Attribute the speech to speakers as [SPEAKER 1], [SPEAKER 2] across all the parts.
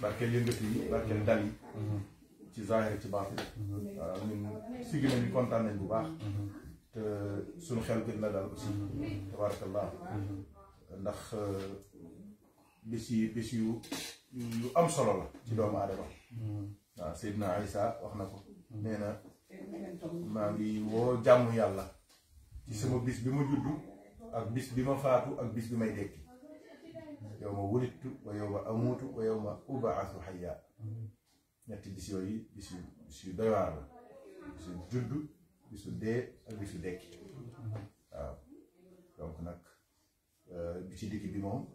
[SPEAKER 1] barkeel yëngati yi barkeel dal yi mhm. ci zaahir ci baatin mhm. waaw ñun sigi nañu kontaan bu baax mhm. te suñu xel gën dal aussi tabarakallah ndax euh, bis yi bis yu yu am solo la ci doomu aadama
[SPEAKER 2] waaw
[SPEAKER 1] Seydina Isa wax na ko nee na maa ngi woo jàmm yàlla ci sama bis bi mu juddu ak bis bi ma faatu ak bis bi may dekki yow ma wulittu wa yow ma amuutu wa yow ma ubaasu xayya ñetti bis yooyu bis yu bis yu doy waar la bisu judd dee ak bisu dekki
[SPEAKER 2] waaw
[SPEAKER 1] donc nag euh, bi ci dikki bi moom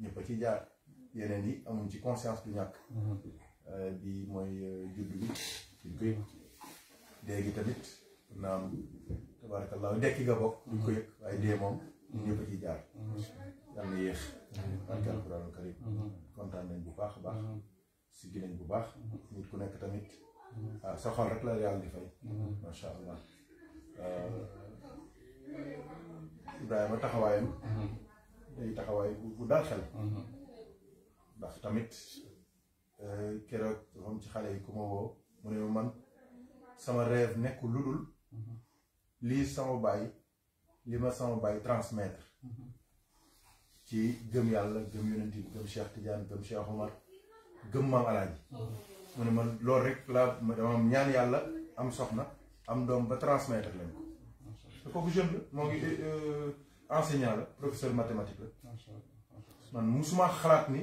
[SPEAKER 1] ñëpp a ci jaar yeneen yi amuñ ci conscience du ñàkk euh, bi mooy euh, judd bi duñ dee gi tamit naam tabaarakallaahu dekki nga bokk duñ ko yëg waaye dee moom ñëpp ci jaar mhm. yal na yéex mhm. barke alxuraanul karim mhm. kontaan nañ bu baax a baax siggi nañ bu baax nit ku nekk tamit waaw ah, sa xol rek la yàlla di fay macha allah
[SPEAKER 3] ah,
[SPEAKER 1] taxawaayam day taxawaay bu dal xel ndax tamit eh, keroog moom ci xale yi ku ma woo mu ne man sama rêve nekkul lu dul lii sama bàyyi li ma sama bàyyi transmettre mhm. ci gëm yàlla gëm yonent bi gëm Cheikh Tidiane gëm Cheikh Omar gëm maam alaaji mhm. mu ne ma loolu rek laa dama ñaan yàlla am soxna am doom ba transmettre lañ ko te kooku la moo ngi euh, enseignant la professeur mathématique la man musuma xalaat ni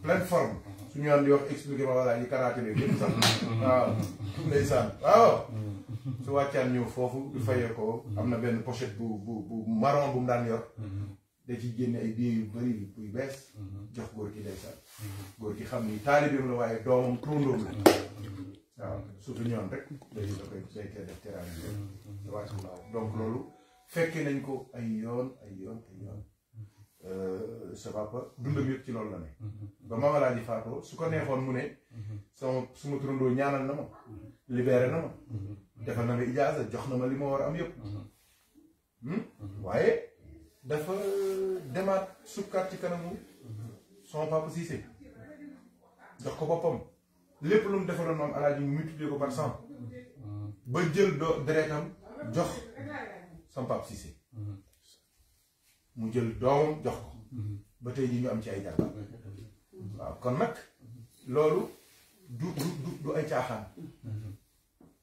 [SPEAKER 1] pleine su ñu naan di wax expliqué ma wala ñu bi yëpp sax waaw su wàccaan ñëw foofu du fayee ko am na benn pochette bu bu bu marron bu mu daan yor da ci génne ay biir yu bëri buy bees jox góor gi ndeysaan góor gi xam ni taalibeem la waaye doomam turandoom la waaw surtout ñoon rek day da koy daytee def terrain bi wàcc waaw donc loolu fekke nañ ko ay yoon ay yoon ay yoon Euh, sabab dundam yëpp ci loolu la ne ba maam Alaaji faatoo su ko neexoon mu ne sama su ma turandoo ñaanal na ma libéré na ma defal na ma ijaaza jox na ma li ma war a am yëpp hmm? waaye dafa euh, demaat sukkaat ci kanamu son papa Cissé jox ko boppam lépp lu mu defaloon maam Alaaji mu multiplier ko par ba jël do deretam jox son papa Cissé mu jël doomam jox ko mhm. ba tey ji ñu am ci ay jarbaat mhm. mhm. waaw kon nag loolu du du du ay caaxaan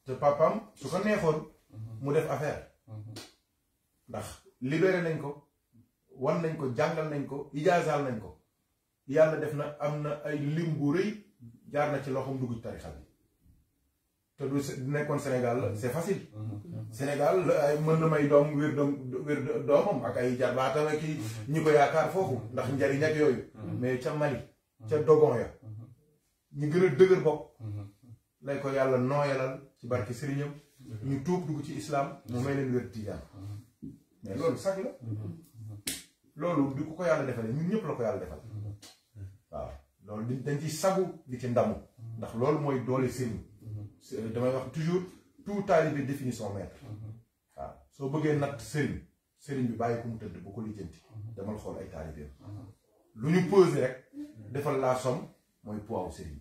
[SPEAKER 1] te papam su ko neexoon mu def affaire ndax libéré nañ ko wan nañ ko jàngal nañ ko ijaasaal nañ ko yàlla def na am na ay lim bu rëy jaar na ci loxo dugg ci tarixa te du nekkoon Sénégal mm-hmm. c'est facile. Mm-hmm. Sénégal mën na may doom wér doom wér doomam ak ay jarbaatam mm-hmm. ak i ñi ko yaakaar foofu ndax njariñ ak yooyu. mais ca Mali ca Dogon ya ñu gën a dëgër bopp. lay ko yàlla nooyalal ci barke sëriñam. ñu tuub dugg ci islam mu may leen wér tijaan mais loolu sax loolu du ko ko yàlla defalee ñu ñëpp la ko yàlla defal waaw loolu dañ ci sagu di ci ndamu ndax loolu mooy doole sëriñ. dama wax toujours tout talibé définit son maître mhm. waaw soo bëggee nag sëriñ sëriñ bi bàyyi ko mu tëdd bu ko lijjanti mhm. dama xol ay talibé mhm. lu ñu peser rek defal la somme moy poids au sëriñ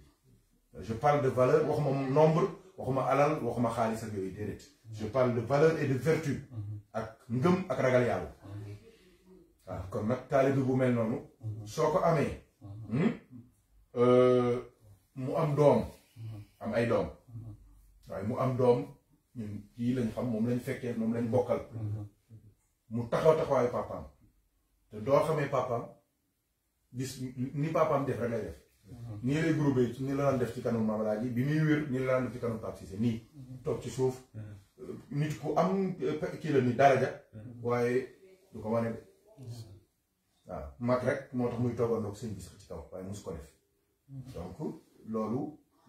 [SPEAKER 1] je parle de valeur waxuma nombre waxuma alal waxuma xaalis ak yoy dédét je parle de valeur et de vertu ak ngëm ak ragal yàlla wa kon nag taalibe bu mel noonu soo ko hmm, euh mu am doom am ay doom waaye mu am doom ñun kii lañ xam moom lañ fekkee moom lañ bokkal mu taxaw taxawaayu papaam te doo xamee papaam bis ni papaam def rek lay def nii lay groupé ci ni la daan def ci kanam Mame Alaaji bi muy wér ni la daan def ci kanam papa Cissé nii toog ci suuf nit ku am eh, kii la ni daraja waaye du ko wane de waaw mag rek moo tax muy toogandoog seen bis ci kaw waaye mosu ko def donc loolu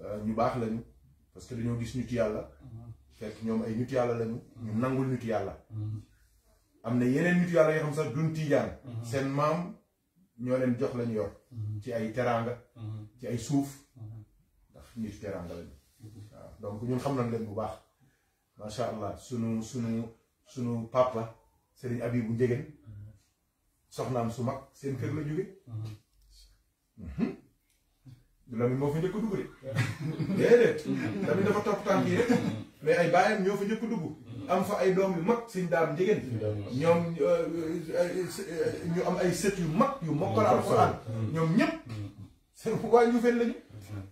[SPEAKER 1] Euh, ñu baax lañu parce que dañoo gis nit yàlla fekk ñoom ay nit yàlla lañu ñu nangul nit yàlla am na yeneen nit yàlla yoo xam sax duñ tiijaan seen maam ñoo leen jox lañu yor ci ay teraanga ci ay suuf ndax nit teraanga lañu waaw donc ñun xam nañ leen bu baax macha allah suñu suñu sunu papa sëriñ Abibu Njegen soxnaam su mag seen kër la jóge du moo fa njëkk a dugg de déedéet Lamine dafa topp tànk yi rek mais ay baayam ñoo fa njëkk a am fa ay doom yu mag suñ daam njigéen ñoom euh, euh, ñu am ay sët yu mag yu mokkal alxuraan hmm. ñoom ñëpp seen waa ñu fen hmm.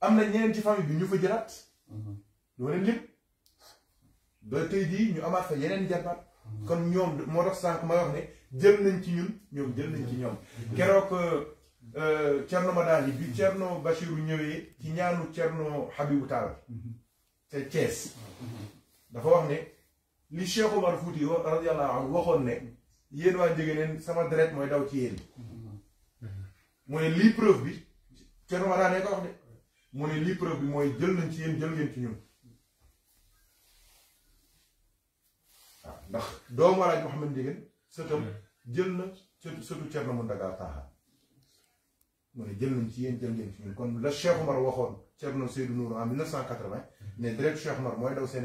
[SPEAKER 1] am na ñeneen ci famille bi ñu fa jëlaat doo hmm. leen ba tey jii ñu amaat fa yeneen jarbaat kon ñoom moo tax sànq ma wax ne jël nañ ci ñun ñoom jël nañ ci ñoom keroog euh, Cerno euh, Madani bi Cerno Bachiru ñëwee ci ñaanu Cerno Habibu Taal te Thiès dafa wax ne li Cheikh Omar fuuti radiyallahu anhu waxoon ne yéen waa Njëgëneen sama deret mooy daw ci yéen mu ne lii preuve bi ko wax de lii preuve mooy jël nañ ci yéen jël ngeen ci ñun waaw ndax doomu Alaaji Mouhamed Njëgën sëtam jël na sëtu Cerno Muntaga Taaxa mais ne le nañ ci yéen jël ngeen ci ñun kon la Cheikh Omar waxoon Thierno Seydou Nourou en 1980 ne direct Cheikh Omar mooy daw seen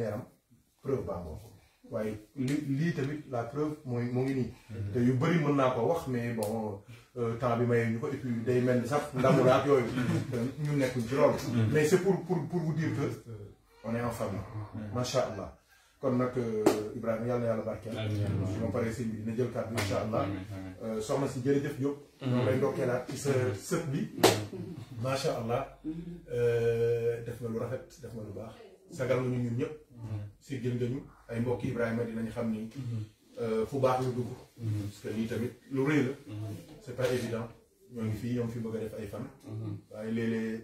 [SPEAKER 1] preuve baa ngoo ko waaye li tamit la preuve mooy mu ngi nii. Mhm. te yu bëri mën naa wax mais bon euh, temps bi mayee ñu ko et puis day mel ni sax ndamu la ak yooyu. ñu nekkuñ ci mhm. mais c'est pour pour pour vous dire que euh, on est en famille. Mhm. macha kon nag euh, Ibrahim Yalla Yalla yàlla barkeel. su ma paree sëñ dina jël kàddu incha allah. Euh, soxna si jërëjëf ñop mm-hmm. ñoo lay ndokkeelaat ci sa mm-hmm. sët bi. Mm-hmm. macha allah. euh def na lu rafet def na lu baax. sagal nañu ñun ñep ci jël nga ay mbokki Ibrahima dinañ xam ni. euh fu baax la dugg. parce que ni tamit lu reuy la. c'est pas évident ñoo ngi fii fi bëgg def ay fan. waaye léeg-léeg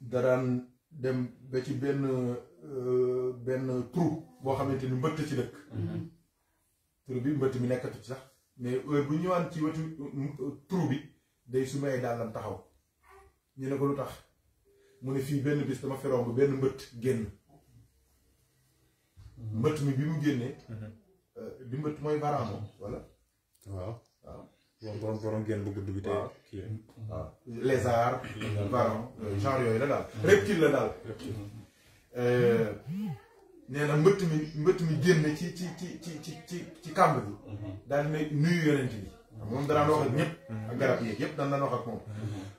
[SPEAKER 1] daraan dem ba ci benn euh, benn trou boo xamante ni mbëtt ci dëkk mhm. trou bi mbëtt bi nekkatu ci sax mais bu ñëwaan ci wetu euh, trou bi day su may daalam taxaw ñu ne ko lu tax mu ne fii benn bis dama feroom bu benn mbëtt génn mhm. mbëtt mi bi mu génnee mhm. euh, di mbëtt mooy baraamo wala waaw waaw borom borom génn bu gudd bi tey waaw mm-hmm. ah. lézard varan euh, mm-hmm. genre yooyu la daal mm-hmm. reptile la daal euh, nee na mbëtt mi mbëtt mi génn ci ci ci ci ci ci ci kàmb bi daal may nuyu yonent bi moom danaan wax ak ñëpp ak garab yeeg yëpp dan wax ak moom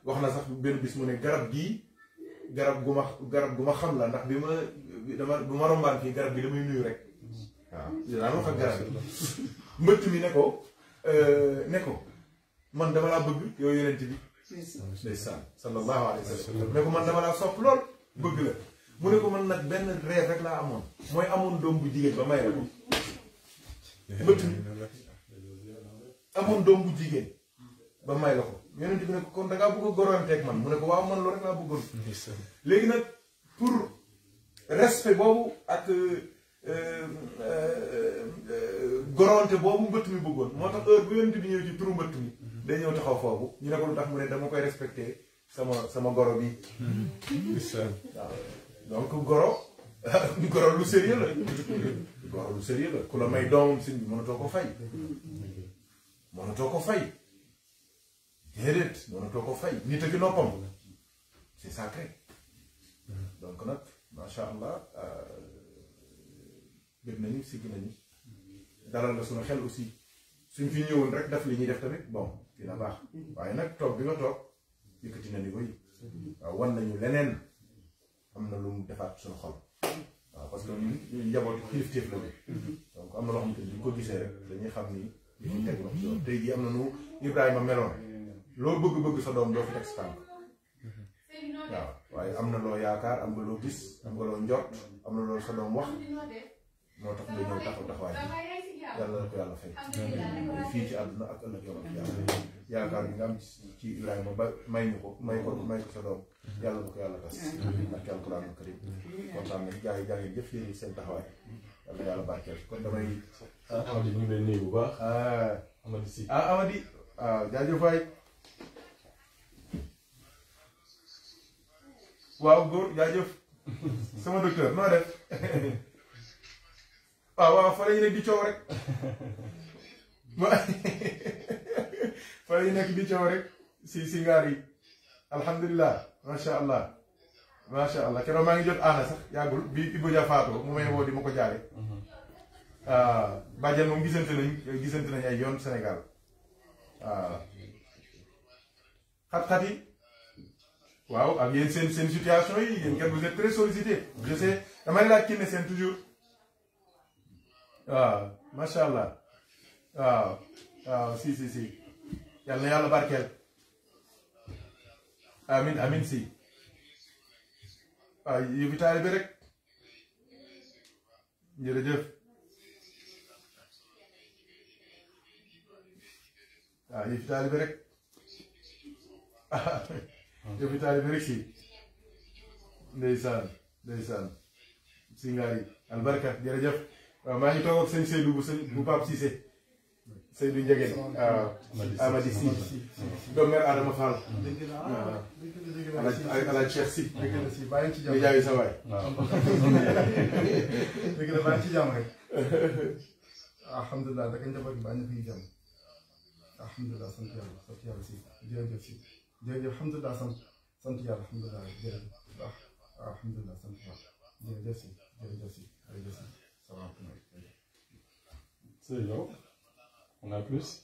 [SPEAKER 1] wax na sax benn bis mu ne garab gii garab gu ma garab gu ma xam la ndax bi ma dama bu ma rombaan fii garab bi damay nuyu rek waaw daan wax ak garab bi mbëtt mi ne ko euh, ne ko man dama laa bëgg yow yonent bi ndeysaan sallallahu alayhi wa sallam ne ko man dama laa sopp lool bëgg la mu ne ko man nag benn rêve rek laa amoon mooy amoon doom bu jigéen ba may rek bëtt amoon doom bu jigéen ba may la ko yonent bi ne ko kon da ngaa bëgg a goranteeg man mu ne ko waaw man loolu rek laa bëggoon léegi nag pour respect boobu ak euh, euh, euh, gorante boobu mbëtt mi bëggoon moo tax heure bu yonent bi ñëw ci turu mbëtt mi day ñëw taxaw foofu ñu ne ko lu tax mu ne dama koy respecté sama sama goro bi donc goro goro lu sérieux goro lu sérieux la ku la may doomam sin bi mënatoo ko fay toog ko fay déedéet mënatoo ko fay nit a gi noppam c'est sacré donc nag macha allah euh, bëgg na sigg nañu dalal la sunu xel aussi suñ fi ñëwoon rek daf li ñuy def tamit bon dina baax waaye nag toog bi nga toog yëkkati na niveau yi waaw wan nañu leneen am na lu mu defaat suñu xol waaw parce que ñun njabootu kilifteef la donc am ko gisee rek dañuy xam ni li ñu teg wax yoon tey jii am na nu Ibrahima meloon loo bëgg-bëgg sa doom doo fi teg sa waaw waaye am na loo yaakaar am nga loo gis am nga loo njort am na loo sa doom wax
[SPEAKER 4] moo tax nga ñëw taxaw taxawaay bi yàlla
[SPEAKER 1] na ko yàlla fay fii ci àdduna ak ëllëg yow ak yàlla yaakaar bi nga am ci Ibrahima ba may ñu ko may ko may ko sa doom yàlla na ko yàlla tas ak alquran al karim kontaan nañ jaay jaay jëf yéen seen taxawaay yàlla yàlla barkeel kon damay ah, Amady ñu ngi lay nuyu bu baax a si ah Amady waaw ah, ah, jaajëf waaw góor jaajëf sama docteur noo def waaw waaw fa la ñu nekk di coow rek si si ngaar yi alhamdulilah allah macha allah keroog maa ngi jot aana sax yàggul bi Ibou Dia faatoo mu may woo di ma ko jaare mhm. ah, bàjjan moom gisante nañ gisante nañ ay yoon Sénégal waaw ah. xat-xat yi waaw ak yéen seen seen yi yéen kenn vous êtes très sollicité je sais damay laaj kii ne seen toujours ah mashallah ah ah si si si ya leal berkat amin amin si ah yóbbu taali bi rek ah waaw ah taali bi rek yóbbu taali rek si ndeysaan ndeysaan si ngaari albarka jërëjëf waaw maa ngi toog ak bu sëñ bu Pape Cissé Seydou Ndiéguène waaw Amady Sy Adama Fall
[SPEAKER 2] waaw alaaj Cheikh Sy nga jaayi sa waay ci jàmm rek
[SPEAKER 5] alhamdulilah daka njaboot bi baa ngi fi jàmm alhamdulilah sant yàlla sant yàlla
[SPEAKER 6] si Ça va. C'est bon, On a plus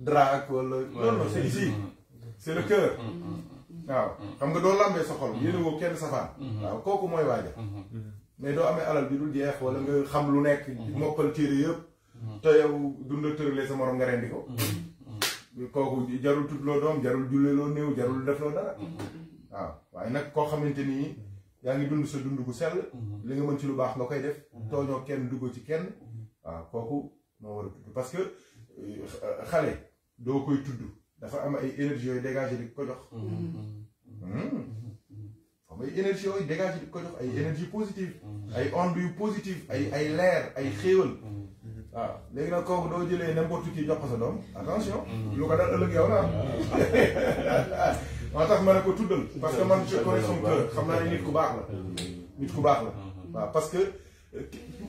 [SPEAKER 1] drac wala. non non c'est ici c'est mm-hmm. Mm-hmm. waaw xam nga doo lambee sa xol. yéen woo kenn safaan. Mm-hmm. waaw kooku mooy waaja. mais doo amee alal bi dul jeex wala nga xam lu nekk. mokkal téere yëpp. te yow dunda tëralee sa morom nga rendi ko. kooku jarul tuddloo doom jarul julleloo néew jarul defloo dara. waaw waaye nag koo xamante ni yaa ngi dund sa dund gu sell. li nga mën ci lu baax nga koy def. tooñoo kenn duggoo ci kenn. waaw kooku moo war a tudd parce que euh, xale. doo koy tudd dafa am ay énergie yooyu dégagé di ko jox. Mm-hmm. Mm-hmm. am ay énergie yooyu dégagé di ko jox ay énergie positive. Mm-hmm. ay ondes yu positive ay ay leer ay xéewal. waaw léegi nag kooku doo jëlee n'importe qui jox ko sa doom attention. lu ko dal ëllëg yow na wa ah. tax ma ne ko tuddal. parce que man je connais son cœur xam naa nit ku bax la. nit ku bax la. waaw parce que euh,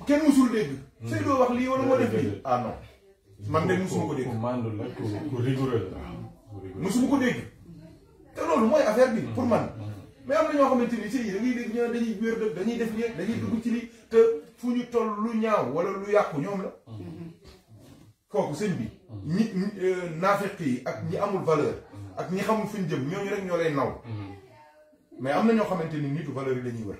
[SPEAKER 1] ken musul dégg. say do wax li wala mo def lii ah non. man de musuma ko dégg ku mandu la ku ko dégg te loolu mooy affaire bi pour man mm-hmm. mais am na ñoo xamante ni ci da ngay dégg ñoo dañuy wér dëgg dañuy def ñe dañuy dugg ci lii te fu ñu toll lu ñaaw wala lu yàqu ñoom la mm-hmm. kooku sëñ bi mm-hmm. ñi euh, naafiq yi ak ñi amul valeur ak ñi xamul fuñ jëm ñooñu rek ñoo lay naw mais am na ñoo xamante ni nitu valeur yi la ñuy wër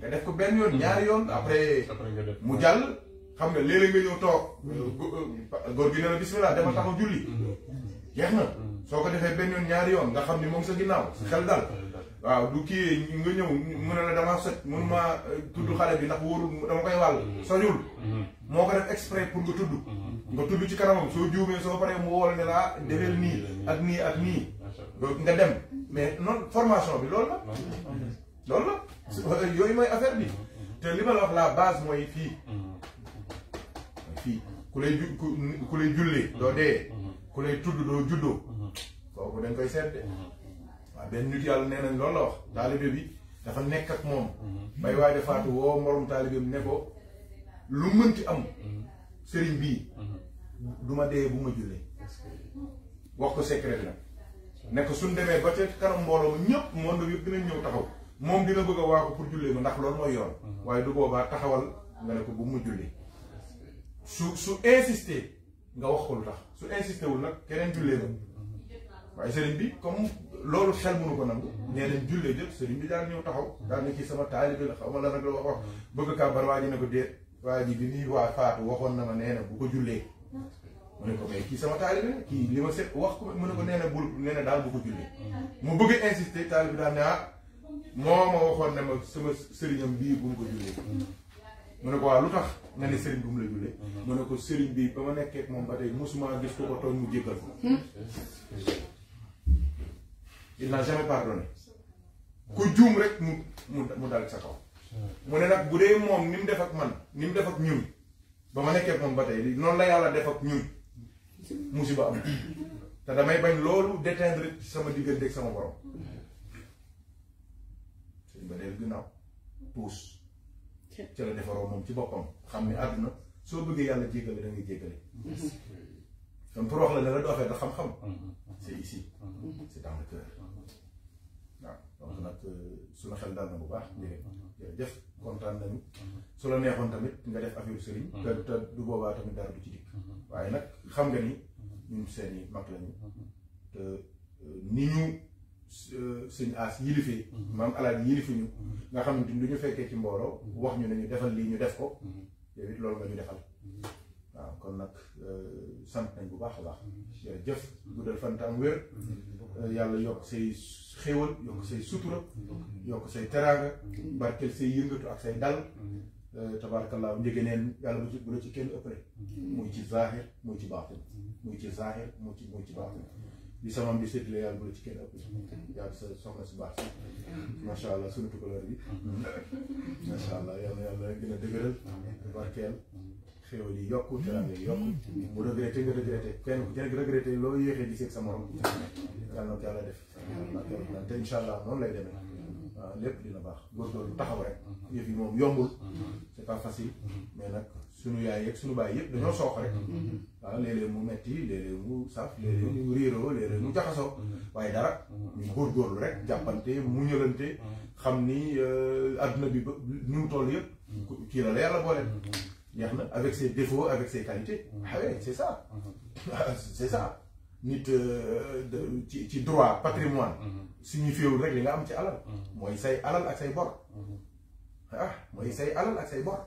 [SPEAKER 1] nga def ko benn yoon ñaari yoon mm-hmm. après mu jàll xam nga léeg-léeg nga ñëw toog mm-hmm. euh, góor gi ne la bismillah dama taxaw julli mm-hmm. jeex na soo ko defee benn yoon ñaari yoon nga xam ni moom sa ginnaaw sa xel dal waaw du kii nga ñëw mu ne la damaa soj mënuma euh, tudd xale bi ndax wóorul dama koy wàll sojul moo ko def exprès pour nga tudd nga tudd ci kanamam soo juumee soo paree mu wóor ne laa ah, defeel nii ak nii ak nii nga dem mais noonu formation bi loolu la loolu la euh, yooyu mooy affaire bi te li ma la wax la base mooy fii mooy fii ku lay ju ku lay jullee doo dee ku lay tudd doo juddoo kooku dañ koy seet de benn nit yàlla nee nañ loolu la wax taalibe bi dafa nekk ak moom bay waay de faatu woo morom taalibe bi ne ko lu mënti am sëriñ bii du ma dee bu ma jullee wax ko secret la ne suñ demee ba ca kanam mbooloo ñëpp monde bi yëpp dinañ ñëw taxaw moom dina bëgg a waaxu pour ma ndax loolu yoon mhm. waaye du boobaa taxawal nga ne ko bu mu julli su su insister nga wax ko tax su insister wul nag keneen jullee ma waaye bi comme loolu xel mënu ko nangu nee nañ bi daal ñëw taxaw daal ci sama taalibe xaw ma la nag la wax wax bëgg ne bu ko jullee mu ne ko kii sama taalibe kii li ma se wax ko mu ne ko nee na bul daal bu ko jullee mu bëgg insister taalibe daal ne ah moo ma waxoon ne ma sama sëriñam bii bu mu ko jullee mu ne ko waaw lu tax nga ne sëriñ bu mu la jullee mu ne ko sëriñ bii ba ma nekkee moom ba tey musuma gis ko mu jéggal ko il n'a jamais pardonné ku juum rek mu mu mu dal sa kaw moom ni mu def ak man ni mu def ak ñun ba ma nekkee moom ba tey noonu la yàlla def ak ñun musiba am te damay bañ loolu déteindre sama diggante ak sama borom ba réew ginnaaw puus ci la defaroo moom ci boppam xam ne àdduna soo bëggee yàlla jéggale da ngay jéggale
[SPEAKER 2] kon pour wax la ne la doo fee da xam-xam mm-hmm. Mm-hmm. c'est ici mm-hmm. c'est dans le cœur waaw donc nag euh,
[SPEAKER 1] suñu xel dal na bu baax njëriñ jërëjëf kontaan nañu su la neexoon tamit nga def affaire sëriñ te du boobaa tamit dara du ci dikk waaye nag xam nga ni ñun seen i lañu te euh, ni ñu sëñ aas yilifee mhm. maam alaaj yilifuñu mhm. nga xam ni lu ñu fekkee ci mbooloo mhm. wax ñu ne ñu defal lii ñu def ko yow it loolu nga ñu defal waaw kon nag euh, sant nañ bu baax a baax jërëjëf guddal fantaam wér euh, yàlla yokk say xéewal yokk say sutura yokk say teraanga barkeel say yëngatu ak say dal euh, tabaarkallaa njëge neen yàlla bu ci bu la ci kenn ëppale muy ci zaahir muy ci baatin muy ci zaahir muy ci muy ci baatin di sama mbisit la yàlla bu la ci kenn ëpp mm-hmm. yàgg sa soxna si baax mm-hmm. allah sunu tukulóor bi mm-hmm. macha allah yal na yàlla gën a dëgëral barkeel xéwal yi yokku teranga yi yokku bu regretté nga regretté kenn ku loo yéexee di seeg sa morom yàlla na ko yàlla def barkeel te incha allah noonu lay demee waaw ah, dina baax góorgóorlu taxaw rek yëf yi moom yombul c'est suñu yaay yeeg suñu baay yëpp dañoo mm-hmm. soox rek waaw mm-hmm. mm-hmm. ah, léeg-léeg mu metti léeg-léeg mu saf léeg-léeg mu réeroo léeg-léeg mu jaxasoo waaye dara ñu góorgóorlu rek jàppante mu ñëlante xam ni euh, adduna bi ba ni mu toll yëpp kii la la yàlla boole jeex na avec ses défauts avec ses qualités waaye ah c'est ça c'est ça nit euh, ci ci droit patrimoine signifiéwul rek li nga am ci alal mooy say alal ak say bor ah mooy say alal ak say bor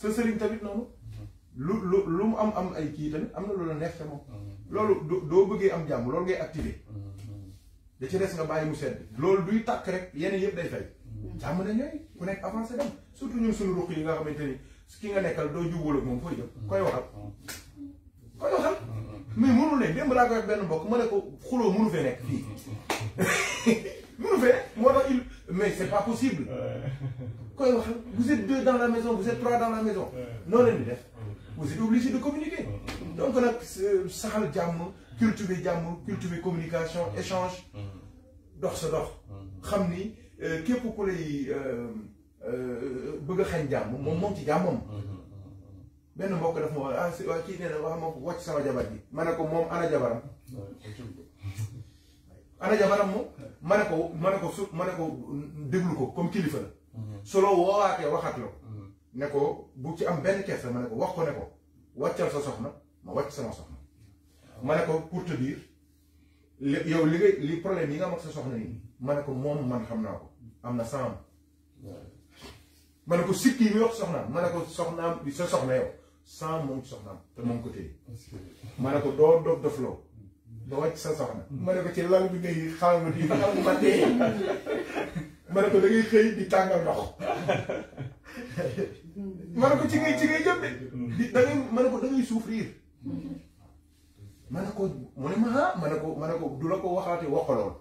[SPEAKER 1] sa sëriñ tamit noonu lu lu lu mu am am ay kii tamit am na mm-hmm. loolu neex te moom loolu doo bëggee am jàmm loolu ngay activé mm-hmm. da ci des nga bàyyi mu sedd loolu duy takk rek yeneen yëpp day fay mm-hmm. jàmm na ñooy ku nekk avancé dem surtout ñun suñu ruq yi nga xamante ni ki nga nekkal doo jubóol ak moom fooy jëm koy waxal koy waxal mais mënul mu démb laa koy wax benn mbokk ma ne ko xuloo mënu fee nekk fii moo tax il Mais c'est pas possible. Vous êtes deux dans la maison, vous êtes trois dans la maison. Non, non, Vous êtes obligés de communiquer. Donc, on a euh, sahal diamant, cultiver diamant, cultiver communication, échange. D'or, c'est d'or. Khamni, qui est pour que les. bëgg un xañ mon moom diamant. ci jàmmam benn que daf ma ah c'est quoi qui est na wax ma ça sama jabar ji ma ne ko moom ana ana jabaram moom ma ne ko ma ne ko su ma ne ko déglu ko comme kilifa la mhm. su la woowaatee waxat la mhm. ne ko bu ci am benn kersa ma ne ko wax ko ne ko wàccal sa soxna ma wàcc sama soxna ah. ma ne ko pour te yow li ngay problème yi nga am ak sa soxna ne ko moom man xam naa ko am na saam ma ko sikki yi muy wax soxnaam ma ne ko soxnaam sa soxna yow saam moom soxnaam te moom ko téye ma ne ko doo dof dofloo ba wàcc sa soxna. ma ne ko ci lal bi nga yéex xaaral ma di xaaral ma dee ma ne ko da ngay xëy di tàngal ndox ma ne ko ci ngay ci ngay jëm de. di da ngay ma ne ko da ngay souffrir. ma ne ko mu ne ma ah ma ne ko ma ne ko du la ko waxaate waxaloon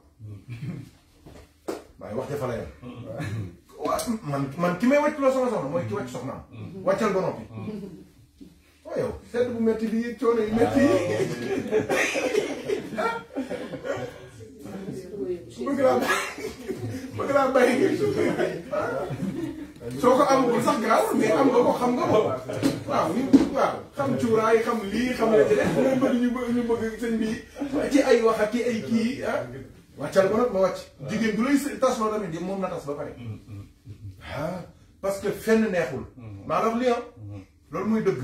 [SPEAKER 1] waaye wax dafa la yem. waaw man man ki may wàcc la sama soxna mooy ki wàcc soxnaam. Mm. wàccal ba noppi. Mm. waaw yow sedd bu métti bi yëg coono yu métti yi bëgg bëgg laa bàyyi soo ko amagul sax garaawul mais am nga ko xam nga ko waaw ni waaw xam cuuraay xam lii xam la ci def ñu bëgg ñu bi ci ay wax ak ci ay kii ah wàccal ko nag ma wàcc jigéen du lay tas loo a di moom na tas ba pare mm, mm. ah parce que fenn neexul mm. maa la wax li am ah. dëgg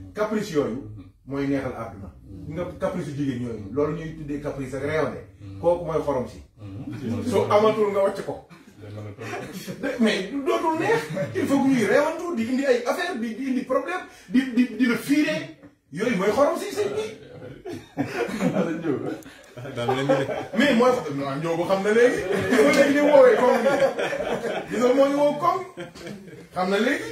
[SPEAKER 1] caprice yooyu mooy neexal àdduna nga caprice yu jigéen yooyu loolu ñuy tuddee caprice ak réew de kooku mooy xorom si su amatul nga wàcc ko mais dootul neex il faut que ñuy reewantu di indi ay affaire di di indi di di di la yooyu mooy xorom si sëñ mooy non Ndiobo xam na léegi. léegi li woowee koom bi. gis nga moo ñu woo koom xam na léegi.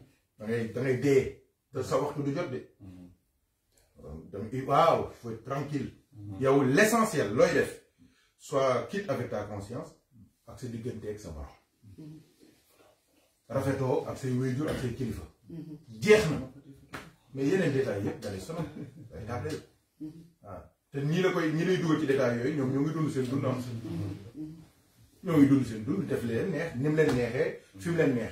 [SPEAKER 1] waxtu du jot de mhm. waaw il faut être tranquille Il mhm. l'essentiel' loy def soit quitte avec ta conscience ak sa diggante ak sa
[SPEAKER 2] borom
[SPEAKER 1] rafeto ak say ak say kilifa mhm. jeex na mais yeneen détails yëpp il ah. la koy lay ci détails yooyu ñoom ñoo dund seen dund am ñoo dund seen dund def leen neex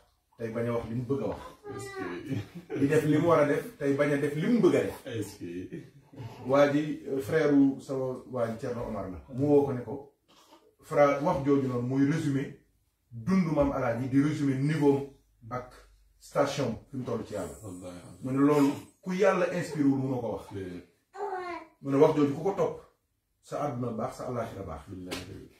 [SPEAKER 1] tey baña wax limu bëgg wax. di def li mu war a def tay baña def limu bëgg def. frère sa sama waa Omar la. mu woko ne ko fra wax jooju non muy résumé am ala alaaji di résumé niveau ak station fi mu toll ci yalla mu ne loolu ku yàlla inspiré mu mënoo ko wax. mu ne wax jooju ku ko topp sa aduna bax sa bax billahi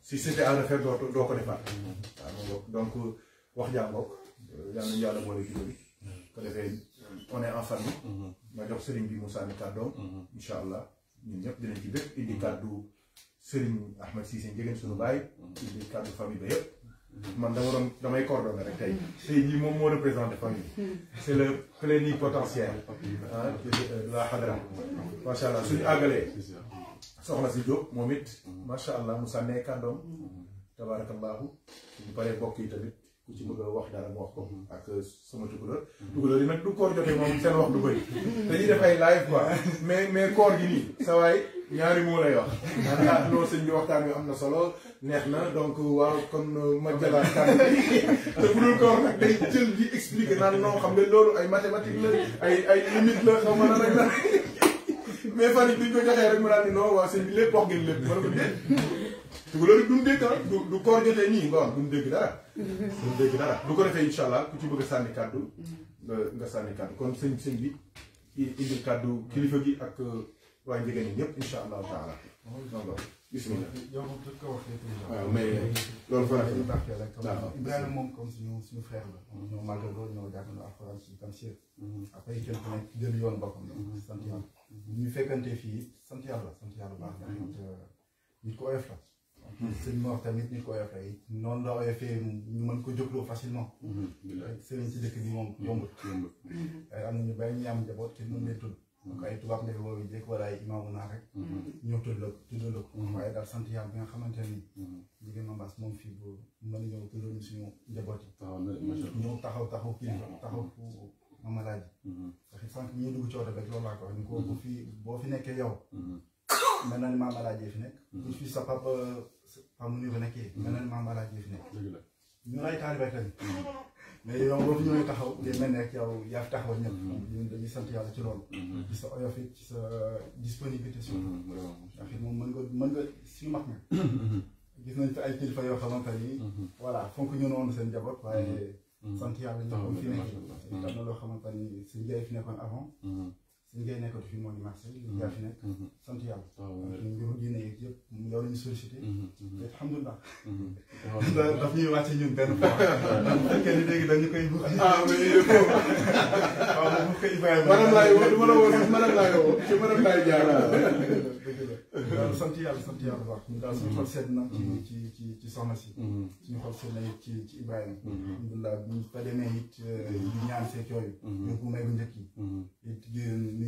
[SPEAKER 1] si c'était à refaire do do ko defat donc wax jàngoog yàlla yalla mo lay di ko defé on est en famille. ma jox Serigne bi Moussa ni kàddoom. inshallah allah ñun ñëpp dinañ ci bépp indi kàddu Serigne Ahmed Cissé njëgën suñu bay indi cadeau famille ba yëpp. man dama doon damay coordonné rek tay tey jii mom mo représenter famille c'est le plénipotentiaire ah, euh, de la xadra macha suñu àggalee. soxna si Diop moom it macha allah mu sànnee kàddoom tabaarakallaahu bu paree bokk yi tamit ku ci bëgg a wax dara mu wax ko ak sama tukulóor tukulóor du koor jotee moom seen wax du bëri dañuy def ay live quoi mais mais koor gi nii sa waay ñaari moo lay wax ah non sëñ bi waxtaan wi am na solo neex na donc waaw kon ma jëlaat kàddu te bu dul koor nag day jël di expliquer naan non xam nga loolu ay mathématiques la ay ay limites la xaw ma na rek la mais fan yi bi ñu ko joxee rek waa sëñ bi lépp wax ngeen lépp ko du koor jotee nii nga wax du mu dégg dara. du ko defee incha allah ku ci bëgg sànni kàddu. nga sànni kàddu kon sëñ sëñ bi indi kàddu kilifa gi ak uh, waa njëgën yi ñëpp incha allah taala. bisimilah. yow moom ko waxee waaw mais loolu la
[SPEAKER 5] baax Ibrahima moom comme suñu suñu frère la. ñoo màggal loolu ñoo jàngandoo alxuraan suñu tam mm-hmm. après kenn ku nekk jël yoon boppam. Mm-hmm. ñu fekkante fii sant yàlla sant yàlla baax na mm-hmm. euh, nit ko tamit nit ko oyof noonu la oyofee ñu mën ko jógloo facilement mm-hmm. sëriñ ci dëkk bi moom mm-hmm. yombut euh, am na ñu ñu am njaboot te mën leen tudd donc ay naa rek ñëw tudd bi nga xamante ni jigéen Mambaas moom fii bu mën ñëw tudd ñu suñu njaboot yi ñëw taxaw taxaw kii taxaw fu ma malade ñu dugg ci oto rek loolu ko wax ni ko bu fi boo fi nekkee yow. Mm-hmm. mel na ni maam Alaaji fi nekk. bu mm-hmm. fi sa papa papa mu mm-hmm. ni maam Alaaji fi nekk. dëgg la boo fi ñëwee taxaw day mel ne rek yaa fi taxaw ñëpp. ñun dañuy sant yàlla ci loolu. ci sa oyof it ci sa disponibilité. vraiment ndax moom mën nga si mag nga. gis nañ fi ay kilifa yoo xamante ni. voilà fonk ñu noonu seen njaboot waaye. sant yàlla ñu ko fi nekk. am na loo xamante ni suñu jaay fi nekkoon avant. li ngay nekkatu fii moo ñu marché li mm-hmm. yaa fi nekk mm-hmm. sant yàlla ah, ño yéne yeeg yëpp yow la ñu sollicité mm-hmm. te alhamdulilah daf ñuy wàcce ñun benn fois fekkee ni léegi dañu bu ah,
[SPEAKER 1] waaw mu koy bàyyi madame laay woo ma la woo madame laay woo ci madame laay jaar
[SPEAKER 2] dëgg la sant yàlla sant yàlla bu baax ñu daal ci
[SPEAKER 5] ci ci ci soxna si suñu xol seet na ci ci Ibrahima alhamdulilah bu ñu fa demee euh,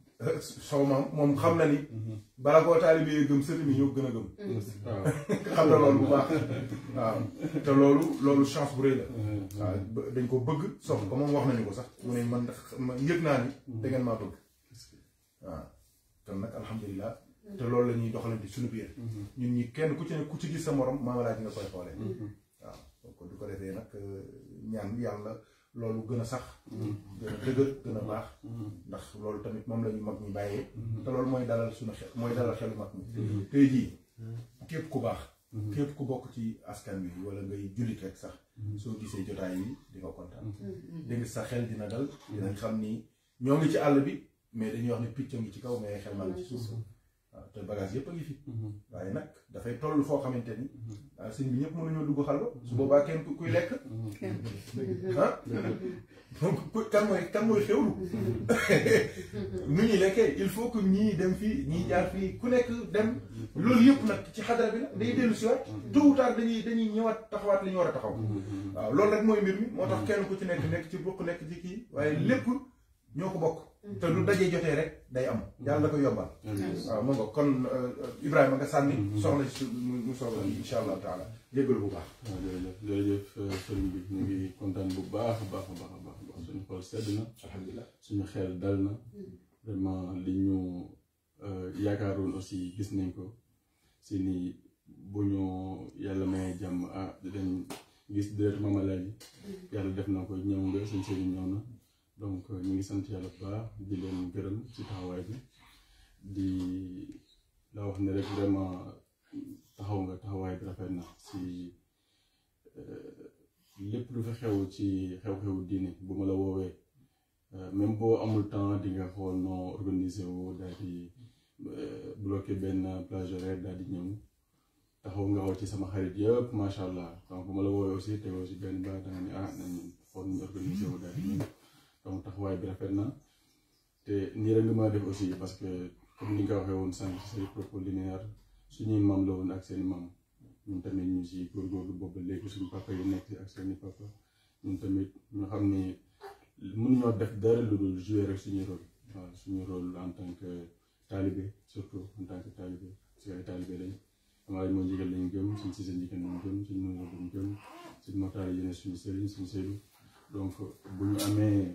[SPEAKER 1] sama maam moom xam na ni. bala koo taalibe gëm sëriñ yi ñoo gën a gëm. Mm-hmm. xam na loolu bu baax. Mm-hmm. waaw te loolu loolu chance bu rëy la. Mm-hmm. waaw dañ ko bëgg soxla ko moom wax nañu ko sax mu ne man man yëg naa ni da ngeen maa bëgg. waaw kon nag alhamdulilah. te loolu la ñuy doxalante suñu biir. ñun ñi kenn ku ci ne ku ci gis sa morom maamalaay nga koy xoolee. waaw du ko defee nag euh, ñaan yàlla. loolu gën a sax mm. gën a gën a baax mm. ndax loolu tamit moom la ñu mag ñi bàyyee mm-hmm. te loolu mooy dalal suñu xel mooy dalal xelu mag ñi mm-hmm. tey jii mm-hmm. képp ku baax képp ku bokk ci askan wi walla ngay jullit rek sax soo gisee jotaay yi di nga kontaan dégg sa xel dina dal dinañ xam ni ñoo ngi ci àll bi mais dañuy wax ne picc a ngi ci kaw mais xel maa ngi ci suuf te bagage yëpp a ngi fi. Mhm. waaye nag dafay toll foo xamante ni. ah sëñ bi ñëpp mënuñoo dugg xalwa su boobaa kenn kuy lekk. ah donc kan mooy kan mooy xewlu. nu ñuy lekkee il faut que ñii dem fii ñii jaar fii ku nekk dem. loolu yëpp nag ci xadara bi la day dellu si waat. tôt ou tard dañuy dañuy ñëwaat taxawaat li ñu war a taxaw. waaw loolu rek mooy mbir mi moo tax kenn ku ci nekk nekk ci bokk nekk ci kii waaye lépp ñoo ko bokk. Mm-hmm. te lu dajee jotee rek day am mm-hmm. yàlla ko yombal mm-hmm.
[SPEAKER 6] waaw ma nga kon euh, Ibrahima nga sànni soxla si mu soxla insha allah taala jéggal bu euh, bi ñu ngi bu baax baax a baax a baax baax suñu xol sedd na alhamdulilah suñu xel dal na vraiment li ñu euh, yaakaaroon aussi gis nañ ko si ni bu ñu yàlla may jàmm ah dinañ gis dër mamalaay yàlla def na ko ñëw nga suñ sëriñ ñëw na donc ñu ngi sant yalla ba di leen gërëm ci taxawaay bi di la wax ne rek vraiment taxaw nga taxawaay bi rafet na si lépp lu fa xew ci xew-xew diine bu ma la woowee même boo amul temps di nga xool non organisé wu daal di bloqué benn plage horaire daal di ñëw taxaw nga wax ci sama xarit yëpp macha allah donc bu ma la woowee aussi te aussi benn ba da nga ne ah nañ xool ñu organisé wu daal di ñëw. donc taxawaay bi rafet na te nii rek nga def aussi parce que comme ni nga waxee woon sànq say propos linéaire suñuy mam la woon ak seen mam ñun tamit ñu si góorgóorlu boobu léegi suñu papa yu nekk ak seeni papa ñun tamit ñu xam ni mënuñoo def dara lu dul jouer rek suñu rôle waaw suñu rôle en tant que talibé surtout en tant que talibé parce que ay talibé lañ amaay moo njëgal lañu gëm suñ si seen njëgal lañ gëm suñ mën lañ gëm suñ motaal yéene suñu sëriñ suñu sëriñ donc bu ñu amee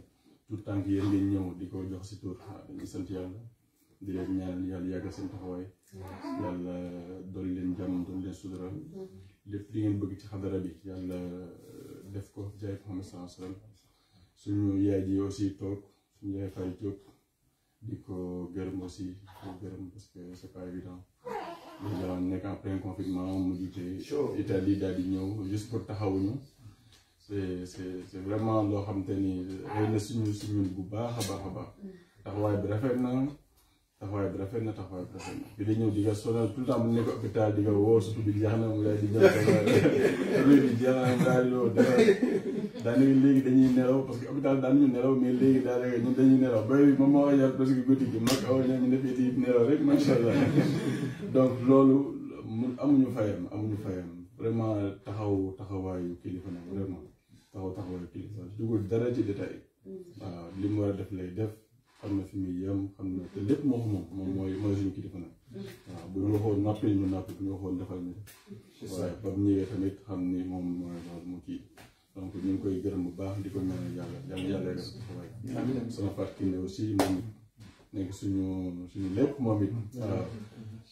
[SPEAKER 6] tout tànk yéen ngeen ñëw di ko jox si tur ah, ñu sant yàlla di leen ñaan yàlla seen taxawaay yàlla dolli leen jàmm dolli leen sutural lépp li ngeen bëgg ci xadara bi yàlla euh, def ko jaay Muhammad sallallahu alayhi suñu yaay ji aussi toog suñu yaay fay jóg di ko gërëm aussi ko gërëm parce que c'est pas évident déjà nekk en plein confinement mu jiite Italie daal di ñëw juste pour taxawuñu c'est c'est c'est vraiment loo xamante ni rey na suñu suñu bu baax a baax a baax taxawaay bi rafet na taxawaay bi rafet na taxawaay bi rafet na bi di ñëw di nga sonal tout le temps mu nekk hôpital di nga woo surtout bi jeex na mu lay di ñëw tamit bi jeex na mu daal di woo dara daanaka léegi dañuy nelaw parce que hôpital daan ñu nelaw mais léegi daanaka ñun dañuy nelaw ba moom moo yar parce que guddi gi mag aw ñoom ñu defee di nelaw rek macha allah donc loolu mu amuñu fayam amuñu fayam vraiment taxaw taxawaayu kilifa nag vraiment. taxaw taxawal kilifa dugul dara ci détail mm. waaw li mu war a def lay def xam na fi muy yem xam na te lépp moo ko moom moom mooy mooy suñu kilifa nag mm. waaw bu nga xool nappil ñu napp bu nga xool defal ñu waaye ba mu ñëwee tamit xam ni moom mooy loolu mu kii donc ñu ngi koy gërëm bu baax di ko ñaanal yàlla yàlla yàlla def ko waaye sama partenaire aussi moom nekk suñu suñu lépp moom it mm. waaw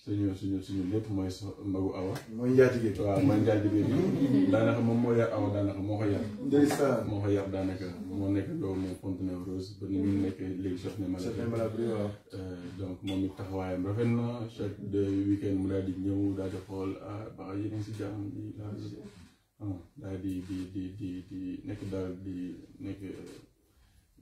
[SPEAKER 6] suñu suñu suñu lépp mooy mbagu awa. mooy njaatige. Gitu. waaw mooy njaatige bi gitu. daanaka moom moo yar awa daanaka moo ko yar. ndeysaan moo ko yar daanaka moo nekk doomu Fontenay ba ni ne malade. ne malade eh, donc rafet na chaque mu ah, di ñëw di ba ah, di di di di di di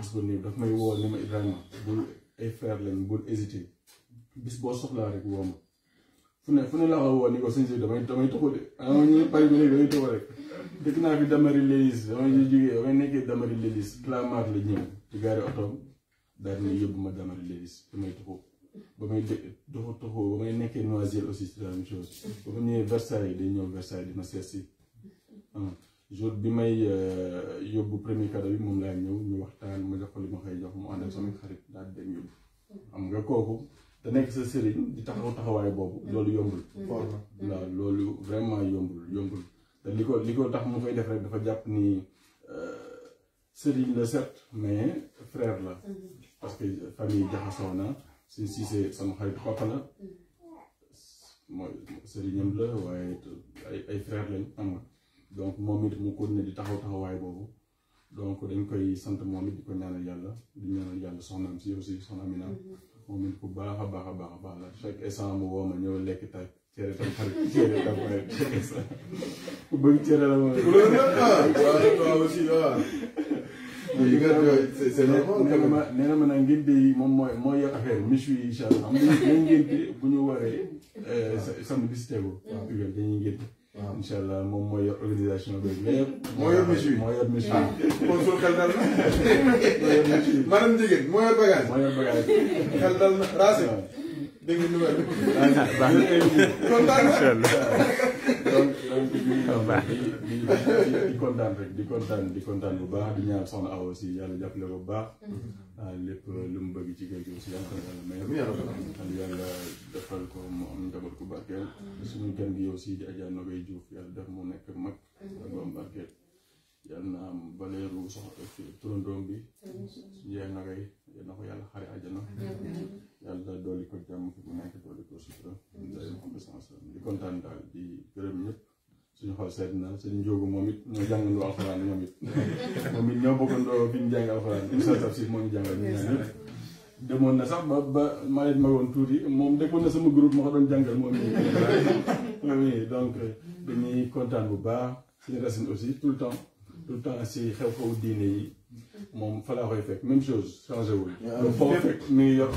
[SPEAKER 6] gis nga nii daf may woo ni ma Ibrahima bul ay frère lañ bul hésité bis boo soxlaa rek woo ma fu ne fu ko woo damay damay de ah ma ñu pari bi damay toxu rek dëkk naa fi damari lélis damay ñu jógee damay nekkee damari lélis clamaar la ñëw ci gaari otoom daal ma damari lélis damay toxu ba may dë doxu toxu ba may nekkee Noiselle aussi c'est la même chose ba ma ñëwee Versailles day jour bi may euh, yobbu premier cadeau bi moom laa ñëw ñu waxtaan ma jox ko li ma koy jox mu ànd sama xarit daal dem ñu am nga kooku da nekk sa serigne di taxaw taxaway boobu lolu yombul la mm. mm. lolu vraiment yombul yombul da liko liko tax mu fay def rek dafa japp ni euh, serigne la certes mais frère la mm. parce que famille jaxasoo na si si c'est sama xarit papa la mooy sëriñam la waaye ay ay frère lañ am donc momit it mu continuer di taxaw taxaway bobu donc dañ koy sante momit di ko ñaanal yalla di ñaanal yalla soxnam ci aussi Je mm-hmm. chaque waaw incha allah moom mooy yor organisation bi mais. moo yor monsieur yi moo yor monsieur yi. kon suul xel dal na.
[SPEAKER 2] moo
[SPEAKER 1] yor monsieur yi maanaam jigéen moo yor bagage. moo yor bagage. xel dal na raasi. dégg nga numéro
[SPEAKER 2] bi. baax na baax na. kontaan na. donc donc. di
[SPEAKER 6] kontaan rek di kontaan di kontaan bu baax di ñaan soxna Awa aussi yàlla jàppale ko bu baax. Mm-hmm. Ah, lépp lu mu bëgg ci kër gi aussi yàlla ku barkeel. Mm-hmm. suñu gan gi aussi di Adja Nogaye Diouf yàlla def mu nekk mag. Mm-hmm. ak am am baleeru soxna turandoom bi.
[SPEAKER 2] suñu
[SPEAKER 6] yaay Nogaye yal na ko yàlla xare àjjana. yàlla dolli ko jàmm fi mu nekk dolli ko sutura. di kontaan daal di gërëm ñëpp. suñu xol sedd na si njóogu moom it ñoo jàngandoo alxuraan moom it moom it ñoo bokkandoo fi ñu jàng alxuraan sa tafsir moo ñu demoon na sax ba ba maa leen magoon tuuti moom déggoon na sama groupe ma ko doon jàngal moom it donc kontaan bu baax suñu racine aussi tout le temps tout le temps si xew-xewu diine yi moom fa koy fekk même chose changé wul. Ah, foo fekk mi ngi yor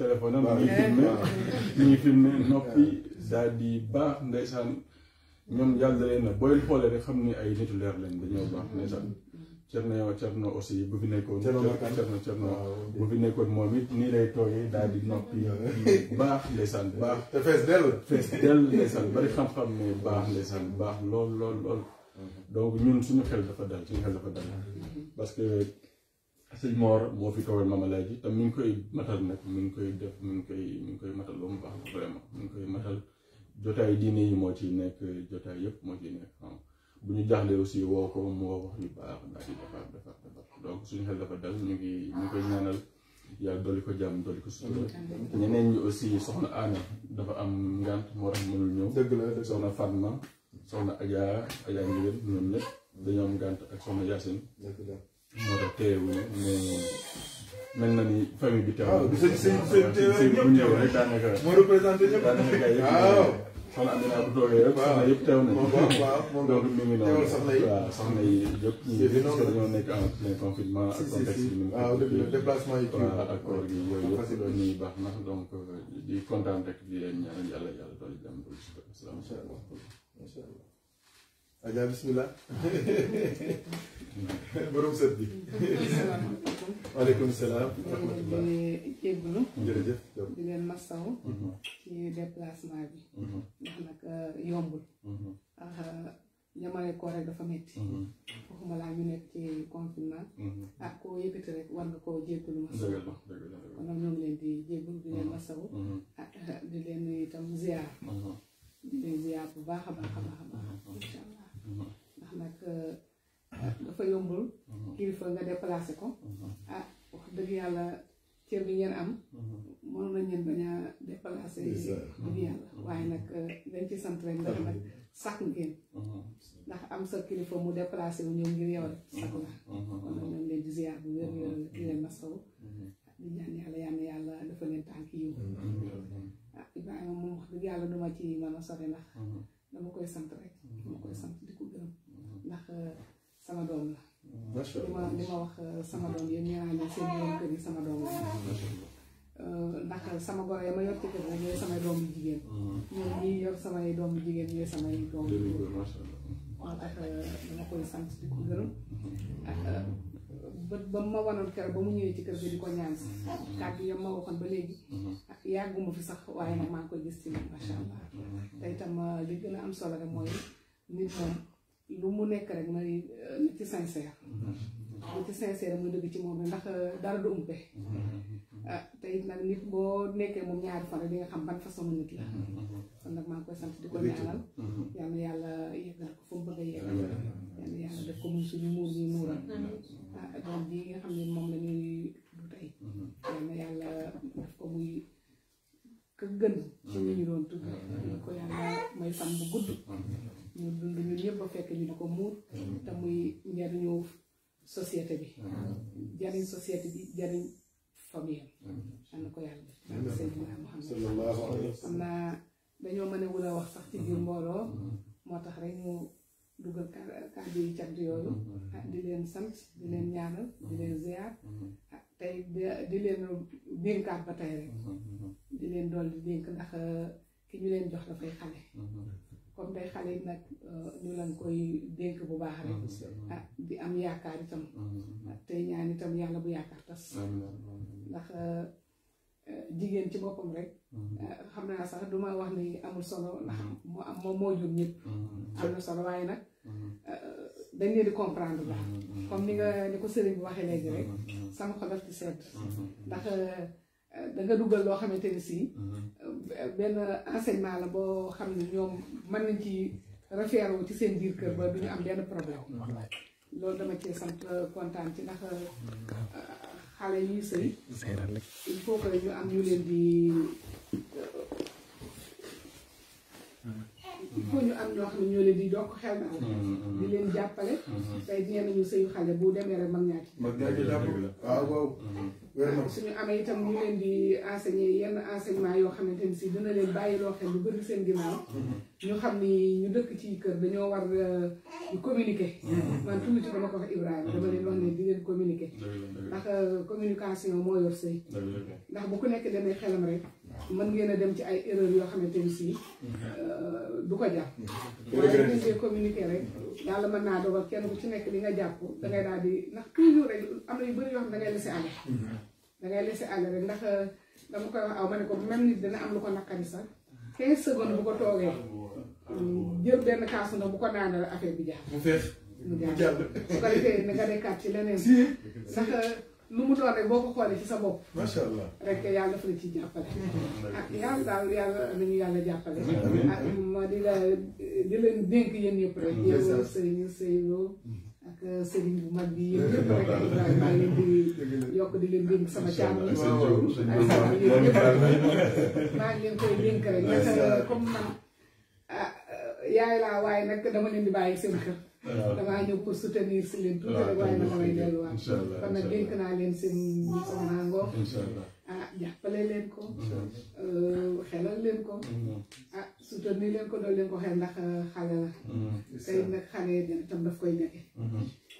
[SPEAKER 6] téléphone am ah, mi ngi filmé noppi daal di baax ndeysaan ñoom yàlla da leen nag booy xoolee rek xam ni ay nitu leer lañ dañoo baax ne sax Cerno Cerno aussi bu fi nekkoon Cerno Cerno bu fi nekkoon moom it nii lay toogee daal di noppi baax ndeysaan baax te fees dell fees dell ndeysaan bari xam-xam ne baax ndeysaan baax lool lool lool donc ñun suñu xel dafa dal suñu xel dafa dal parce que sëñ Mor moo fi toogal Mamalaaji te mu ngi koy matal nag mu ngi koy def mi ngi koy mi ngi koy matal ba mu baax vraiment mi ngi koy matal jotay diine yi mo ci nek jotay yep mo ci nek xam bu ñu aussi wo ko mo wax yu baax na ci dafa dafa donc suñu xel dafa dal ñu ngi ñu koy ñaanal yàlla doli ko jam doli ko sutura ñeneen ñu aussi soxna ana dafa am ngant mo tax mënul ñew deug la soxna Fatma soxna Adja Adja Ngéwén ñoom ñëpp dañu am ngant ak soxna Yacine mo tax téewu mais mel na ni famille bi teew. waaw sëñ sëñ sëñ teewee ñëpp teew rek daanaka. moo représenté ñëpp daanaka yëpp. waaw soxna Amina bu toogee rek. waaw soxna yëpp teew nañu. waaw moom donc mi ngi noonu. soxna yi waaw soxna yi yëpp. ñu ngi parce que dañoo nekk en plein confinement. ak contexte bi ñu. waaw dëgg la déplacement yi. waaw ak koor gi yooyu yëpp dañuy baax na donc euh, di kontaan rek di leen
[SPEAKER 1] ñaanal yàlla yàlla dolli jàmm dolli si waaw. macha allah macha allah. Adja bismillah.
[SPEAKER 4] borom sët bi. waaleykum salaam. rahmatulah di leen di leen masawu. Mhm. ci déplacement bi. Mhm. ndax nag euh, yombul. ah ñamale ko rek dafa métti. Mhm. waxuma laa ñu nekk ci confinement. ak koo yëkkati rek war nga koo jégalu masawu ko. kon nag ñoo ngi leen di jégalu di leen masawu. Euh, di leen itam ziar. di leen ziar bu baax a baax a baax a baax incha allah ndax nag. Euh, dafa yombul kilifa nga déplacé ko ah, wax dëgg yàlla cër bi ngeen am mënoon nañ leen bañ a déplacé yàlla waaye nag euh, dañ ci sant rek ndax am sa kilifa mu déplacé wu ñëw ngir yow ah, yàlla yàlla ah, yàlla a sori mm-hmm. dama koy sant rek dama koy sant di ko gërëm ndax euh, sama doom la. Mm-hmm. li ma wax euh, sama doom yéen ñaa ngi seen borom kër sama doom la. Euh, ndax sama goro ya ma yor ci kër jigéen. Mm-hmm. ñoom samay doom jigéen ñooy samay doom yu góor. Mm-hmm. waaw ak euh, ko gërëm. ak ba wanoon keroog mu ñëwee ci kër gi di ko ñaan si. kàddu yam ma waxoon ba léegi. yàgguma fi sax waaye nag maa koy gis ci moom macha allah. te itam li gën a am solo rek mooy nit moom. lu mu nekk rek na ci euh, sincère lu mm-hmm. ci sincère mooy dëgg ci moom ndax euh, dara du umpe mm-hmm. ah nag nit boo nekkee moom ñaari fan di nga façon nit la mm-hmm. maa ngi koy sant di ko yàlla yeggal ko bi ah, nga xam ne moom la ñuy du tey yal yàlla def ko muy ka gën ci ñu doon tudd ko yàlla may fan bu gudd ñu dund ñun ñëpp ba fekk ñu di ko muut te muy njariñu société bi jariñ société bi jariñ famille am na ko yàlla def Seydina Muhammad xam naa dañoo mën a wula wax sax ci biir mbooloo moo tax rek ñu dugal kàddu yi cant yooyu di leen hmm. sant hmm. di leen ñaanal hmm. ah, di leen ziar ah tey di leen dénkaat ba tey rek di leen dool di dénk ndax ki ñu leen jox dafay xale comme tey xale yi nag euh, ñu lañ koy dénk bu baax rek ah di am yaakaar itam ah, te ñaan itam yàlla bu yaakaar tas ndax euh, euh, jigéen ci boppam rek xam naa sax du ma wax ni amul solo ndax moo am moom moo jur ñëpp am na solo waaye nag dañ leen di comprendre la comme ni nga ni ko sëriñ waxee léegi rek sama xol daf ci benn enseignement la boo xam ne ñoom mën nañ ci rafeeroo ci seen biir kër ba du ñu am benn problème loolu dama cee sant kontaan ci ndax xale yuy sëy il faut que ñu am ñu leen di mm-hmm. il ñu am ñoo xam ne ñoo leen di dokk xel na mm, mm, mm. di leen jàppale tey nee nañu sëyu xale bu demee rek mag ñaa ci
[SPEAKER 1] mag ñaa ci jàpp ah, waaw
[SPEAKER 4] amee itam ñu leen di enseigner yenn enseignement yoo xamante ni si dina leen bàyyi loo xel lu bëri seen ginnaaw mm-hmm. ñu xam ni ñu dëkk ci kër dañoo war euh, di communiquer mm-hmm. man tuuti ci dama ko wax Ibrahima dama leen wax ne di leen communiquer ndax euh, communication moo yor sëy ndax bu ku nekk demee xelam rek man ngeena dem ci ay erreur yo xamanteni ci euh du ko japp waaye mm-hmm. ngeen ci communiquer rek yalla man na dogal kenn ku ci nek li nga japp da ngay daal di ndax toujours rek am na beuri yo xam da ngay laisser aller mm-hmm. da ngay laisser aller rek ndax euh, mu koy wax aw mané ko même nit dina am lu ko nakari sa 15 secondes bu ko togué mm, jël ben kaas ndox bu ko nanal affaire bi jàpp
[SPEAKER 2] mu jàpp su ko
[SPEAKER 4] defé nga nekkaat ci leneen sax lu mu doon rek boo ko xoolee ci sa bopp. macha allah rek yàlla dafa ci jàppale. ak ah, yàlla daal yàlla nañu yàlla jàppale. ak ah, ma di la di leen dénk yéen ñëpp rek. yow euh, bi di yokk di leen dénk sama càmm. ak sama yéen ñëpp rek leen koy dénk ah, euh, waaye nag dama leen di bàyyi seen kër. dangaa ñëw pour soutenir si leen tout rek waaye na mooy delluwaat kon dénk naa leen seen soxna Ngor ah jàppale leen ko euh, xelal leen ko mm-hmm. ah soutenir leen ko dool leen ko xel ndax euh, xale la mm-hmm. tey nag xale tam daf koy ñege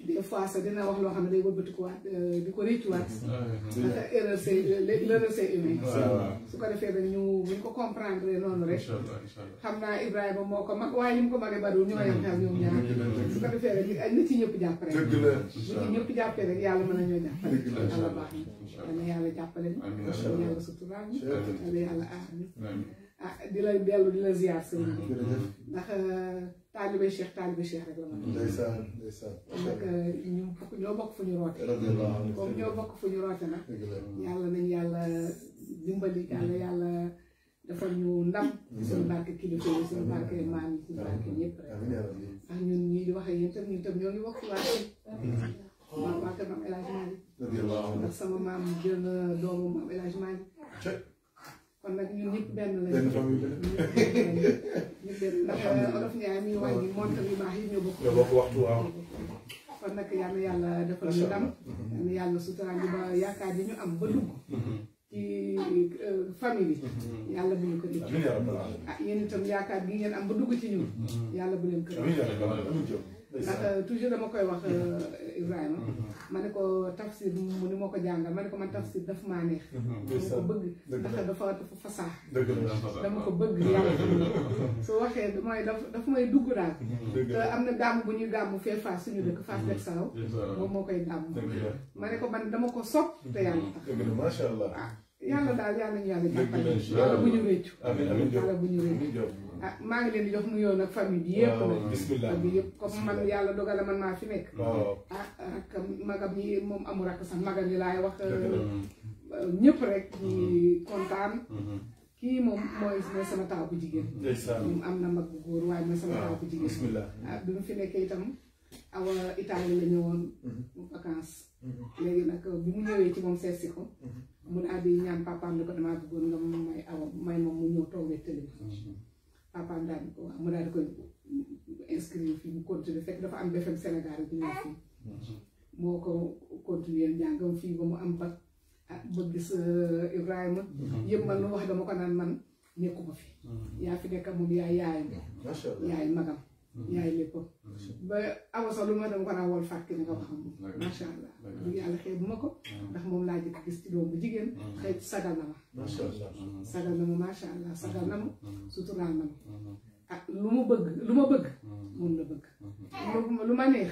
[SPEAKER 4] des fois sax dina wax loo xam ne day wëlbatikuwaat euh, di ko réccuwaat. naka mm-hmm. erreur c'est l'erreur ko defee rek ñu buñ ko comprendre noonu rek. xam naa Ibrahima moo ko mag waaye ni ko magee bariwul ñoo yem daal ñoom ñaar. su ko ñëpp jàpp la nit ñëpp jàppee rek yàlla mën nañoo jàppale. jàppale ñu. amiin ah, di la dellu di la ziar sëñ bi ndax. Euh, taalibe cheikh taalibe cheikh rek la mën a. ndeysaan ndeysaan. nag euh, ñu ñoo bokk fu ñu roote. comme ñoo bokk fu ñu roote nag. yàlla nañ yàlla dimbali yàlla mm-hmm. mm-hmm. rek. ak ñun ñii di maam mm-hmm. waa kër maam El Hadj ndax sama maam jël doomu maam El Hadj xam nag ñun ñëpp benn lañu. benn famille benn ñëpp benn ndax olof Ndiaye mi ngi wàññi montam yu baax yi ñoo bokk. ñoo waxtu waaw. kon nag yal na yàlla defal ñu ndam. yal na yàlla suturaan bi ba yaakaar di ñu am ba dugg. Mm-hmm. ci euh, famille yi. Mm-hmm. yàlla bu ñu ko déglu. ah yéen itam yaakaar gi ngeen am ba dugg ci ñun. Mm-hmm. yàlla bu leen ko déglu. ndax toujours dama koy wax euh, Ibrahima mhm. ma ne ko tafsir mu ni moo ko jàngal man ne ko man tafsir daf maa neex mhm. dama ko bëgg ndax dafa dafa fasaa dama ko bëgg yàlla su waxee mooy daf may dugg daal mhm. te am na gàmm bu ñuy gàmm fee Fass suñu dëkk Fass def salaw moom moo koy gàmm ma ne ko man dama ko sopp te yàlla
[SPEAKER 5] tax masha ah,
[SPEAKER 4] yàlla daal yàlla ñu yàlla jàppale yàlla bu ñu réccu yàlla bu ñu réccu ah maa ngi leen di jox nuyoo nag famille bi yëpp ah, nag bismillah bi yëpp comme man yàlla dogale man maa fi nekk ah. ah ak magam yi moom amul ak sax magam yi laay wax euh, ñëpp rek ñi mm-hmm. kontaan mm-hmm. kii moom mooy sama taaw bu jigéen na mag bu góor waaye mooy sama taaw bu ah, jigéen bi mu fi nekkee itam aw Italie la ñëwoon mm-hmm. mu vacances léegi nag euh, bi mu ñëwee ci moom seetsi ko mun abi ñaan papaam ni ko damaa bëggoon nga may awa may moom mu ñëw toog papaam daal di ko waaw mu daal koy inscrire fii mu continuer fekk dafa am BFM Sénégal bi mm-hmm. moo ko continuer njàngam fii ba mu am bac ah ba gis euh, Ibrahima mm-hmm. yëpp man lu wax dama ko man nekkuma fi mm-hmm. yaa fi nekk moom yaay yaayam yaay magam Mm-hmm. yaay léppam mm-hmm. ba awa sax lu ma dama ko naa woon fàtte nga wax am macha allah bu yàlla xeebu ma ko mm-hmm. ndax moom laa jëkk gis ci doom bu jigéen xëy sagal na ma sagal na ma macha allah sagal ma suturaal na ma ah lu mu bëgg lu ma bëgg moom la bëgg lu ma neex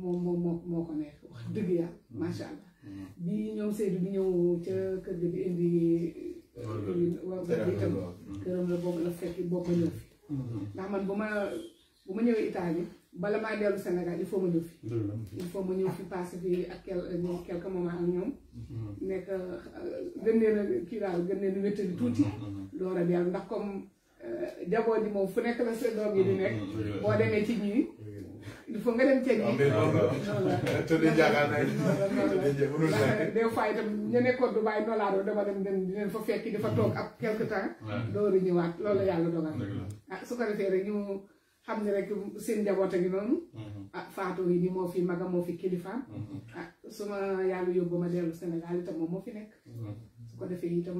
[SPEAKER 4] moom moom moo ko neex wax dëgg yàlla macha allah bi ñoom Seydou bi ñëw ca kër ga bi indi këram la boobu la fekk boo ko ñëw fi ndax man bu ma bu ma ñëwee Italie bala maa dellu Sénégal il faut ma ñëw fi il faut ma ñëw fi passé fi ak quelques euh, quelques moments ak ñoom mhm. nekk euh, gën leen a kii daal gën leen a wéttali tuuti mhm, mhm, loolu a dellu ndax comme euh, jaboot ji moom fu nekk la sa doom yi di nekk boo demee ci ñii il faut nga dem ceeb ah, yi.
[SPEAKER 1] tëddee jaagaan nañ.
[SPEAKER 4] des fois itam ñu nekkoon Dubaay noolaadoo dama dem dem di leen fa fekki di fa toog ak quelque temps. dooru ñëwaat loolu yàlla dogal. ah su ko defee rek ñu. xam ne rek seen njaboot a ngi noonu. Mhm. ah Fatou ngi moo fi maga moo fi kilifaam. Mhm. ah su ma yàlla yóbbu ma dellu Sénégal itam moom moo fi nekk. Mhm. su ko defee itam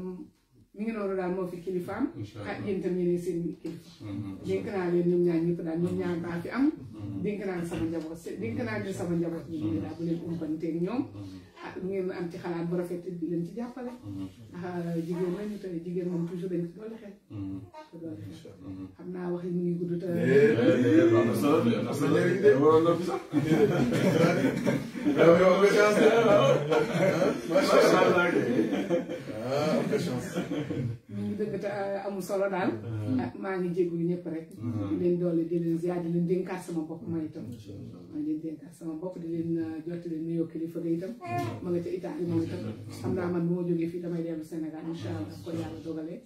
[SPEAKER 4] mi ngi noonu daal moo fi kilifaam. incha ah, allah ah yéen itam yéenay seen kilifa. dénk naa leen ñoom am. dénk naa sama njaboot dénk naa sama daal bu leen umpanteeg ñoom. ah lu ngeen am ci xalaat bu rafet di leen ci jàppale. ndax jigéen lañu te jigéen moom toujours dañ ko doole xel. xam naa wax yi mu ngi gudd te. am na solo am na solo njëriñ de waroon na fi sax. yow yow am nga chance de. macha allah macha allah. ah am nga chance. ñu gitu, dëgg hmm. te eh, amul solo daal hmm. nah, maa ngi jégalu ñëpp rek hmm. di leen doole di leen ziar di leen dénkaat sama bopp man itam maa ngi leen dénkaat sama bopp di leen eh, jottali nuyoo kilifa ga itam ma nga ca Italie moom itam xam naa man bu ma jógee fii damay dellu Sénégal incha allah ko yàlla dogalee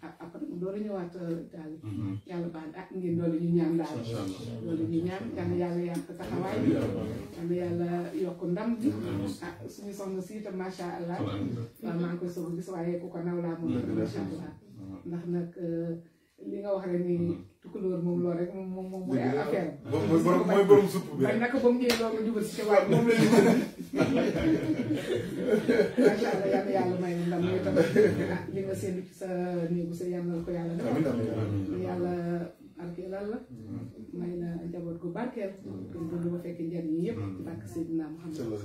[SPEAKER 4] ak ah, après mu doole ñëwaat eh, Italie yàlla baax ak ah, ngeen doole ñu ñaan daal doole ñu ñaan yàlla yàlla yàq taxawaay bi yàlla yàlla yokk ndam bi ah suñu soxna si itam macha allah waaw maa ngi koy soog a gis waaye ku ko naw laa moom nah ndax nag li nga wax rek ni tukulóor moom loolu rek moom moom mooy affaire mooy borom supp bi nag ba mu ñëwee loolu jubal si te waaye moom la ñu allah yàlla yàlla may ndam yow tamit li nga séntu ci sa néegu sa yàlla ko yàlla defal yàlla arke lan la may la njaboot gu barkeel kon mm. dund ba fekk njariñ yi yëpp ci mm. barke Seydina Muhammad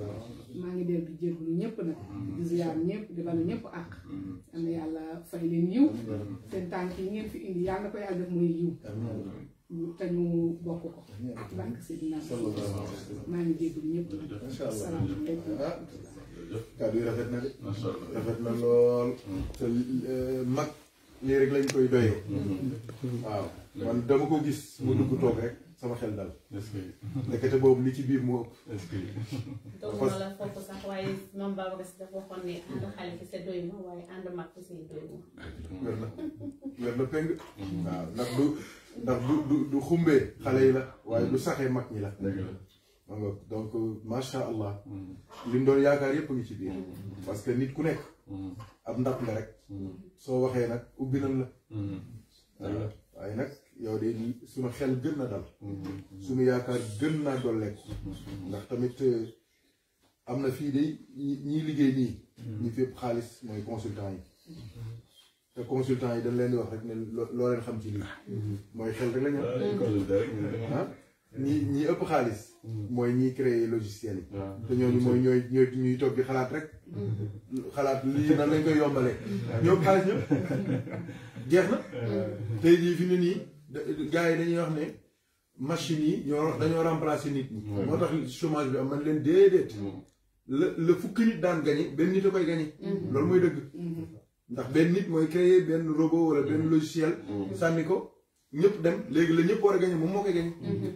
[SPEAKER 4] maa ngi del di jéeglu ñëpp nag mm. di ziyaar ñëpp di balu am na yàlla fay leen yiw seen tànk yi ngeen indi yàlla ko yàlla def muy yiw te ñu bokk ko barke Seydina maa ngi jéeglu ñëpp nag salaamaaleykum ah.
[SPEAKER 1] kàddu yi rafet na de rafet na lool te eh, mag lii rek lañ koy doyee. Mhm. waaw mhm. man dama ko gis. mu dugg toog rek sama xel dal. nekkate boobu li ci biir moo ëpp. dogu ndax du ndax du xumbee xale yi la waaye du saxee mag ñi la. ma nga donc macha allah. Mhm. li mu doon yaakaar yëpp ngi ci biir. parce que nit ku nekk. ab ndax nga rek. soo waxee nag ubbi nañ la. Mm-hmm. Ah. waaye nag yow de suma xel gën na dal. Mm-hmm. sunu yaakaar gën naa dolleeku. Mm-hmm. ndax tamit eh, am na fii de ñiy liggéey nii. ñu fépp xaalis mooy consultant yi. te consultant yi dañ leen di wax rek ne loo leen xam ci lii. Ah. mooy xel rek la ñu. ah ni ñi ëpp xaalis mooy ñiy créer logiciel yi te ñooñu mooy ñooy ñooy ñuy toog di xalaat rek xalaat lii nan lañ koy yombalee ñoo ëpp xaalis ñëpp jeex na tey jii fi ne nii gars yi dañuy wax ne machines yi ñoo dañoo remplacer nit ñi moo tax chômage bi am man leen déedéet la le fukki nit daan gagné benn nit a koy gagné mm-hmm. loolu mooy dëgg ndax benn nit mooy créer benn robot wala benn logiciel sànni ko ñëpp dem léegi la ñëpp war a gañe moom moo koy gagné mm-hmm.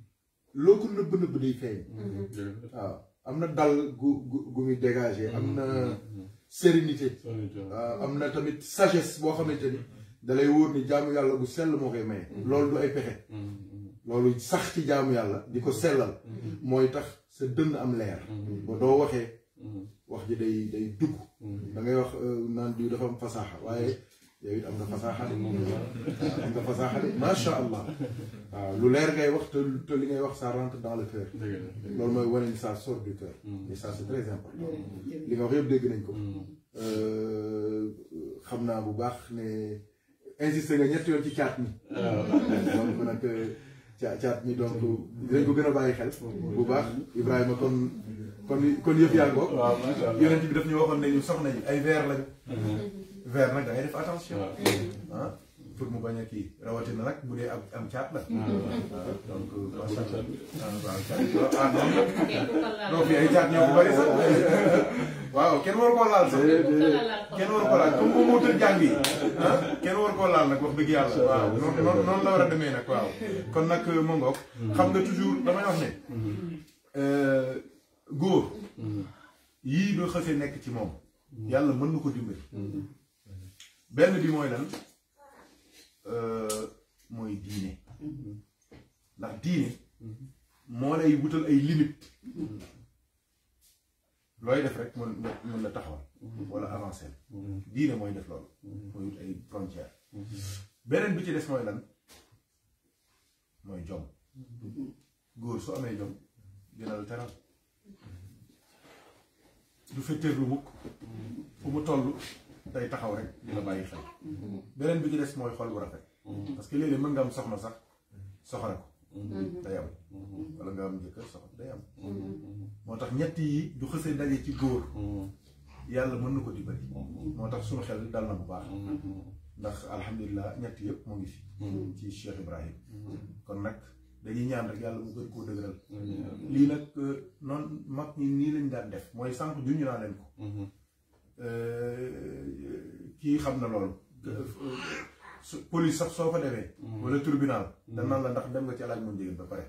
[SPEAKER 1] loo ko nëbb nëbb day feeñ mm-hmm. waaw am na dal gu gu gu muy dégagé am na mm-hmm. sérénité waaw am na tamit sagesse boo xamante ni dalay wóor ni jaamu yàlla bu sell moo koy maye mm-hmm. loolu du ay pexe loolu sax ci jaamu yàlla di ko sellal mooy tax sa dënn am leer ba doo waxee wax ji day day dugg dangay wax euh, naan diw dafa am fasaaxa waaye yow it am nga fasaaxa de moom la am nga fasaaxa de macha allah waaw lu leer ngay wax te li ngay wax ça rentre dans le cœur. loolu mooy wane ni ça sort du cœur. et ça c'est très important. li nga wax yëpp dégg nañ ko. xam naa bu baax ne insisté nga ñett yoon ci caat mi. donc nag ca caat mi donc dinañ ko gën a bàyyi xel. bu baax Ibrahima kon. kon kon yëpp yaa ngi ko. waaw macha allah yonent bi daf ñu waxoon ne ñu soxna yi ay verre lañu. verre nag da ngay def attention. ah mu bañ a kii rawatina nag bu dee am am la.
[SPEAKER 2] Mm. Ah, donc macha euh, allah. ah
[SPEAKER 1] non waaw kenn waru koo laal sax. kenn waru koo laal comme mu wutal jàng yi. ah kenn waru koo laal nag wax dëgg yàlla. waaw noonu noonu la war a demee nag waaw. kon nag euh, ma ngoog. Mm. xam nga toujours damay wax ne. Euh, mm. yii doo xasee nekk ci moom. yàlla mën na ko dimbali. ben bi moy lan euh moy diine ndax diine mo lay wutal ay limite loy def rek mo mën la taxaw wala avancer diine moy def lool moy wut ay frontière benen bi ci dess moy lan moy jom góor so amé jom dina la teral du fetteerlu mukk fu mu tollu tay taxaw rek dina bayyi xel. Mm-hmm. Mm-hmm. benen bi ci dess moy xol bu rafet. Mm-hmm. parce que lele léeg nga am soxna sax soxna ko. tay am wala nga am jëkkër sax tay am. motax tax ñett yi du xese dajé ci goor yalla mën nako ko dimbali. moo suñu xel dal na bu baax. ndax alhamdullilah ñett yëpp mo ngi fi. ci Cheikh Ibrahim. kon nak dañuy ñaan rek yalla mu gën ko dëgëral. li nak euh, non mak ñi ni lañ daan def moy sank juñu naa leen ko. Euh, kii xam na loolu. police sax soo ko defee. Mm-hmm. wala tribunal. Mm-hmm. da naan la ndax dem nga ci alaaj moom jigéen ba pare.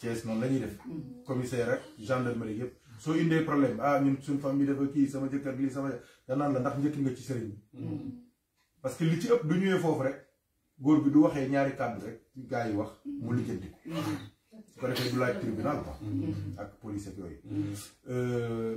[SPEAKER 1] Thiès noonu la ñuy def. Mm-hmm. commissaire rek gendarmerie yëpp soo indee problème ah ñun bi famille a kii sama jëkkër lii sama da naan la ndax njëkki nga ci sëriñ bi. parce que li ci ëpp du ñëwee foofu rek góor bi du waxee ñaari kàddu rek gaa yi wax mu lijjanti ko.
[SPEAKER 2] su ko du laaj tribunal quoi.
[SPEAKER 1] ak police ak yooyu. Euh,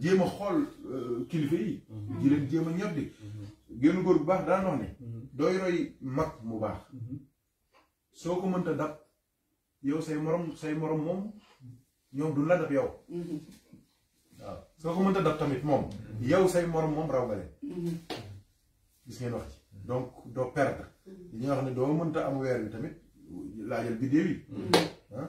[SPEAKER 1] jéem a xool euh, kilifa yi. Mhm. di leen jéem mhm. génn góor bu baax daan wax ne. Mhm. dooy roy mag mu baax. soo ko mënta dab yow say morom say morom moom ñoom du la dab ko mënta dab tamit moom. yow say morom moom raw nga leen. gis ngeen wax ci donc doo perdre. li nga ne doo mënta am weer bi tamit laajal biddéew yi. Ah.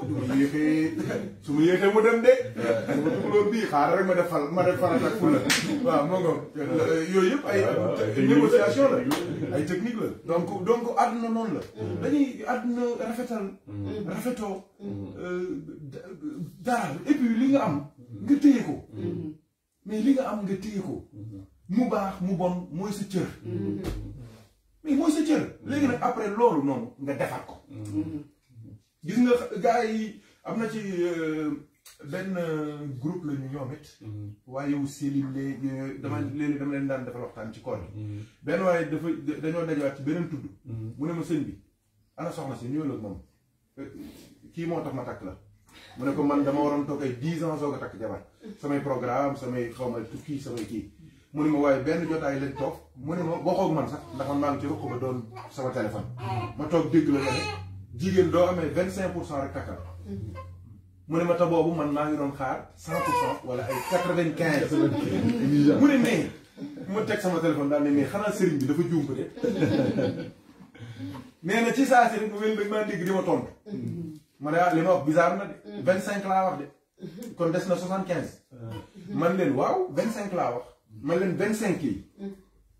[SPEAKER 1] su yéexee su ma yéexee mu dem de. ma tukulóor bii xaaral rek ma def fal ma def farat ak fula. waaw moo ngoog yooyu yëpp ay négociation la ay technique la. donc donc na noonu la. dañuy àdduna rafetal. rafetoo. Euh, dara et li nga am nga téye ko. mais li nga am nga ko. mu baax mu bon mooy sa cër. Mm-hmm. mais mooy sa cër. léegi nag après loolu noonu nga defar ko. gis nga gaa yi am na ci euh, benn euh, groupe la ñu ñoom it. waaye wu Céline léegi dama léeg-léeg leen daan defal waxtaan ci koor bi. Mm-hmm. benn waaye dafa dañoo dajawaat ci beneen tudd. Mm-hmm. mu ne ma sëñ bi ana soxna si ñëw la moom euh, kii moo tax ma takk la. mu ne ko man dama waroon toog ay dix ans soog a takk jabar samay programme samay xaw ma tukki samay kii mu ne ma waaye benn jotaay lañ toog mu ne ma boo man sax ndax man maa ngi ci ruq ba doon sama téléphone mm-hmm. ma toog dégg la jigéen doo amee vingt cinq pour cent rek takkal mu ne ma ta boobu man maa ngi doon xaar cent pour cent wala ay quatre vingt quinze mu ne mais mu teg sama téléphone daal ne mais xanaa sëriñ bi dafa juum de nee na ci saa si rek mu mel ni maa dégg di ma tontu ma ne ah li ma wax bizarre na de vingt cinq laa wax de kon des na soixante quinze man leen waaw vingt cinq laa wax man leen vingt cinq yi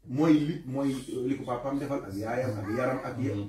[SPEAKER 1] mooy li mooy li ko papaam defal ak yaayam ak yaram ak yéen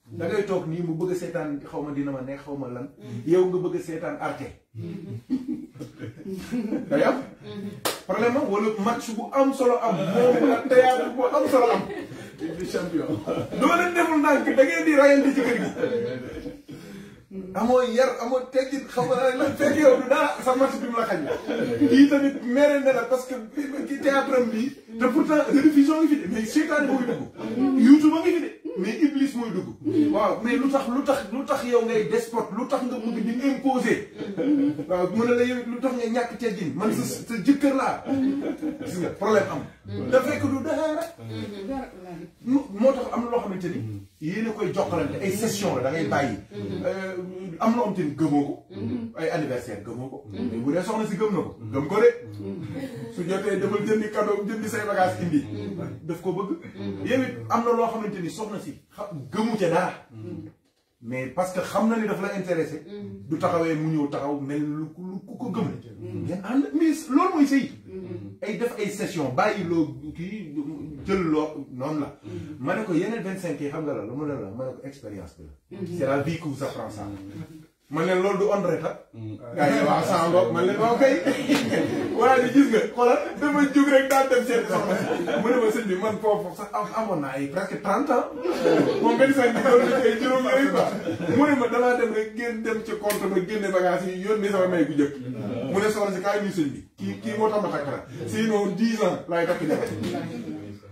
[SPEAKER 1] da ngay toog nii mu bëgg a seetaan xaw ma dina ma ne xaw ma lan. yow nga bëgg a seetaan arte. day am. problème am walla match bu am solo am. moom ak théâtre bu am solo am. champion. doo leen deful ndànk da ngeen di rayante ci kër
[SPEAKER 2] gi. Mm.
[SPEAKER 1] amoo yar amoo teggin xam nga lan fekk yow du dara sa match bi mu la xañ la. kii tamit mere na parce que kii théâtre am bii. te pourtant télévision ngi fi mm. fi de mm. mais iblis mooy dugg. waaw mais lu tax lu tax lu tax yow ngay despote lu tax nga mën di imposer. waaw mën na la yow lu tax nga ñàkk teggin man sa sa jëkkër laa. gis nga problème am. da fekk du dara. moo tax am loo xamante ni. yéen a koy jokkalante ay session la da ngay bàyyi. Mm-hmm. Euh, am na am tamit ko. Mm-hmm. ay anniversaire gëmoo ko. Mm-hmm. mais bu dee si gëm na ko. gëm ko de. su jotee demal jëndi cadeau jëndi say bagage indi. daf ko bëgg. yéen it am na loo xamante ni soxna si xam gëmu ca mais parce que xamna na ni Tu la intéressé. Mm. du taxawé mu ñëw taxaw mel lu ko gëm. Mm. mais c'est mooy sëy. Mm. ay def ay session je lo ki jël lo y la. ma ko yeneen vingt cinq yi xam nga la expérience c'est la vie que vous apprend ça. ma leen loolu du onreta mm. a yi waaw san bopp man leen waaw kay
[SPEAKER 4] waaye gis nga xoolal
[SPEAKER 1] dama jóg rek daan dem seet ne ma sëñ bi man foofu sax amoon naa ay presque trente ans moom benn sax di doon ay juróom yooyu quoi mu ne ma danaa dem rek génn dem ci compte ma génne bagage yi yónnee sama may gu jëkk mu ne soxna si kaay nuyu sëñ bi kii kii moo tax ma takk la sinon dix laay takk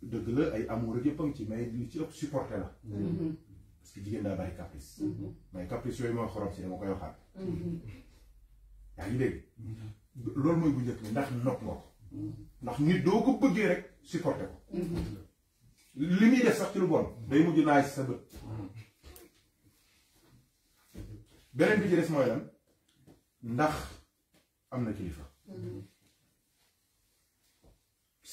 [SPEAKER 1] dëgg la ay amour ak yëpp ci mais li ci ëpp supporté la. Mhm. parce que jigéen daa bari caprice. Mhm. mais caprice yooyu mooy xorom si dama koy waxaat. Mhm. yaa ngi dégg. loolu mooy bu njëkk bi ndax nopp nga ko. ndax nit doo ko bëggee rek supporté ko. li muy def sax ci lu bon day mujj naaj sa bët. beneen bi ci des mooy lan ndax am na kilifa.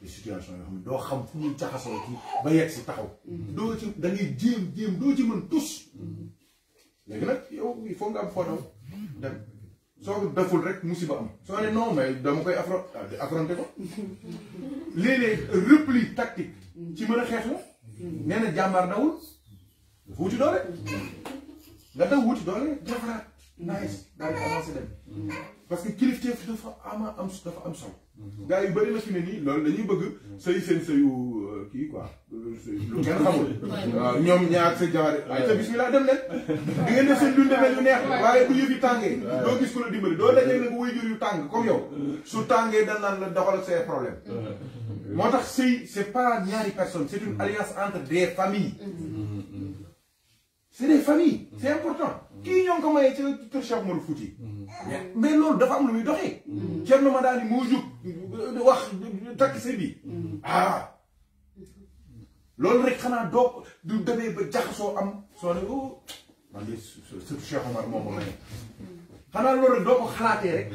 [SPEAKER 1] des yoo doo xam fu ñuy jaxasoo ci ba yegg si taxaw. doo ci da ngay jéem doo ci mën tus. léegi nag yow il faut nga am photo dem soo ko deful rek musiba am soo ne non mais dama koy affron ah, ko léeg-léeg repli ci mën a xeex la nee na jàmbaar dawul dafa wuti doole nga daw wuti doole defaraat nice daal di avancé dem parce que kilifteef dafa ama am dafa am solo gars yi bëri na fi ne nii loolu lañuy bëgg sëy seen sëyu euh, kii quoi euh, lu kenn xamul waaw ñoom ñaar sa jabar waaye sa bismillah dem leen di ngeen def seen dund mel lu neex waaye bu yëf yi tàngee doo gis ku la dimbali doo dajee nag waajur yu tàng comme yow su tàngee dañ naan la doxal ses problèmes moo tax sëy c'est pas ñaari personnes c'est une mm. alliance entre des familles mm. c' est des familles mm-hmm. c' est important kii ñoo ngi ko mayee ci kër Cheikh mm-hmm. mais loolu dafa am lu muy doxee mm-hmm. Thierno Madani moo jóg euh, wax takk sëy bi ah loolu rek xanaa doo du demee ba jaxasoo am soo ne o oh, man de surtout Cheikh Oumar moom ma ne xanaa loolu rek doo ko xalaatee rek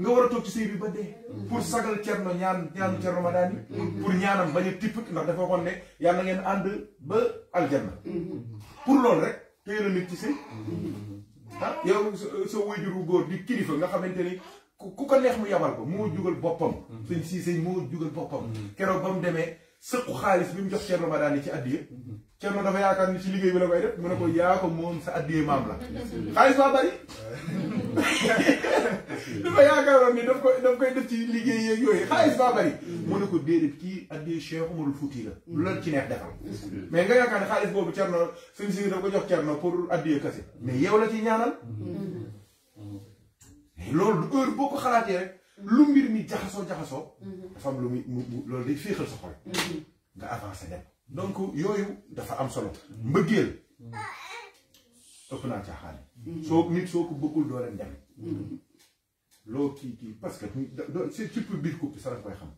[SPEAKER 1] nga war a toog ci bi ba dee pour sagal Thierno ñaan ñaanu Thierno Madani pour ñaanam bañ a tipp ndax dafa waxoon yàlla ngeen ànd ba aljanna pour loolu rek téye na nit ci sëy mm-hmm. ah yow sa wajuru góor di kilifa nga xamante ni ku ko neex mu yabal ko moo mm-hmm. jugal boppam mm-hmm. sëñ Siise moo jugal boppam keroog ba mu demee sëqu xaalis bi mu jox Cheikh Ramadan yi ci addiya Cerno dafa yaakaar ni ci liggéey bi la koy def mu ne ko mm-hmm. yaa ko moom sa addiyee maam la xaalis baa bari dafa yaakaaroon ni daf koy daf koy def ci liggéey yeeg yooyu mm-hmm. xaalis baa bari mm-hmm. mu ne ko déedéet kii addiyee Cheikh Umarul Fuuti la lu la ci neex defal mais nga yaakaar ne xaalis boobu Cerno suñ si daf ko jox Cerno pour addiyee kase mais yow la ci ñaanal loolu du heure boo ko xalaatee lu mbir mi jaxasoo jaxasoo dafa am lu muy loolu sa xol nga avancé dem donc yooyu dafa am solo. mbëggeel ëpp naa caaxaan. soo nit soo ko bëggul doo leen dem. loo kii kii parce que c'est surtout biir couple sax koy xam.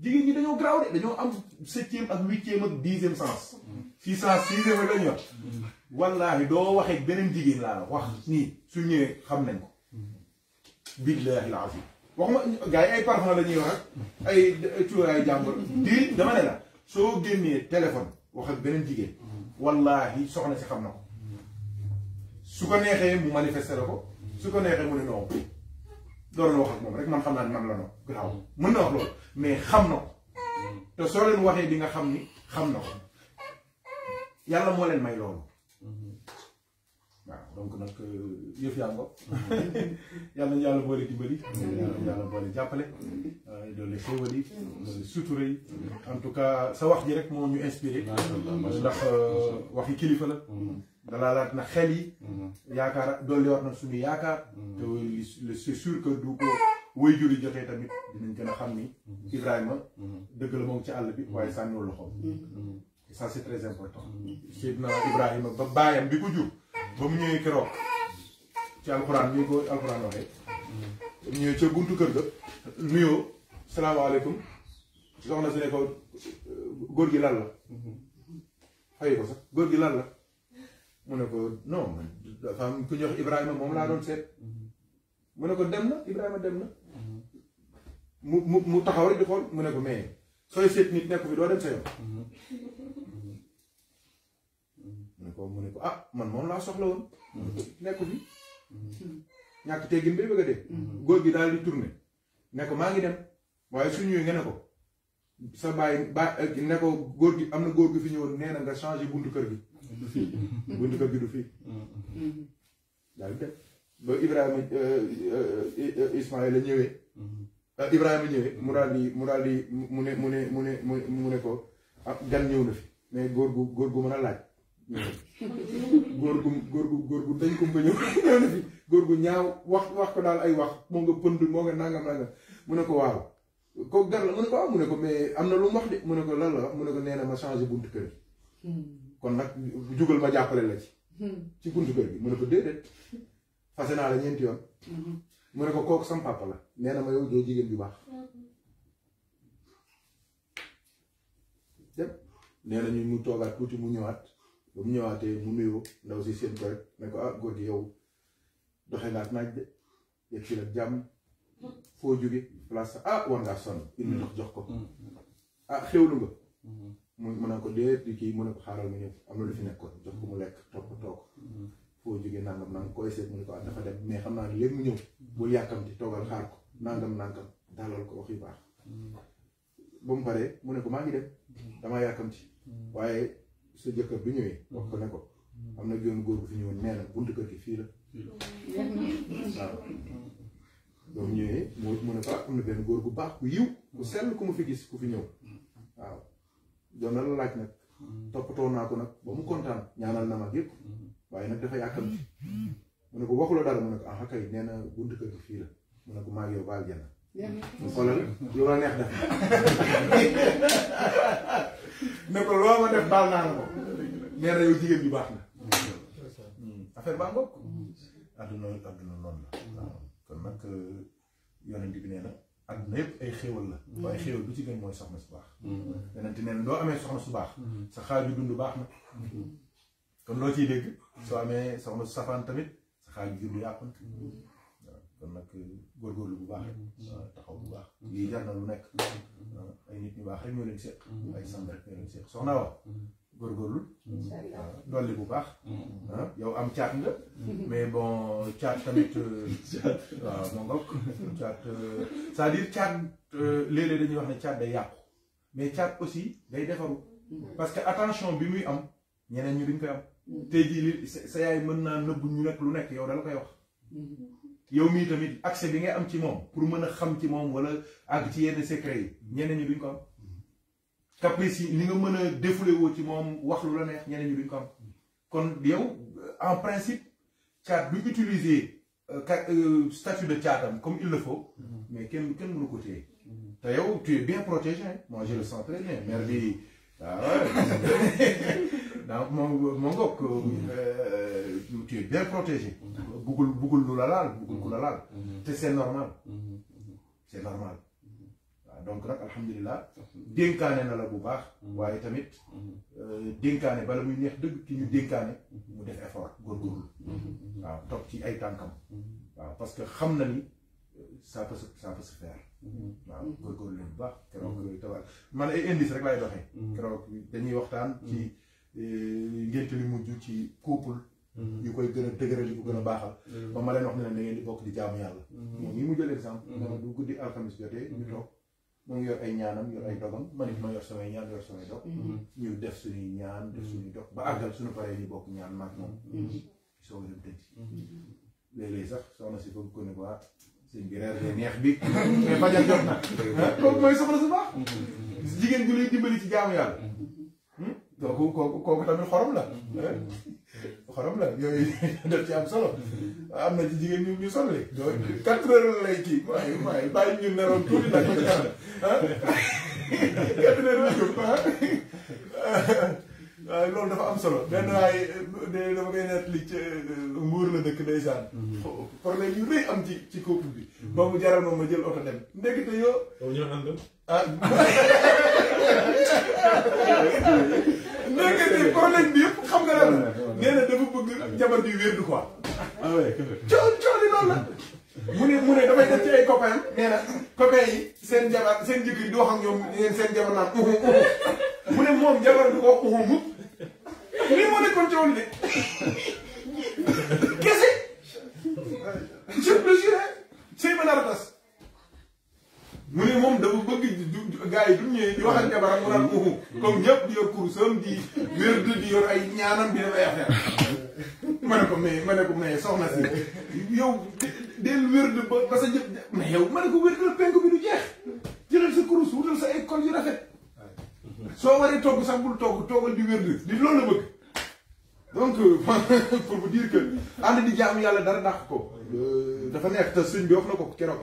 [SPEAKER 1] jigéen ñi dañoo garaaw de dañoo am septième ak huitième ak dixième sens. six sens sixième
[SPEAKER 2] ak
[SPEAKER 1] la ñu doo waxee beneen jigéen laa wax nii su xam nañ ko. billaahi la azim wax ma gars yi ay la ñuy wax ay cuuraay jàmbur. dama ne la. soo génnee téléphone wax ak beneen jigéen wallaahi soxna si xam na ko su ko neexee mu manifester la ko su ko neexee mu ne non loolu la wax ak moom rek man xam naa ne man la non garaaw mën na wax loolu mais xam na ko te soo leen waxee di nga xam ni xam na ko yàlla moo leen may loolu. donc nak yeuf ya ngo yalla nañu yàlla boole dimbali yalla nañu yàlla boole jàppale euh, doole xéewal yi doole sutura yi en tout cas sa wax ji rek mo ñu inspiré ndax euh, waxi kilifa la la lat na xel yi do doole wax na suñu yaakar te c'est sûr que du ko way juri jotee tamit dinañ gën a xam ni Ibrahima dëgg la ci àll bi way sànniwul loxo ça c'est très important sidna Ibrahima ba bayam bi ko jur ba mu ñëwee keroog ci alxuraan ñu ko alxuraan waxee mu ñëwee ca buntu kër ga nuyoo salaamaaleykum soxna si ne ko góor gi lan la xëy ko sax góor gi lan la mu ne ko non man dafa ku ñuy Ibrahima moom laa doon seet mu ne ko dem na Ibrahima dem na mu mu mu taxaw rek di xool mu ne ko mais sooy seet nit nekku fi doo dem sa yoon ko mu ne ko ah man moom laa soxla woon. nekku fi. ñàkk teggin bay bëgg a dee. góor gi daal di tourné. ne ko maa ngi dem waaye su ñëwee nga ne ko sa bàyyi ba ne góor gi am na góor gi fi ñëwoon nee na nga du fii buntu kër gi du fii. daal di dem ba Ibrahima euh, euh, euh, Ismaïla ñëwee. Ibrahima ñëwee mu daal di mu daal di mu ne mu ne mu mu ne ko ah gan ñëw na fi mais góor gu góor gu mën a laaj.
[SPEAKER 2] góor
[SPEAKER 1] gu góor gu gu dañ ko mba ñëw gu ñaaw wax wax ko daal ay wax moo nga pënd moo nga nangam nangam mu ne ko waaw ko gar la mu ne ko waaw mu ne ko mais am lu wax de mu ne ko lan la mu ne ko nee ma changé buntu kër kon nag jugal ma jàppale la ci ci buntu kër gi mu ne ko déedéet fase la ñeenti yoon mu ne ko kooku sam papa la nee ma yow doo jigéen bi baax dem nee ñu mu toogaat tuuti mu ñëwaat ba mu ñëwaatee mu nuyoo ndaw si seen ko rek ah góor gi yow doxe nga ak naaj de yegg si jàmm foo jóge place ah war ngaa son indi ndox jox ko mm-hmm. ah xéwlu nga mm-hmm. mu mën a ko dee di kii mën a ko xaaral mu ñëw am na lu fi nekkoon jox ko mu lekk toog toog mm-hmm. foo jóge nangam nangam koy seet mu ko ah dafa dem mais xam naa ne léegi mu ñëw bul yàkkamti toogal xaar ko nangam nangam dalal ko wax yu baax ba mu paree mu ne ko maa ngi dem damaa yàkkamti waaye sa jëkkër bi ñëwee wax mm-hmm. ko ne ko am na joon góor bu fi ñëwoon nee na buntu kër gi fii la mm-hmm. waaw boobu ñëwee moo mu ne ko ah, am na benn góor bu baax ku yiw ku sell ku ma fi gis ku fi ñëw waaw doon na la laaj nag mm-hmm. toppatoo naa ko nag ba mu kontaan ñaanal na ma yëpp waaye nag dafa yàkkam ci mu ne ko waxula dara mu ne ko ah kay nee na buntu kër gi fii la mu ne ko maa ngi yow baal jana mu xoolal lu la neex def ne ko loo ma def baal naa la ko nee na yow jigéen bi baax na hmm. affaire baa ngoog adduna adduna noonu la waaw kon nag euh, yonent bi nee na adduna yëpp ay xéewal la hmm. waaye xéewal bu ci gën mooy soxna su baax hmm. yonent nee na doo amee soxna su baax sa xaal bi dund baax na kon loo ciy dégg soo amee soxna su safaan tamit sa xaal bi dund yàqante kon nag euh, góorgóorlu bu baax. Mm-hmm. Euh, taxaw bu baax. Mm-hmm. lii jar na lu nekk. Mm-hmm. Euh, ay nit ñu baax rek ñoo leen seq. ay sàmm rek ñoo leen seq soxna wa góorgóorlu. dolli bu baax. Ah, yow am caat nga. mais bon caat tamit. caat waaw moo ngokk caat c'est-à-dire caat léeg dañuy wax ne caat day yàqu mais caat aussi day defaru parce que attention bi muy am ñeneen ñi duñ koy am. tey jii li sa yaay mën naa nëbbu ñu nekk lu nekk yow dala koy wax. yow mi tamit accès bi am ci pour y a xam secret yi ñeneen ko am caprice nga en principe as utilisé utiliser euh, euh, statut de tchadam comme il le faut mm-hmm. mais tu es bien protégé hein. moi je le sens très bien tu es bien protégé buggul buggul lu la laal ku te c'est normal c'est normal waaw ah, donc nag alhamdulilah dénkaane na la bu baax waaye tamit dénkaane euh, bala muy neex ñu mu def effort góorgóorlu waaw toog ci ay tànkam waaw parce que xam na ni euh, ça peut se ça peut se faire waaw góorgóorlu leen bu baax keroog tabaar man ay indice rek dañuy waxtaan ci euh, ci couple Mm-hmm. yu koy gën a dëgëral yu ko gën a baaxal mm-hmm. ba ma leen wax ne ne na ngeen di bokk di jaamu yàlla mm-hmm. moom ñi mu jël exemple dama du guddi alxamis jotee ñu toog mu ngi yor ay ñaanam yor ay dogam man it ma yor samay ñaan yor samay dog ñu def suñuy ñaan def suñuy dog ba àggal suñu paree ñu bokk ñaan maag moom soo dem tëdd léeg-léeg sax soxna si foog ko ne quoi ah, sëñ bi reer neex bi mais fajal jot na ah, kooku mooy soxna su baax jigéen ju ci jaamu yàlla hmm? kooku kooku kooku tamit xorom la eh? xorom la yooyu daf ci am solo am na ci jigéen ñu ñu solo li donc quatre heures lay kii waaye waaye bàyyi ñu neroon tuuti nag ah quatre heures
[SPEAKER 2] ah? Ah,
[SPEAKER 1] dafa am solo benn
[SPEAKER 6] waaye
[SPEAKER 1] li ci euh, mbuur la dëkk ndeysaan mhm. problème yu rëy am ci ci couple bi ba mu jaral ma ma jël oto dem ndekete yoo nekk ni problème bi yëpp xam nga lan la nee na dafa bëgg jabar bi wér du quoi. ah oui coow coow la. mu ne mu ne damay def ci ay copains nee yi seen jabar seen jëkkër di wax ak ñoom seen jabar naan uhu uhu mu ko uhu mu lii moo nekkoon coow li de kese je te jure sëy mën a ratas mu ne moom dafa bëgg gars yi du ñëwee di wax ak jabaram mu naan uhu comme ñëpp di yor kurusam di wér di yor ay ñaanam di def ay affaire ma ne ko mais ma ne ko mais soxna si yow del wér ba ba sa jë mais yow ma ne ko wér la penk bi du jeex jëlal sa kurus wutal sa école yu rafet soo waree togg sax bul togg toggal di wér di loolu la bëgg donc pour vous dire que di jaamu yàlla dara dàq ko euh, dafa neex te sëñ bi wax na ko keroog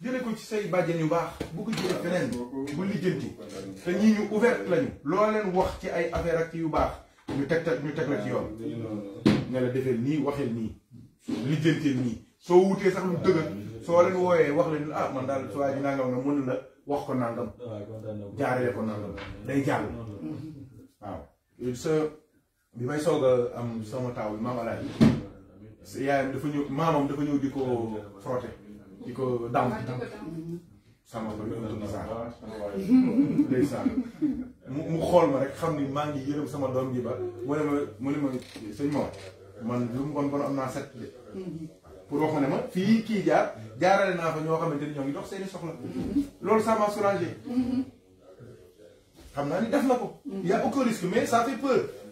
[SPEAKER 1] jële ko ci say bàjjen yu baax bu ko jëlee feneen bu lijjanti te ñii ñu ouverte lañu loo leen wax ci ay affaire ak ci yu baax ñu teg ñu teg la ci yoon ne la defee nii waxeel nii lijjanteel nii soo wutee sax lu dëgër soo leen wooyee wax leen ah man daal su waay ji nangam nga na la wax ko nangam jaarale ko nangam day jàll waaw sa bi may soog am sama taaw bi maam Alaaji yaayam dafa ñëw maamam dafa ñëw di ko frotter di ko dàmp dàmp sama ba doon saar ndeysaan mu xool ma rek xam ni maa ngi yërëm sama doom ji ba mu ne ma mu ne ma sëñ Mor man lu mu bon bon am naa set de pour wax ma ne ma fii kii jaar jaarale naa fa ñoo xamante ni ñoo ngi dox seeni soxla loolu ça m'a soulagé mm-hmm. xam naa ni def na ko y a aucun risque mais ça fait peur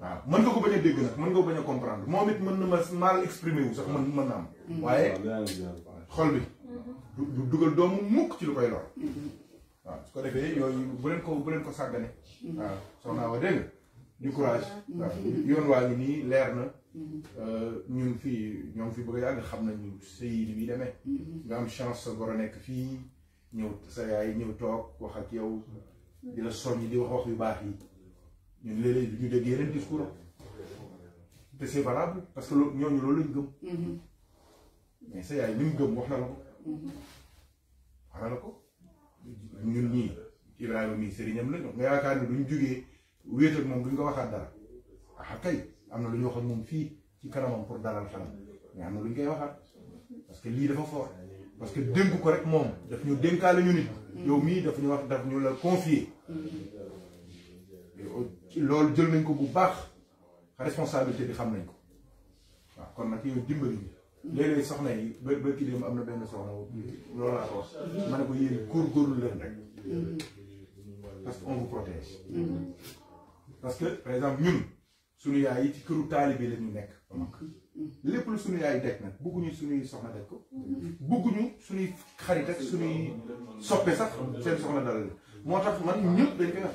[SPEAKER 1] waaw mën nga ko bañ a dégg nag mën nga ko bañ a comprendre moom it mën na ma mal exprimer wu sax mën mën na am mm-hmm. waaye xol bi
[SPEAKER 2] mm-hmm.
[SPEAKER 1] du dugal doomu mukk ci lu koy lor mm-hmm. waaw su ko defee yooyu bu leen ko bu ko sàggane waaw soxnaa yoon waa ngi nii leer na euh, ñun fii ñoom fi bëgg a yàgg xam nañu sëy yi bi demee nga am chance sa goro nekk fii ñëw sa yaay ñëw toog wax ak yow di la di wax wax yu baax yi ñu léeg-léeg du ñu dégg yeneen ko am te c'est parce que loolu ñooñu loolu lañ gëm. Mhm. mais sa yaay li gëm wax na la ko. Mhm. wax na la ko ñun ñii Ibrahima mii sëriñam la ñu nga yaakaar ne duñ jógee wéet ak moom luñ ko waxaat dara ah kay am na lu ñu wax ak moom fii ci kanamam pour dalal xelam mais am na lu ñu koy waxaat parce que lii dafa fort parce que dénk ko rek moom daf ñu dénkaale ñu nit. Mhm. yow mii daf ñu wax daf ñu la confier. loolu jël nañ ko bu baax responsabilité bi xam nañ ko wa kon nag yow dimbali léeg-léeg soxna yi ba ba kii dem amna ben benn soxna loolu laa ko mané ko ne gor gorul góorgóorlu leen rek parce qu'on vous protège parce que par exemple ñun suñu yaay yi ci këru talibé la ñu nekk lépp lu suñu yaay deg nag bëgguñu suñuy soxna deg ko bëgguñu suñuy xarit ak suñuy soppe sax seen soxna dalal moo tax man ñëpp dañ koy wax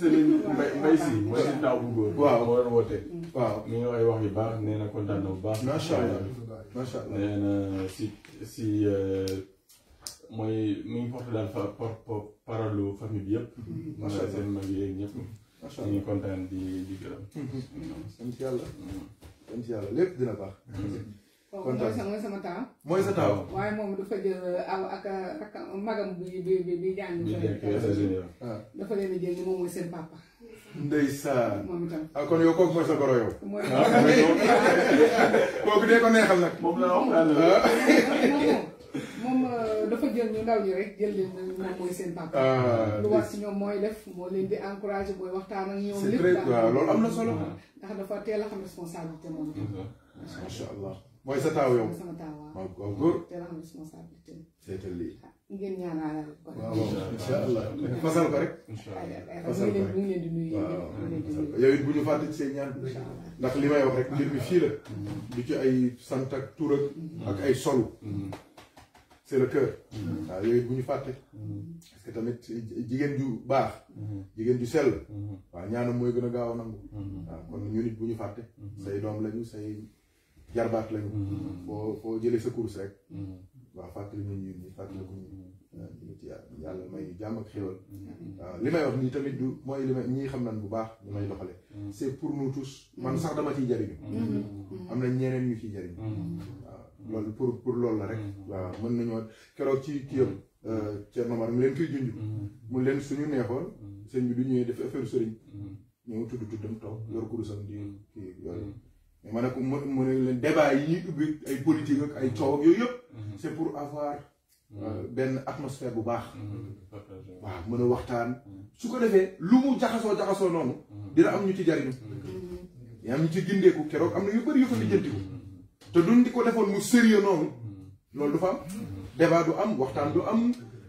[SPEAKER 6] Serigne Mbaye Mbaye Sy mooy si taw bu góor. waaw moo doon woote. ngi ay wax yu baax nee na kontaan baax. macha allah macha allah nee si si euh, mooy mi ngi porte daal fa parole famille bi yëpp. macha allah seen mag yeeg ñëpp. macha allah ñu ngi kontaan di di gërëm. sant yàlla sant yàlla dina baax. Mm-hmm.
[SPEAKER 4] mooy sama taaw. mooy sa moom dafa jël aw ak ak magam bi bi bi bi jàng. dafa leen jël ni moom mooy seen papa.
[SPEAKER 1] Ah, ah, la wax
[SPEAKER 4] euh, dafa jël ñu ndaw ñi rek jël leen moom mooy seen papa. Ah, lu war si ñoom mooy def moo leen di encouragé mooy waxtaan ak ñoom. lépp daal loolu am na solo. ndax dafa teel a xam responsabilité moom. macha allah. moy sa taw yow sama taw waaw. waaw góor te la am responsabilité.
[SPEAKER 1] seetal li ngeen
[SPEAKER 4] ñaanal ko waaw inshallah fasal ko rek. inshallah allah fasal ko rek mu ngi leen di nuyu. yow it buñu ñu fàtte
[SPEAKER 1] ci ñaan. ndax limay wax rek mbir bi fi la. du ci ay sant ak tour ak ak ay solo c'est le cœur. waaw yooyu bu ñu fàtte. parce que tamit jigen ju baax. Hmm. jigen ju sel wa hmm. ñaanam moy gëna gaaw nangu. Hmm. Ah, kon ñu nit buñu ñu fàtte. say doom lañu say. jarbaat lañu. Mm. boo boo jëlee sa course rek. Mm. waaw fàttali ñu ñun ñi fàttali ko mm. ñu ci yàlla may jàmm ak li may wax nii tamit du mooy ñii xam nañ bu baax ñu may doxale c' est pour nous tous man sax dama ci jariñu. am na ñeneen ñu ciy jariñu. waaw loolu pour pour lool la rek. waaw mën nañoo keroog ci kii yëpp. Euh, Thierno Mar mu leen koy junj. mu leen suñu neexoon. sëñ bi du ñëwee def affaire sëriñ. ñëw tudd tuddam toog yor kurusam di kii yooyu. ma ne ko ma ma ne leen débat yi ñuy ubbi ay politique ay coow ak yooyu yëpp. Mhm. c'est pour avoir. Euh, benn atmosphère bu baax. Mhm. waaw mën a waxtaan. Mhm. su ko defee lu mu jaxasoo jaxasoo noonu. dina am ñu ci jariñu. yaa am ñu ci gindeeku keroog am na yu bëri yu ko fi jëntiku. te duñ di ko defoon mu sérieux noonu. loolu du fa am. débat du am waxtaan du am.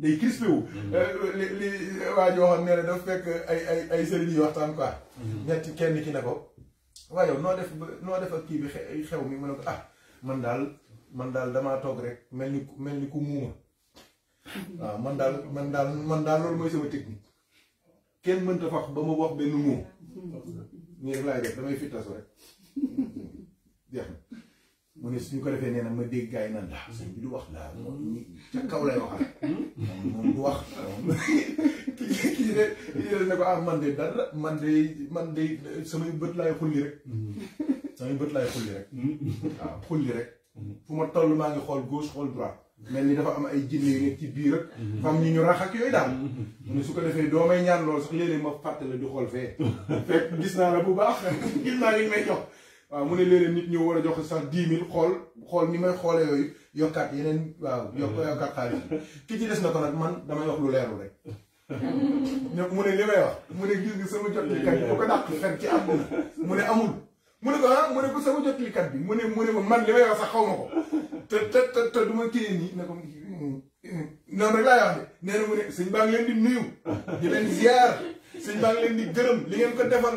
[SPEAKER 1] day crispé wu. Mm-hmm. Euh, li li waa ji waxoon nee na fekk ay ay ay sëriñ yi waxtaan mm-hmm. ñetti kenn ki ne ko. waaye noo def noo def kii bi xew mi mu ah man daal man daal damaa toog rek mel ni mel ni ku muuma
[SPEAKER 2] mm-hmm. waaw
[SPEAKER 1] man daal man daal man daal loolu mooy sama technique kenn mënta wax ba ma wax benn muum nii rek laay def damay fittasu rek jeex na. mu ne ñu ko defee nee na ma dégg gars yi naan bi du wax laa moom ca kaw lay waxaat moom du wax moom kii de yéen ne ko ah man de dara man de man samay bët laay xulli rek samay bët laay xulli rek waaw rek fu ma toll maa ngi xool gauche xool droite mel ni dafa am ay jinne yu nekk ci biir ak fam ñu ñu rax ak yooyu daal mu ne su ko defee doo may ñaar lool sax léeg-léeg ma fàttale du xool fee fekk gis naa la bu baax gis naa li may jox waaw mu ne léeg-léeg nit ñëw war a joxe sax dix mille xool xool ni may xoolee yooyu yokkaat yeneen waaw yokk yokkaat xaalis ki ci des na ko nag man damay wax lu leeru rek ne mu ne li may wax mu ne gis nga sama jotlikat bi bu ko dàq fen ci àdduna mu ne amul mu ne ko ah mu ne ko sama jotlikat bi mu ne mu ne ko man li may wax sax xaw ma ko te te te te du ma téye nii ne ko noonu rek laay wax de nee na mu ne sëñ baa ngi leen di nuyu di leen ziar sëñ baa ngi leen di gërëm li ngeen ko defal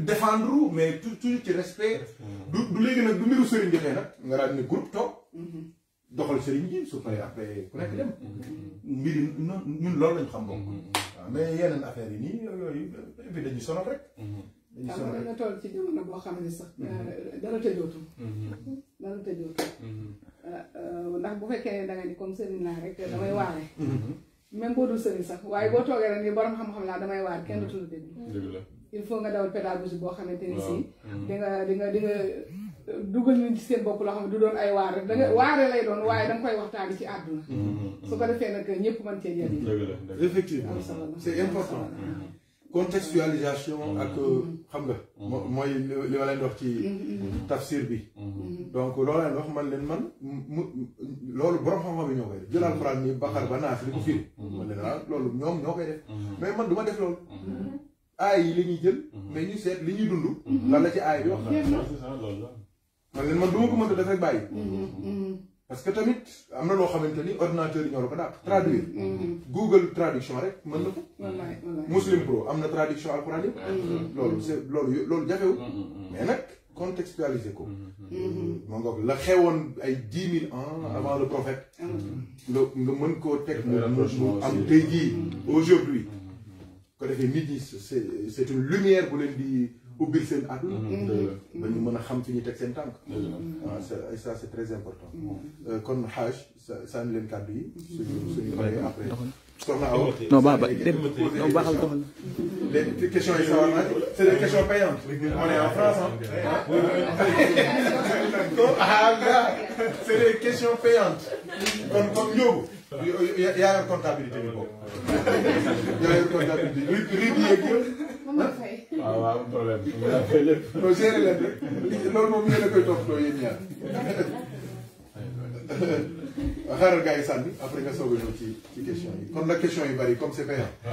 [SPEAKER 1] défendre mais toujours ci respect. du du léegi nag du mbiru sëriñ bi xëy nag nga daan ne groupe toog. Mhm. doxal sëriñ ji su paree après ku nekk dem. Mhm. mbir yi ñun loolu lañ xam bokk. Mhm. mais yeneen affaire yi nii yooyu bi dañuy sonal rek.
[SPEAKER 2] dañuy ah, sonal rek nga
[SPEAKER 4] toll ci boo xam ne sax. Euh, dara tëjootul. dara tëjootul. Euh, ndax bu da nga ni comme sëriñ laa rek damay waare. même boo dul sax waaye boo toogee rek ni borom xam-xam laa damay waar kenn du tudd dëgg. il faut nga dawal pédagogie boo xamante ni si mm-hmm. di nga da nga di nga euh, ñu ci seen bop lo xam du doon ay waar rek da nga mm-hmm. waaré lay doon waye da nga koy waxtaan ci àdduna mm-hmm. su ko defé nak ñepp man cee jëriñ
[SPEAKER 1] effectivement c'est important contextualisation ak euh, xam nga moy li ma leen wax ci tafsir bi donc loolu leen wax man len man mu borom xam-xam bi ñokay def jël alxuraan ni baqar ba naas li ko man leen ah, loolu ñom ñokay def mais man duma def loolu aay yi la ñuy jël. Mhm. mais ñu seet li ñuy dund. Mhm. lan la ci aay bi wax.
[SPEAKER 2] man
[SPEAKER 1] leen man du ma ko mënta def rek bàyyi. Mhm. parce que tamit am na loo xamante ni ordinateur yi ñoo la ko dàq. traduire. Google traduction rek mën na ko. Muslim Pro am na traduction alxuraan yi. loolu c'est loolu loolu jafewul. mais nag contextualiser ko. moo euh, ngoog la xewoon ay dix mille ans avant le prophète. Ah nga nga mën koo teg mu am tey jii aujourd'hui C'est une lumière pour les mm-hmm. mm-hmm. euh, mm-hmm. ah, ça c'est très important Comme euh, Haj, ça nous après non des questions payantes on est en France
[SPEAKER 2] hein.
[SPEAKER 1] ah, c'est des questions payantes comme yaa yor comptabilité bi ko yaa yor comptabilité bi RIB yeeg
[SPEAKER 2] yëpp.
[SPEAKER 1] waaw koy toppatoo yéen ñaar. xaaral gars yi sànni après nga soog a ñëw ci ci question yi kon nag question yu bari comme c'est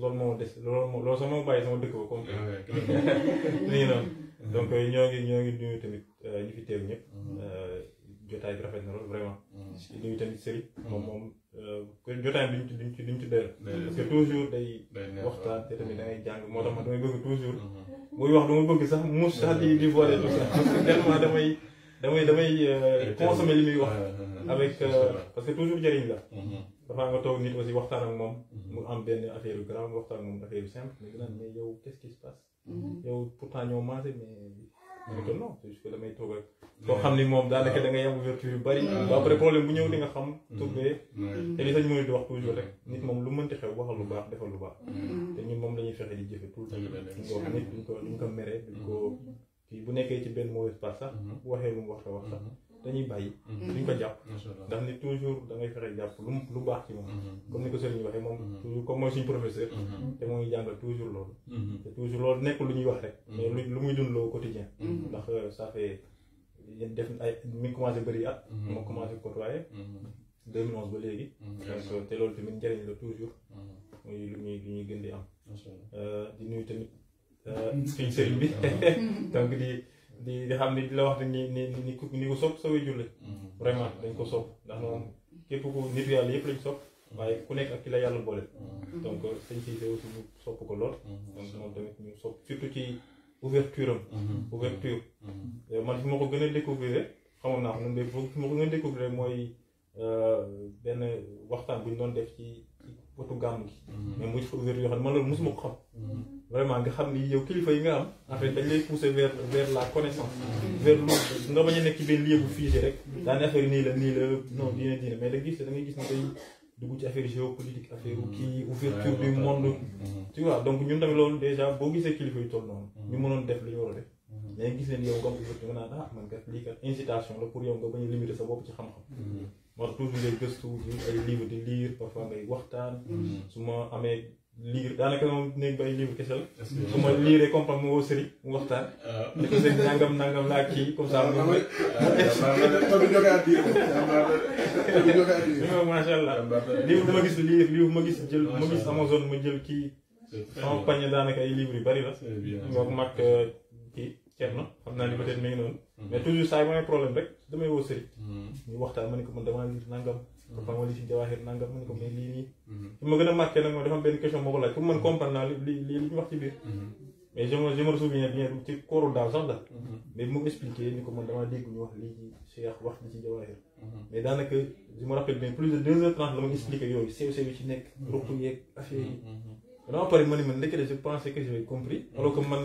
[SPEAKER 7] loolu moo des loolu moo loolu sax moo bàyyi sama dëkk ba comme ah nii noonu donc euh, ñoo ngi ñoo ngi nuyu tamit euh, ñi fi teew ñëpp mm-hmm. euh, jotaay bi rafet na loolu vraiment mm-hmm. di nuyu tamit Serigne mm-hmm. moom moom jotaay bi duñ ci duñ ci duñ ci dër parce que toujours day waxtaan te tamit da ngay jàng moo tax ma damay bëgg toujours muy wax dama bëgg sax muus sax di di boole tout ça parce que tellement damay damay damay consommer li muy wax avec parce que toujours jëriñ la dafa nga toog nit aussi waxtaan ak moom. Mhm. mu am benn affaire yu grave waxtaan ak moom affaire yu simple mais gën mais yow qu'est-ce qui se passe. Mhm. yow pourtant ñoo maase mais. mais que non c'est juste que damay toog ak. koo xam ni moom daanaka da nga yem ouverture yu bari. ba après problème bu ñëw di nga xam. Mhm. turbee te li sañ mooy di wax toujours rek nit moom lu mënti xew waxal lu baax defal lu baax. te ñun moom dañuy fexe di jëfe tout le temps. dëgg nit duñ ko duñ ko meree duñ ko kii bu nekkee ci benn mauvaise passe sax. waxee lu mu wax wax sax. dañuy bàyyi. Mhm. duñ ko jàpp. ndax ni toujours da ngay jàpp lu lu baax ci moom. Mhm. comme ni ko sëriñ waxee moom mhm. toujours comme mooy suñu professeur. te moo ngi toujours loolu. te toujours loolu nekk lu ñuy wax rek. mais lu muy dund loo quotidien. ndax euh, ça fait def ay mi ngi commencé bëri at. moo commencé côtoyer. 2011 ba léegi. donc te loolu tamit njëriñ la toujours. muy lu ñuy lu ñuy gën di am. Euh, di nuyu tamit euh, suñu sëriñ bi donc di. di di xam ni di la wax ni ni ni ni ko sopp sa waajur la mhm. vraiment dañ ko sopp ndax moom képp ko nit yàlla yëpp lañ sopp mhm. waaye ku nekk ak ki la yàlla boole mhm. donc sëñ Cissé aussi ñu ko lool donc moom tamit ñu sopp surtout ci ouverture am ouverture euh, man fi ma ko gën a découvrir xamoon naa ko noonu mais fi ma ko gën a découvrir mooy euh, benn waxtaan bu ñu doon def ci ci potu gàmm gi mais mu ci fa ouverture man loolu mosuma ko xam vraiment nga xamni yow kilifa yi nga am en fait dañ lay pousser vers vers la connaissance vers lu nga bañ nek ci ben lieu bu figé rek daane affaire ni la ni la non diine diine mais da gis da ngay gis ne day dugg ci affaire géopolitique affaire kii ouverture du monde mm-hmm. tu vois donc ñun tamit loolu déjà bo gisee kilifa yi tol non ñu mm-hmm. mënon def li ñu war def mm-hmm. mais gis leen yow comme am ouverture nga na ah man kat lii kat incitation la pour yow nga bañ limiter sa bopp ci xam-xam moo toujours toujours ngay gëstu ay livre de lire parfois ngay waxtaan su ma amee liir daanaka moom néeg ba ay livre kese la. est ma liiree comprendre mu woo mu waxtaan. waaw dafa sëriñ laa kii comme ça. waaw waaw ma jël ma gis ma jël kii. sama daanaka ay livres yu bari la. ngoog mag euh, kii Thierno xam naa ni peut-être mi ngi noonu. Mm-hmm. mais toujours saa yu ma amee problème rek damay woo sëriñ. muy waxtaan ma ne ko man damaa liir nangam. parfois ma li si jawaaxir nangam nañ ko mais lii nii. li ma gën a marqué nag mooy dafa am benn question moo ko laaj pour man mm-hmm. comprendre naa li li li ñu wax ci biir. Mm-hmm. mais je me je me souviens bien ci kóoru daaw sax la. Mm-hmm. mais mu expliqué ni ko man damaa dégg ñu wax lii Cheikh wax li ci jawaaxir. mais daanaka je me rappelle bien plus de deux heures trente la ma expliqué yooyu sew sew yi ci nekk. ruq yeeg affaire yi. dama pare ma ni man ndekete je pensais que j'avais compris alors que man.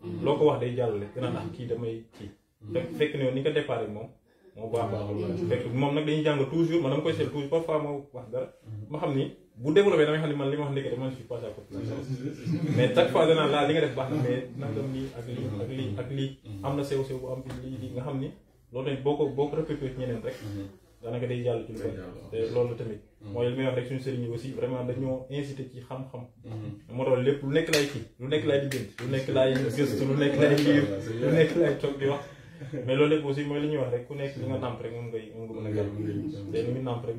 [SPEAKER 7] Mm-hmm. loo ko wax day jàllale gën a naan kii damay kii. Mm-hmm. fekk fekk na yow ni nga ko déparé moom. moo baax baaxul mm-hmm. fekk moom nag dañuy jàng toujours man dama koy seet toujours parfois ma wax dara ma xam ni bu développé damay man li ma wax ndekete man je suis passé à mais chaque fois danaa li lii ak lii ak lii ak lii am na sew sew bu am nga xam ni loolu tamit boo ko boo ko répété ñeneen rek. danaka day jàll ci te loolu tamit mm. mooy may aussi vraiment incité ci xam-xam mm-hmm. moo tax lépp lu nekk lay kii lu nekk lay diggante lu nekk lay mm-hmm. gëstu lu nekk lay liir lu mais loolu lépp aussi mooy li ñuy wax rek ku nekk li nga rek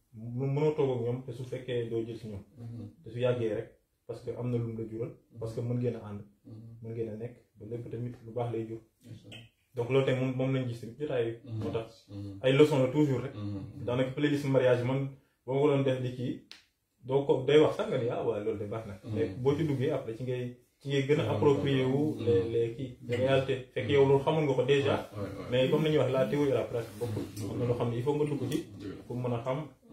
[SPEAKER 7] mënoo toog ak ñoom te su fekkee doo jël si ñoom te su yàggee rek parce que am na lu mu la jural parce que mën ngeen a ànd mën ngeen a nekk ba lépp tamit lu baax lay jur donc loolu tamit moom moom lañ gis tamit jotaay moo tax ay leçon la toujours rek daanaka playlist mariage man boo ko doon def di kii doo ko day wax sax nga ni ah waaye loolu de baax na mais boo ci duggee après ci ngay ci ngay gën a approprié wu les les kii les réalités fekk yow loolu xamul nga ko déjà mais comme nañuy wax la théorie la presque bokkul am na loo xam ne il faut nga dugg ci pour mën a xam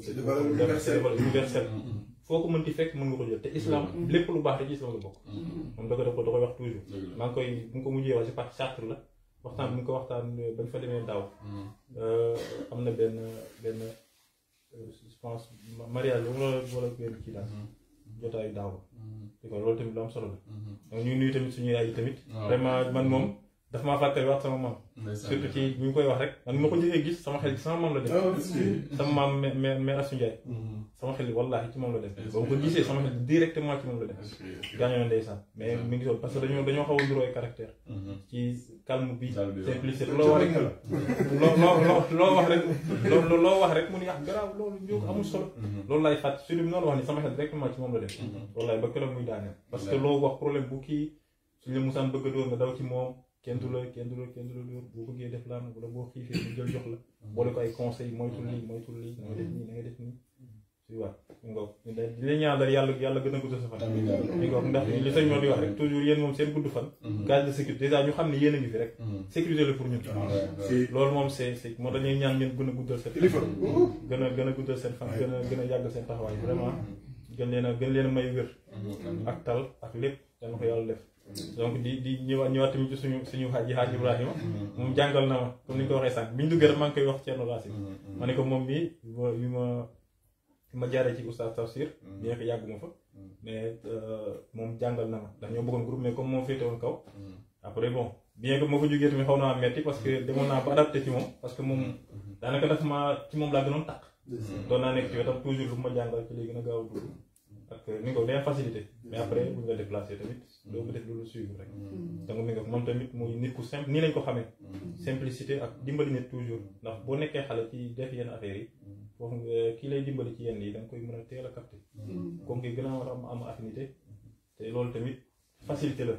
[SPEAKER 7] c'est de valeur universelle universelle mm, mm, mm. foo ko mënti fekk mën nga ko jot te islam lépp lu baax rek islam la bokk moom da ko ko da koy wax toujours maa ngi koy bu ko mujjee wax si parti chartre la waxtaan bu ñu ko waxtaan euh, bañ fa demee daw euh, am na benn benn euh, je pense mariage wala wala benn kii daal jotaayu daaw di ko loolu tamit lu am solo la donc ñu nuyu tamit suñu yaay tamit vraiment man moom dafa maa fàttali wax sama maam. surtout ci ñu koy wax rek man ma ko njëkkee gis sama xel sama maam la oh, sama maam me me mère Assou mm-hmm. la dem. boo ko gisee sama xel directement ci moom la dem. gaañoo ngi sol parce que dañoo dañoo xaw a nuroo caractère. Mm-hmm. ci calme bi. simplicité loo wax
[SPEAKER 2] loo wax rek loo loo wax rek mu ah, loolu ñëw amul solo.
[SPEAKER 7] Mm-hmm. loolu laay fàtt surtout ba keroog muy daaneel. parce que loo wax problème bu kii suñu musaan bëgg a nga daw ci moom. kenn du la kenn du la kenn du la boo bëggee def laan wala boo xiifee mu jël jox la boole ko ay conseil moytul lii moytul lii na def nii na nga def nii sa fan di wax rek toujours yéen moom seen gudd fan mhm. gage de sécurité déjà ñu xam ne yéen a ngi fi rek mhm. sécurité la pour ñun ah, loolu moom c'est c'est moo dañuy gën a gën a guddal seen fan gën a gën a yàgg seen taxawaay vraiment gën mhm. gën leen may wér ak tal ak lépp dana ko yàlla def donc di di ñëwaat ñëwaat tamit ci suñu suñu xaaj xaaj Ibrahima. Mm-hmm. moom jàngal na ma comme ni ko waxee sànq ñu duggee rek maa ngi koy wax Thierno Lassy. Mm-hmm. ma ne ko moom mii bi ma bi ma jaaree ci oustaz Tafsir. Mm-hmm. bien que yàggu ma fa. Euh, na ma ndax ñoo bëggoon groupe mais comme moo féete woon kaw. après bon bien que moo ko jógee tamit que demoon naa ba adapté moom parce que moom daanaka daf maa ci moom laa gënoon tàq. doon naa nekk ci wetam toujours lu ma jàngal ci léegi na gaaw a dugg. ak ni nga ko day facilité mais après mm. bu nga déplacer tamit doo ko def loolu suivre rek mm. Mm. donc mi nga moom tamit muy nit ku simple ni lañ ko xamee simplicité ak dimbali nit toujours ndax boo nekkee xale ci def yenn affaires yi foofu kii lay dimbali ci yenn yi da nga koy mën a teel a capté comme que gën a war am affinité te loolu tamit facilité la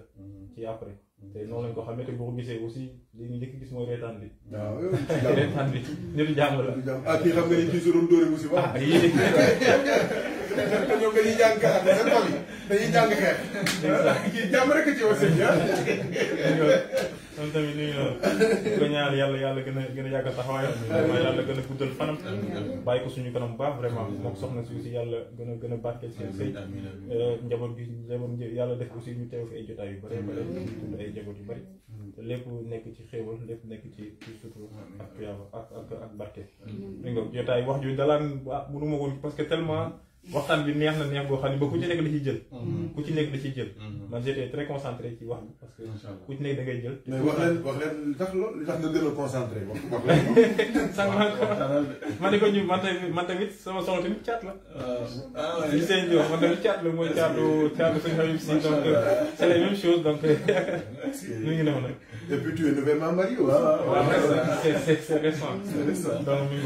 [SPEAKER 7] ci après te noonu lañ ko xamee te boo ko gisee aussi li ñu njëkk gis mooy reetaan bi.
[SPEAKER 1] waaw ah, yow reetaan bi ñun jàng la. ah kii xam nga ni ah, kii su doon dóore aussi waaw. ñoom dañuy jàng kàllaama seen tool yi dañuy jàng xeex. kii jàmm rek ci aussi. Ah. ಅಂತ
[SPEAKER 7] ಇನ್ನೇನು Kanya yalla yalla gëna gëna yàgg taxawaayam ma yàlla gën a guddal fanam bàyyi ko suñu kanam bu baax vraiment mook soxna si aussi yàlla gën a gën a barkeel seen sëy njaboot gi njaboot yàlla def aussi ñu teew fi ay jotaay yu bëri bëri dund ay njaboot yu bëri lépp nekk ci xéewal lépp nekk ci ci sutur ak ak ak ak barke jotaay wax ju parce que tellement waxtaan bi neex na neex boo xam ne boo ku ci nekk da ciy jël. Mm-hmm. ku ci nekk da ciy jël. Mm-hmm. man j'étais très concentré ci wax parce que. ku ci nekk da ngay jël. mais wax leen
[SPEAKER 1] wax a
[SPEAKER 2] concentré
[SPEAKER 7] ma ne ko ñu man tamit man tamit sama soxla tamit
[SPEAKER 5] caat la.
[SPEAKER 2] Euh,
[SPEAKER 7] ah li seen di wax man tamit caat la mooy caatu caatu suñu xarit si donc euh, c'est la même chose donc euh, ñu ngi newoon nag. et puis tu es nouvellement marié waaw ah, waaw c'est c'est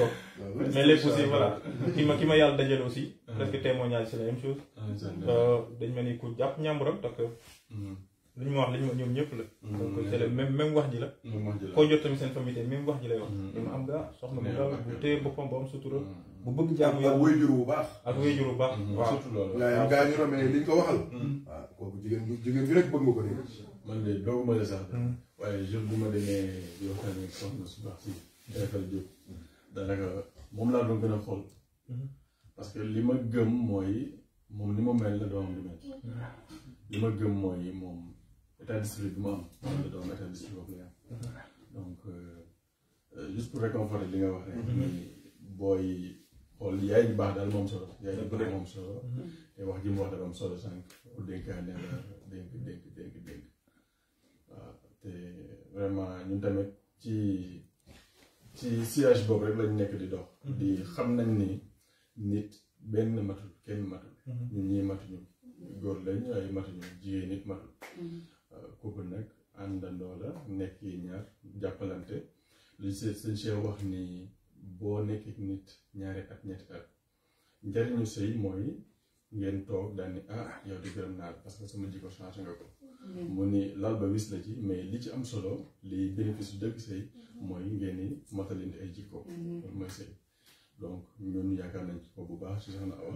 [SPEAKER 7] mais lépp aussi voilà ki ma ki ma yàlla dajale aussi. presque témoignage c'est la même chose. Euh, dañ ma ni ku jàpp ñàmburam parce que. Mm. li ñu ma wax li ñu ma ñoom ñëpp la. Mm, donc c'est le même même wax ji la. koo jot tamit seen famille même wax ji lay wax. Mm. am gaa soxna bu daal bu téye boppam bu am bu bëgg jaamu yàlla ak wéyjur bu
[SPEAKER 1] baax. ak wéyjur bu baax. waaw surtout loolu ko
[SPEAKER 6] waxal. Ah, man de doogu ma la sax. waaye jour bu ma moom laa doon gën a xool hmm. parce que li ma gëm mooy moom ni ma mel la doomam di mel hmm. li ma gëm mooy moom état d'esprit bi ma am moom la doom état d'esprit boobu lay am hmm. donc euh, euh, juste pour réconforter li nga wax rek yaay ji baax daal moom solo yaay ji bëri moom solo te wax ji mu wax dafa am solo sànq pour dénkaane la dénk dénk dénk dénk waaw te vraiment ñun tamit ci ci siège bobu rek lañ nekk di dox mhm. di xam nañ ni nit benn matul kenn matul mhm. ñun ñii matuñu góor lañ ay matuñu jigéen nit matul mhm. euh, kooku nag àndandoo la nekk yi ñaar jàppalante li seen cheikh wax ni boo nekkee nit ñaari at ñetti at njariñu sëy mooy ngeen toog daal ni ah yow di gërëm naa parce que sama jikko changé nga ko mu ni lal ba wis la ci mais li ci am solo li bénéfice dëgg sëy mooy ngeen i matalindi ay jikko mhm. mooy sëy donc ñun yaakaar nañ ko bu baax si soxna Awa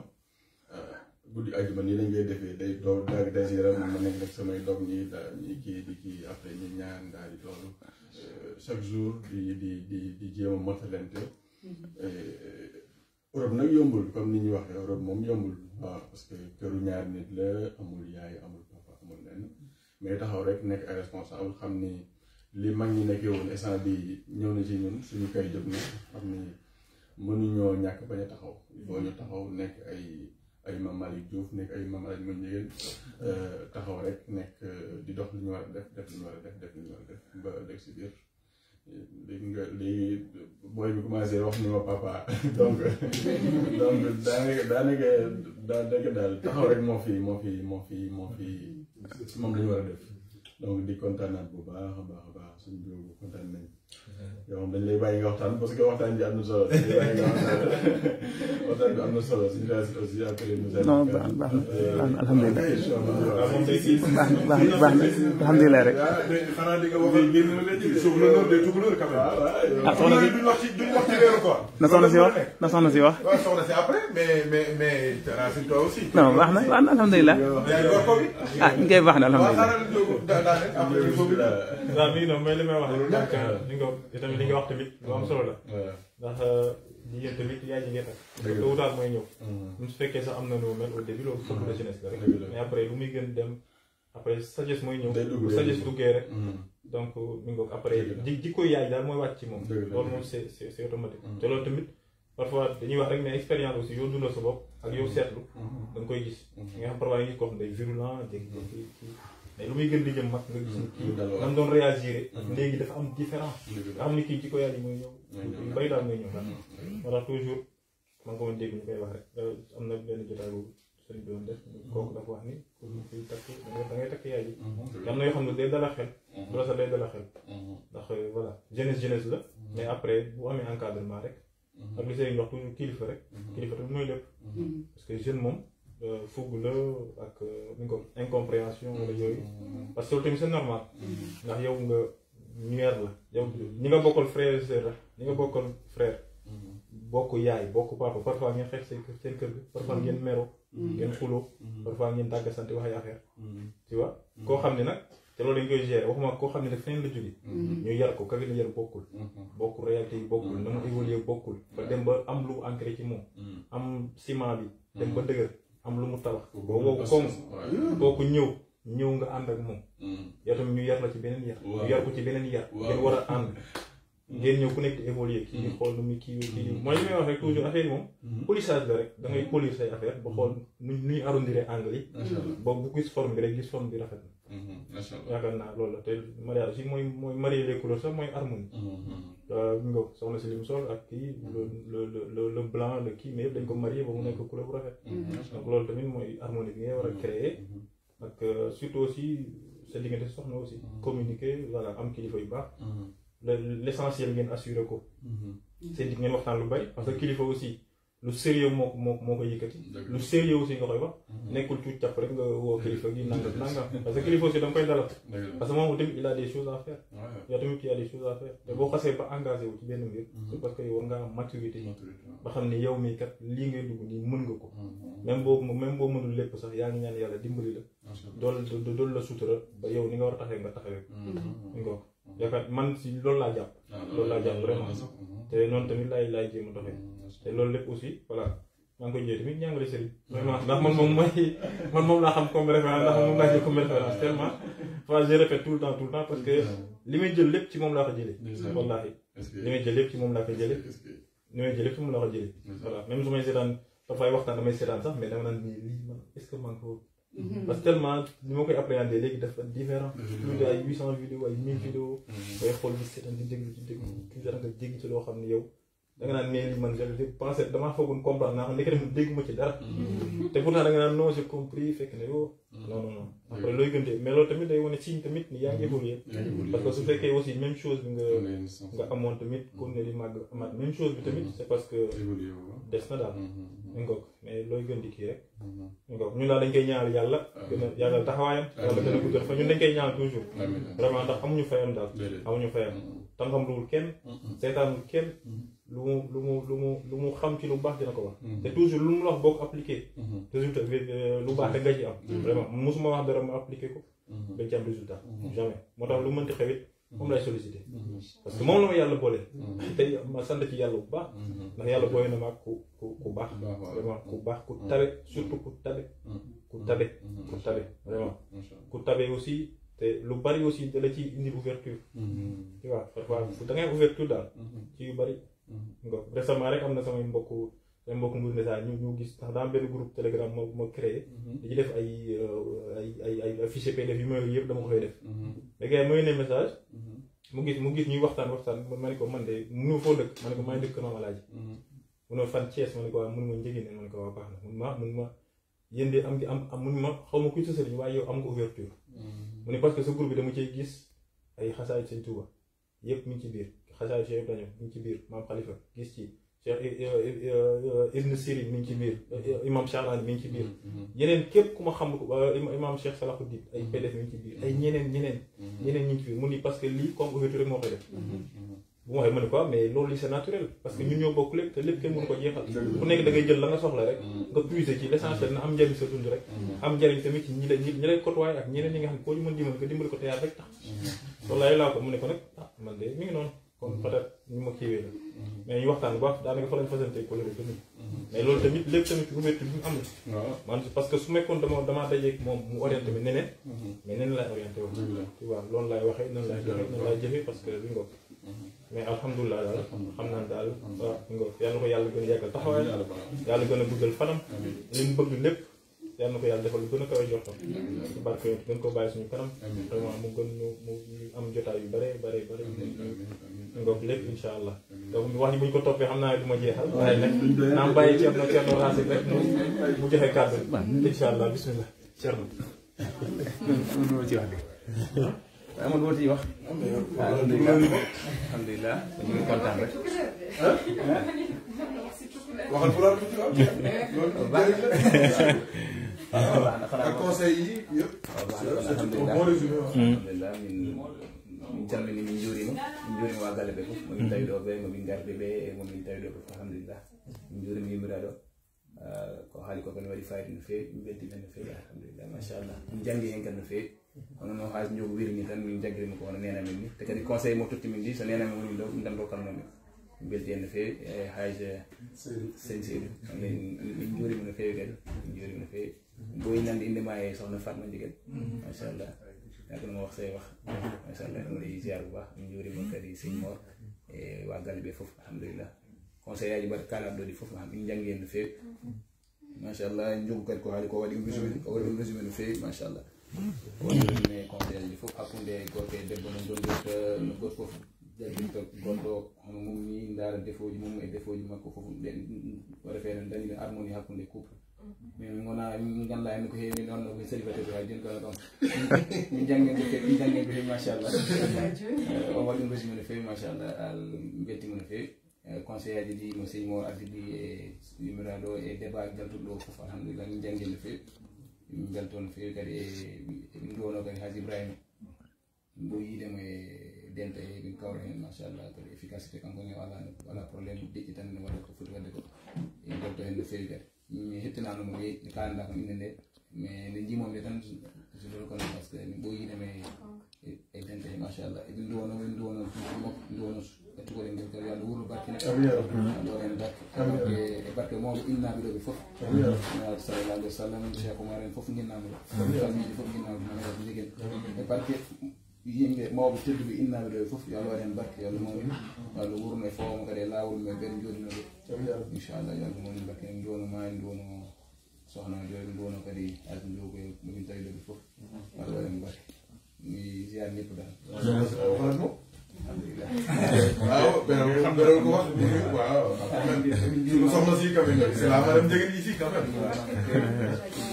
[SPEAKER 6] ah, guddi ajuma nii lañ koy defee day doog daal di dajale man nag samay doom ñi daal ñi kii di kii après ñi ñaan daal di euh, di di di di mhm. euh, nag yombul comme ni ñuy waxee Europe moom yombul waaw parce que këru ñaar nit la amul yaay amul mais taxaw rek nekk ay responsable xam ni li mag ñi nekkee woon instant bi ñëw na ci ñun suñu kay jóg na xam ni mënuñoo ñàkk bañ a taxaw boo ñu taxaw nekk ay ay Mame Malick Diouf nekk ay Mame Aladji Ndiéguène euh, taxaw rek nekk euh, di dox li ñu war def def li ñu war a def ba def si biir léegi nga li booy bi commencé wax ni ma papa donc donc daanaka daanaka daanaka daal taxaw rek moo fi moo fi moo fi moo fi moom lañu war a def donc di bàyyi nga parce que waxtaan bi non baax na baax na euh, alhamdulilah ah, ah, baax na baax na alhamdulilah rek ah,
[SPEAKER 8] na ci na
[SPEAKER 1] soxna mais mais mais Racine toi aussi.
[SPEAKER 7] non
[SPEAKER 8] na na alhamdulilah. ah ñu koy baax na
[SPEAKER 7] alhamdulilah. Ah, waaw mi ngi noonu mooy li may wax rek. Ah, li nga wax tamit lu am solo la. ndax euh, jigéen tamit yaay jigéen ak. dëgg la wutaat mooy ñëw. Mm. su fekkee sax am na nu mel au début la jeunesse la rek. mais après lu muy gën dem après sagesse mooy ñëw. bu sagesse duggee rek. Mm. donc euh, mi ngi après ji jikko yaay daal mooy wàcc ci moom. loolu moom c'est c'est automatique. Mm. te loolu tamit. parfois dañuy wax rek ne expérience aussi yow dundal sa ak yow seetlu mhm. da koy gis mhm. nga xam parfois yi ko xam day virulent jékki di jëm mag nga gis ni kii mhm. nam doon réagir léegi dafa am différence nga xam ni kii ci ko yàlla yi mooy ñëw bay daal mooy ñëw daal euh, da ngay takk yaay la euh, mais après bu amee encadrement rek ak li say wax toujours kilifa rek. Mhm. kilifa rek mooy lépp. Mhm. Mm. parce que jeune moom euh, fugg la ak euh, ni ko incompréhension wala yooyu. Mhm. Mm. parce que loolu tamit c'est normal. ndax yow nga ñeer la yow ñi nga bokkal frère et sœur la ñi nga bokkal frère. bokk yaay bokk papa parfois ngeen xeex seen kër seen parfois ngeen meroo. ngeen xuloo. parfois ngeen sant wax ay affaire. tu vois koo xam ne nag. te loolu koo xam ne nag feneen la jóge mhm. ñu yar ko kagi na yar bokkul mhm. bokkul réalité yi bokkul mhm. na mu évolué bokkul ba dem ba am lu ancré ci moom am ciment bi dem ba dëgër am lu mu tabax boo wow koŋ kooku ñëw ñëw nga ànd ak moom yow ñu yar la ci beneen yar ñu ci beneen yar ngeen a ànd ngeen ku nekk évolué kii di xool nu muy kii kii mooy li may wax rek toujours affaire ba xool nu ñuy arrondir angle yi ba bu gis forme bi rek gis forme bi rafet na
[SPEAKER 2] Mm-hmm. macha allah
[SPEAKER 7] yaakaar naa loolu la te mariage yi mooy mooy marié les couleurs sax mooy harmonie. ñu mm-hmm. nga soxna si li mu sol ak kii le le le le blanc le kii mais yëpp dañ ko marié ba mu nekk couleur bu rafet. Mm-hmm. donc loolu tamit mooy harmonie bi ngay war a créer. ak euh, surtout aussi sa diggante soxna aussi. communiquer voilà am kilifa yu baax. l' essentiel ngeen assurer ko. seen dig ngeen waxtaan lu bari parce que kilifa aussi. lu sérieux moo ko moo ko yëkkati. lu sérieux aussi nga koy wax. Mhm. nekkul tuut càpp rek nga woo kilifa gi nangam nangam parce que kilifa aussi da nga a des a des choses à faire te boo nga mhm. mii kat lii ngay dugg nii nga ko. Mhm. même boo même boo mënul lépp sax yaa ngi ñaan dimbali la. dool dool la a taxawee nga taxawee. nga yaakaar man si loolu laa jàpp. Ah, loolu laa jàpp vraiment. te noonu tamit laay laay jéem a doxee te loolu lépp aussi voilà maa ngi koy jëlee tamit ñaangali sëriñ. vraiment ndax man moom mooy man moom laa xam comme référence ndax moom laa jël comme référence tellement. enfin je répète tout le temps tout le temps parce que li may jël lépp ci moom laa ko jëlee. wallaahi li may jël lépp ci moom laa ko jëlee. li may jël lépp ci moom laa ko jëlee. voilà même su may seetaan dafay waxtaan damay seetaan sax mais dama naan lii man est-ce que man ko. Mhm. parce que tellement ni ma koy appréhender léegi dafa différent plus de ay huit vidéos ay mille vidéos. koy mhm. xool bi seetaan di déglu di déglu. Mhm. di dara nga jéggi ci loo xam ne yow. da nga naan nee li man j'avais pensé damaa foogoon comprendre naa ko nekk dem dégg ma ci dara. Mm. te pourtant da nga naan non j'ai compris fekk na yow. Mm. non non mm. looy gën tamit day wane signe su fekkee aussi même chose bi nga. nga amoon tamit ku ne di màgg que des na looy gën di kii rek. ñu ngoog ñun daal dañ koy ñaanal yàlla. Ah. gën a yàlla taxawaayam. yàlla gën a guddal fa ñun dañ koy ñaanal toujours. vraiment ndax amuñu fayam daal. amuñu fayam. tam xam luwul kenn. seetaanul kenn. lu mu xam ci lu baax dina ko wax. Mhm. te toujours lu mu wax boo ko mhm. résultat euh, lu baax da ci am. Mhm. vraiment mosuma wax dara ko. ci résultat. jamais moo lu xewit moom lay sollicité. parce que moom boole. te ma sant ci yàlla bu baax. ndax yàlla na ma ku ku ku baax. vraiment ku baax ku tabe surtout ku tabe. ku tabe ku vraiment. aussi te lu bari aussi da la ouverture. tu vois da ngay ouverture daal ci yu bari. donc récemment rek am na samay mbokku samay mbokku Mbour Ndessa ñu gis ndax daa am benn groupe telegram ma ma créé. Mhm. dañuy def euh, ay ay ay ay fichier PDF yu ma yooyu yëpp dama koy def. Mhm. mais gars yi mooy ne message. Mhm. mu gis mu gis ñuy waxtaan waxtaan man ma ne ko man de mënoo foo dëkk ma ne ko maa ngi dëkk Maam Alaaji. mu ne fan ma ne ko waa mënuma njëgin na mun ma yéen de am nga am am ma xaw ma kuy sa sëriñ waaye yow am nga ouverture. mu ne parce que sa groupe dama cee gis ay xasaay Sëñ Tuuba yëpp mu ngi ci biir. xasaay Cheikh Ibrahim mi ngi ci biir maam Khalifa gis ci Cheikh eh, eh, eh, Ibn Sirin mi ngi ci biir imam Shahrani mi ngi ci biir mm-hmm, mm-hmm. yeneen képp ku ma xam imam Cheikh Salahuddin ay PDF mi ngi ci biir ay ñeneen ñeneen mm-hmm. ñeneen ñu ngi ci biir mu ni parce que lii comme ouverture rek moo koy bu ma nekk da jël la nga soxla rek nga puiser ci l'essentiel na am njëriñ sa dund rek am njëriñ tamit ci ñi la lay côtoyer ak ñeneen ñi nga xam koo ñu mën dimbali nga dimbali ko te ah, mi ngi noonu kon peut-être ñu ma kiiwee la mhm. mais ñu waxtaan bu baax daanaka fa lañ fasante coloré ba nii mhm. mais loolu tamit lépp tamit lu métti lu que su mekkoon dama damaa dajeeg moom mu orienté que li ngoog mhm. mais alhamdulilah daal xam naa daal waaw a a guddal fanam a kawe joxam ci barke am jotaay yu bare bare bare ngoog lépp incha allah wax ni bu ko toppee xam naa ne du ma jeexal. waaye nag naam bàyyi Thierno Thierno Racine rek mu joxe kàddu gi. incha allah bisimilah Thierno. mënuloo ci wax de. waaw man woo ciy wax. alhamdulilah
[SPEAKER 8] ñu ngi kontaan rek. waxal fulaar tuuti waaw. loolu baax na. conseil yi yëpp. min calmini min juurima min juurima waggalle ɓe fof momin tawi ɗo ɓe momin garɓe ɓe e alhamdulillah min juurima yimmiraɗo ko haali ko kadi waɗi fayida no feewi min belti alhamdulillah machallah min janggi hen kadi no feewi hono noon haaju jogo wirini tan min jaggirima ko hono nenamin ni te mo naka ma wax say wax macha allah ñu ngi ziar bu baax ñu ngi wér kadi sëñ Mor eh, waa Galbe foofu alhamdulilah conseil yaa ji bari kaalaam doon di a xam ñu njàng yéen fépp macha allah njugukat ko haali ko waɗi résumé ko waɗi résumé no feewi macha allah waɗirne conseil ji fof hakkunde gorko e debbo no gondirta no goto fof jaggirta goɗɗo hono mum ni ndaara défaut ji mum e défaut ji makko fof ɗe waɗa feere dañi harmonie hakkunde couple min gona min ganda en ko heewi ɗon min salifate ko hay joni kono ɗon min janggen ko fewi janggen ko fewi machallah o waɗi gosi mo no fewi machallah al bettimo no fewi conseil aji ɗi mo seymo ardiɗi e yummiraɗo e débat jaltuɗo ɗo foof alhamdulillah min janggen no fewi min jalto no fewi kadi e ɗum ɗowno kadi haaj ibrahima ɗum ɗo yiidemo e denta e ɗin kawra hen machallah kadi efficacité kankone ala ala probléme deƴƴi tan ne waɗa ko foti wadde ko e jalto hen no fewi kadi Me hettinano mo no me inde le mais a jimoɓe tan que e no el no en a no e yo allah wurno barkine no y barke e barke mawɓe el ɗo no foof a ir wa sallam cheikh en yimɓe mawɓe tedduɓe innaɓe ɗo fof yo allah waɗ hen barke yo allah mawni yo allah wurno e fowma kadi e lawol men ɓen joɗinoɓe inchallah yo allah mawni barke en jono mani jono sohna joɗi jono kadi alko jogo e min tawi ɗoɓe foof yo allah waɗ hen barke mi jiyan nippo dan alhamdulillah waaw ɓeɗo ɓeɗo ko wax waaw sohna si quand même c'est la madame jegani ici quand même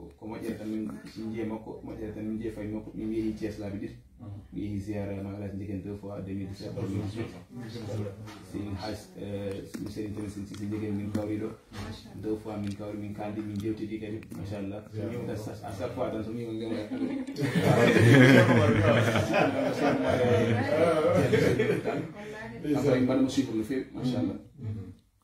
[SPEAKER 8] ko moƴƴere tan min jeeyi makko moƴƴere tan min jeeyi fayi makko min yeehi thies laabi ɗiɗi mhm. mi yeehi ziara ma alaji ndiken deux fois 2017 sin haj mi serin tan sin sisi jegen min kawi ɗo deux fois min kawri min kaldi min jewtidi kadi machallah à chaque fois tan somi ndema tan après mbaɗamo suivre no feewi machallah mhm.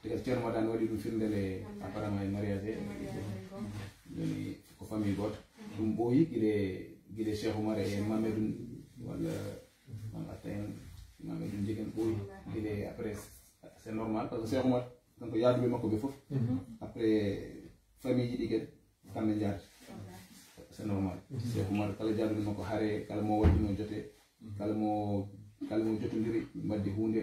[SPEAKER 8] ceerno maɗan waɗi ɗum firndele apparemment e mariage joni ko famille goto ɗum ɓooyi gile gile cheikh oumar e mamedou wala mam atta en mamedou jegen ɓooyi guila après c' est normal par ce que cheikh oumar donc yaaduɓe makko ɓe foof mhm. après famille ji ɗi kadi kamɓe jaarde c'est normal mhm. cheikh oumar kala jaaduɓe makko haare kala mo waɗino jote mhm. kala mo kala mo jotodiri mbadde hunde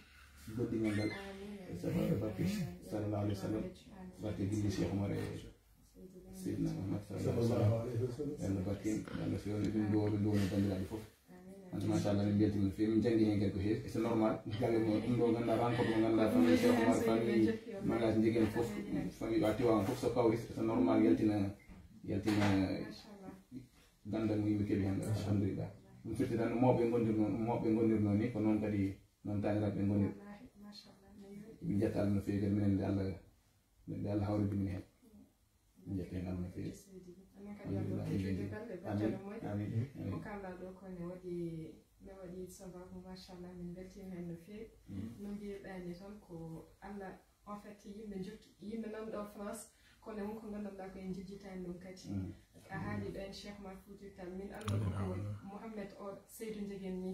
[SPEAKER 8] dottingal ngal sahaba e bappe sallallahu alayhi wa sallam barke gindi cheikh oumar e seydna ahmad sallallahu alayhi wa sallam yallah barken yallah fewne ɗum dowru downo bandiraɓe foof ante machallah min mbiyatimo no fewi min janggi hen ko heewi c' normal galle mo ɗum ganda ganduɗa rencontre mo ganduɗa famille cheikh oumar famille magaji jeguen foof famille a tiwama foof so kawri c' est normal yaltina yaltina gandal mo yimɓe keeɓi hen alhamdulillah ɗum firti tan mawɓe gondirno mawɓe gondirno ni ko noon kadi noon taniraɓe gondir من قال انه في من اللي قال اللي قال حاول من هنا
[SPEAKER 2] من جت قال
[SPEAKER 3] انه في nawaɗi sababu machallah min beltima hen no feewi no mbiyeɗani tan ko allah en fait yimɓe jokki yimɓe nanɗo france kono won ko gandanɗa ko en jejjitani ɗum kadi a haali ɗo en cheikh ma foutirtal min allah koko mohammed o seydou jeguen ni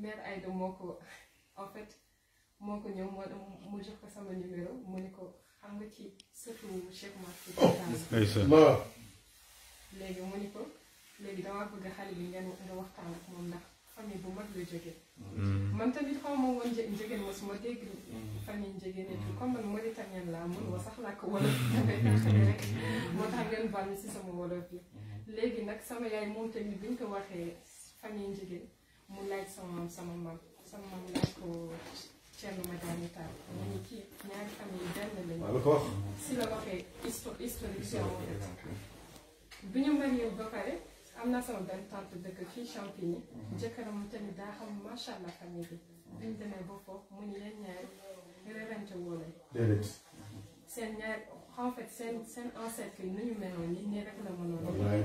[SPEAKER 3] maire aydo mo ko en fait moo ko ñëw moo mu jox ko sama numéro mu ni ko xam nga ci surtout Cheikh Marti. waaw léegi mu ne ko léegi damaa bëgg xale bi ngeen nga waxtaan moom ndax famille bu mag la jógee. Mm. man tamit xaw ma woon një njëgeen ma su ma dégg. Mm. famille mm. sax làkk wolof rek moo tax ngeen baal si sama wolof yi. léegi nag sama yaay moom tamit bi ñu ko waxee famille njëgeen mu laaj sama sama mam sama mam laaj ko. Thierno Madani Tall. ñu ci ñaari famille benn lañu. waaw la ko wax. si ñu marié ba pare am na sama benn tante dëkk fii Champigny. jëkkëram tamit daa xam macha allah famille bi. bi ñu demee ba foofu mu ni leen ñaari réerante woo seen ñaari en fait seen seen ancêtre nu ñu meloon nii nii rek la mënoon.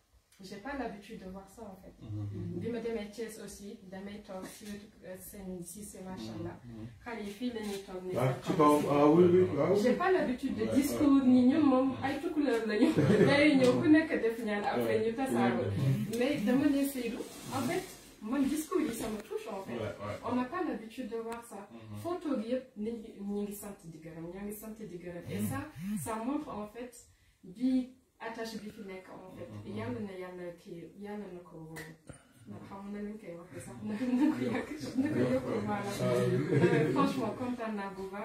[SPEAKER 3] j'ai pas l'habitude de voir ça en fait. Bima demee Thiès aussi damay toog si seen si seen macha allah xale yi fii la ñuy toog ne. ah ci kaw ah
[SPEAKER 5] oui oui waaw. Ah j'ai
[SPEAKER 3] pas l'habitude de discours ni ñun moom ay tukkuleur lañu. day ñëw ku que des ñaan après pas ça mais dama ne Seydou en fait man discours yi ça me touche en fait. on n'a pas l'habitude de voir ça. foo mhm. toog yëpp nit ñi ngi sant di gërëm ñaa ngi sant et mhm. ça ça montre en fait bi atashabifinaka en fait yalana Je ki sais ko marhamna minka ya vu ça, franchement content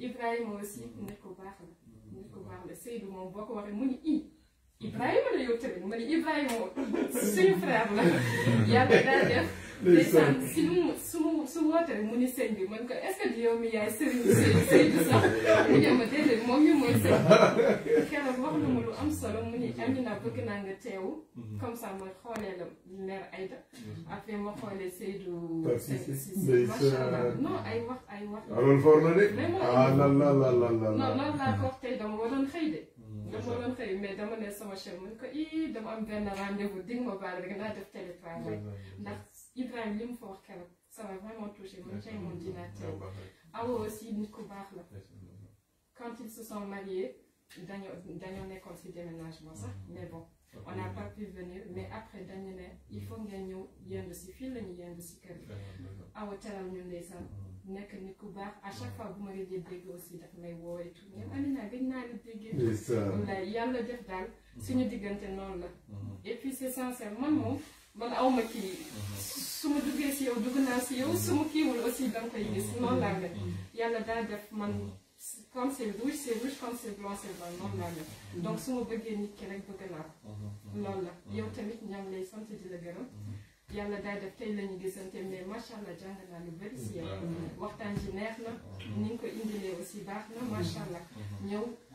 [SPEAKER 3] Ibrahima aussi nit ku baax la nit ku baax la voir. moom boo ko waxee le Ibrahima Moi, Ibrahima le frère il est ndeysaan si lu mu su mu su wootee mu ni sëñ bi man ko est ce que yow mi yaay sëriñ Seydou sax mu ne ma déedéet moom mi mooy sëñ keroog wax na ma lu am solo mu ni Amina bëgg naa nga teew comme ça ma xoolee la mère Aïda après ma xoolee Seydou macha allah non ay wax ay wax loolu for na de ah la la la la la non loolu laa ko wax tey dama waroon xëy de dama waroon xëy mais dama ne sama chef mu ne ko ii dama am benn rendez-vous dig ma baal rek naa def télétravail ndax Ibrahim va ça va vraiment toucher mon ah aussi mm, mm, mm. quand ils se sont mariés dañoo dañoo nekkoon ci déménagement ça mais bon on n'a pas pu venir mais après Daniel il faut gagner il y ci la il ci kër à chaque fois vous dit aussi vous avez et tout Amina la suñu la et puis c'est c'est mon moment man aw ma kii su ma duggee si yow dugg naa si yow su ma kiiwul aussi da nga koy gis mm-hmm. noonu laa mel mm-hmm. yàlla daa def man comme c'est rouge c'est rouge comme c'est blanc c'est blanc noonu laa mel mm-hmm. donc su ma bëggee nit ki rek bëgg naa loolu la yow tamit ñam ngi sant di la gërëm yàlla daal def tey la ñu gisante mais macha allah jàng naa lu bëri si yow waxtaan ji neex na ni ko indilee aussi baax na macha allah ñëw.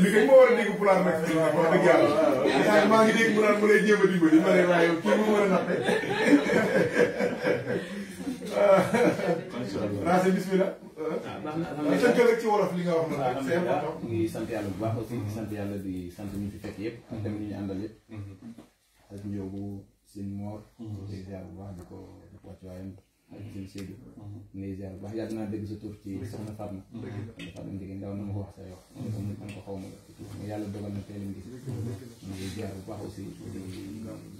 [SPEAKER 1] bi kay moo war a dégg pulaar nag. wax dëgg yàlla. maa ngi dégg mu naan mu lay jéem a dimbali ma ne waaye yow kii mu war a nappe.
[SPEAKER 8] macha allah Racé bismillah. tënk ci wolof li nga wax na c'est important ngi sant yàlla bu baax aussi di sant yàlla di sant ñu fi fekk yëpp. ak tamit ñu ñu àndal yëpp. ak Ndiobo Sine Mor. di ziar bu baax di الجنسية من إزار الله يجعلنا دي بسو تركي سخنا فارنا فارنا دي كندا ونمو هو حسايو ونمو كان قوم يالا دوغال نتيلم دي من إزار الله وسي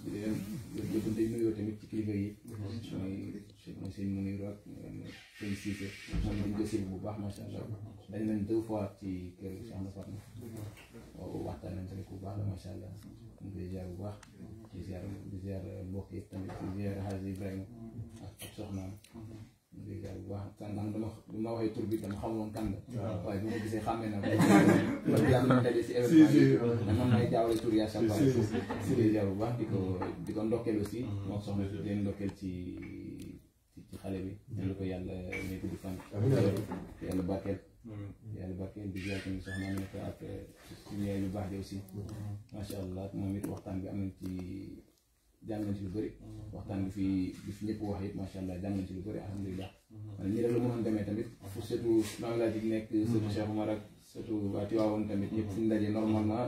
[SPEAKER 8] دي دي نيو تامي تي كليفا يي موي سين منيرو ak سين سيسي مون دي دي سين بو باخ ما شاء الله داي نان دو فوا تي كير سخنا فارنا waxtaan nañ tamit bu baax la macha allah di ziar bu baax di ziar di ziar mbokk yi tamit di ziar Hadj Ibrahima soxna dégg bu baax tànn dama dama waxee tur bi dama xamoon kan la waaye bu ma gisee na ko yàlla ñu daje si événement dama may si déjà bu baax di ko di aussi moom soxna si leen ndokkeel ci ci xale bi ñaan ko yàlla may gudd fan yàlla barkeel yàlla barkeel di jaay tamit soxna nekk ak suñu yaay bu allah moom it bi am ci jàng nañ si lu bëri hmm. waxtaan bi fi bi fi ñëpp wax yëpp macha allah jàng nañ lu bëri alhamdulilah man nii rek la mënoon demee tamit pour surtout maam Cheikh Omar ak tamit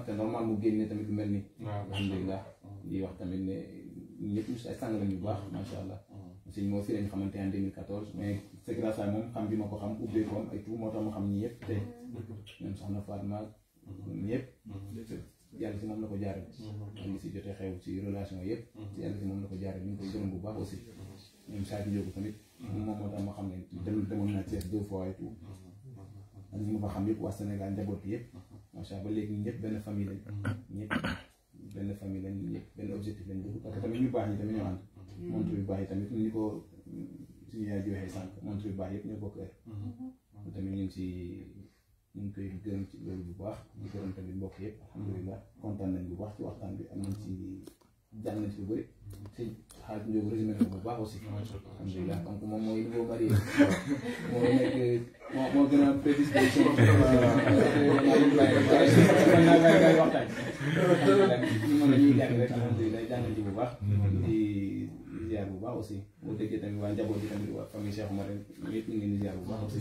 [SPEAKER 8] te normal mu génne tamit lu di wax tamit ne ñëpp ay sàng lañ bu baax macha allah sëñ moo en 2014 mais c'est grâce à moom xam bi ma ko xam ubbeekoon ay tout xam soxna yàlla si moom la ko jaarale. am mhm. na si jotee xew si relation yëpp. Mhm. yàlla si moom la ko jaarale ñu ngi koy gërëm bu baax aussi. Mhm. ñoom saa yu jóg tamit. moom moo tax ma xam ne dem demoon naa Thiès deux fois et tout. ak ñi ma fa xam yëpp waa Sénégal njaboot bi yëpp. macha allah ba léegi ñëpp benn famille lañ. ñëpp benn famille lañ ñëpp benn objectif lañ dugg parce que tamit ñu baax ñi tamit ñoo ànd. montre yu baax yi tamit ni ko suñu yaay joxee sànq montre yu baax yëpp ñoo bokk heure. tamit ñu ngi si. ñu ngi koy gërëm ci loolu bu baax di gërëm tamit mbokk yëpp alhamdulilah kontaan nañ bu baax ci waxtaan bi am nañ ci jàng nañ ci lu bëri sëñ xaaj njóob résumé na bu baax aussi alhamdulilah donc moom mooy boo bari moo nekk moo moo gën a prédisposition waxtaan mën na ñuy jàng rek alhamdulilah jàng ci bu baax di ziar bu baax aussi boo déggee tamit waa njaboot yi tamit waa famille Cheikh Omar ñëpp ñu ngi ziar bu baax aussi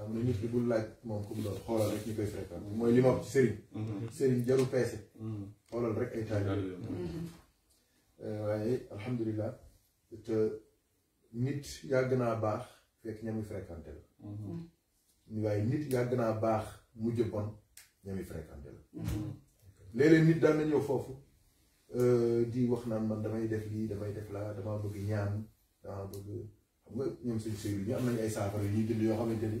[SPEAKER 1] am na nit ki bul laaj moom ku mu doon xoolal rek ñu koy fréquent mooy li ma wax ci sëriñ mm-hmm. sëriñ jaru peese mm-hmm. xoolal rek ay taalibe mm-hmm. euh, waaye alhamdulilah te nit yàgg naa baax fekk ñamuy fréquenté la waaye nit yàgg naa baax mujj bon ñamuy fréquenté la léeg-léeg nit daan foofu euh, di wax naan man damay def lii damay def laa damaa bëgg ñaan damaa bëgg xam nga ñoom si sëriñ ñu am nañu ay saafara yu ñuy bind yoo xamante ni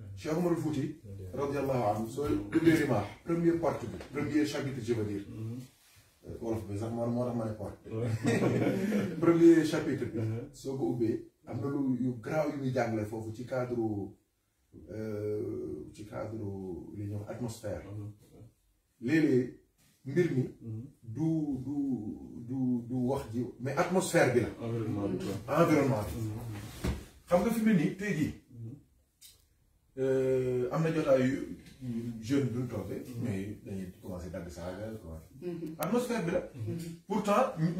[SPEAKER 1] Mm-hmm. Cheikh Omar Fouti mm-hmm. radiyallahu anhu soo mm-hmm. duggee rimaax premier porte bi premier chapitre je veux euh, bi sax man moo tax ma ne porte premier chapitre bi soo ko ubbee am na lu yu garaaw yu muy jàngale foofu ci cadre euh, ci cadre li ñuy wax atmosphère léeg-léeg mbir mi du du du du wax ji mais atmosphère bi la environnement xam nga fi mu nii tey jii Euh, am na jeune mais dañuy commencé dagg mhm. atmosphère mhm. pourtant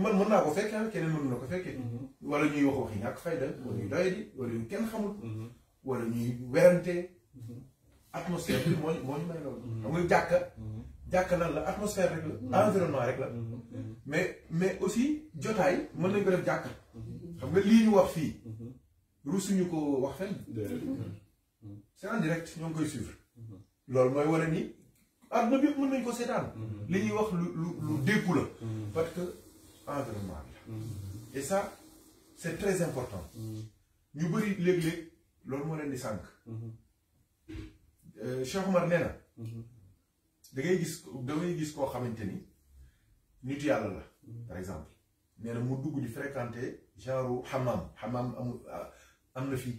[SPEAKER 1] man mën naa ko pas ah, keneen mën ko ne mhm. wala ñuy wax ñàkk fayda. wala ñuy sais wala ñu kenn xamul. wala ñuy werante. atmosphère bi may loolu. xam nga jàkka. la atmosphère rek environnement rek la. mais mais aussi je ne sais pas def jàkka. xam nga lii ñu wax fii. rusuñu ko wax fenn c'est en direct ñu koy suivre lool moy wane ni aduna bi yëpp mën nañu ko seetaan li ñuy wax lu lu lu la parce que environnement
[SPEAKER 2] la
[SPEAKER 1] et ça c'est très important ñu bëri léeg-léeg loolu moo leen di sànq euh, Cheikh Omar nee na da ngay gis da ngay gis koo xamante ni nit yàlla la par exemple nee na mu dugg di fréquenter genre hammam hammam amul ah, am na fii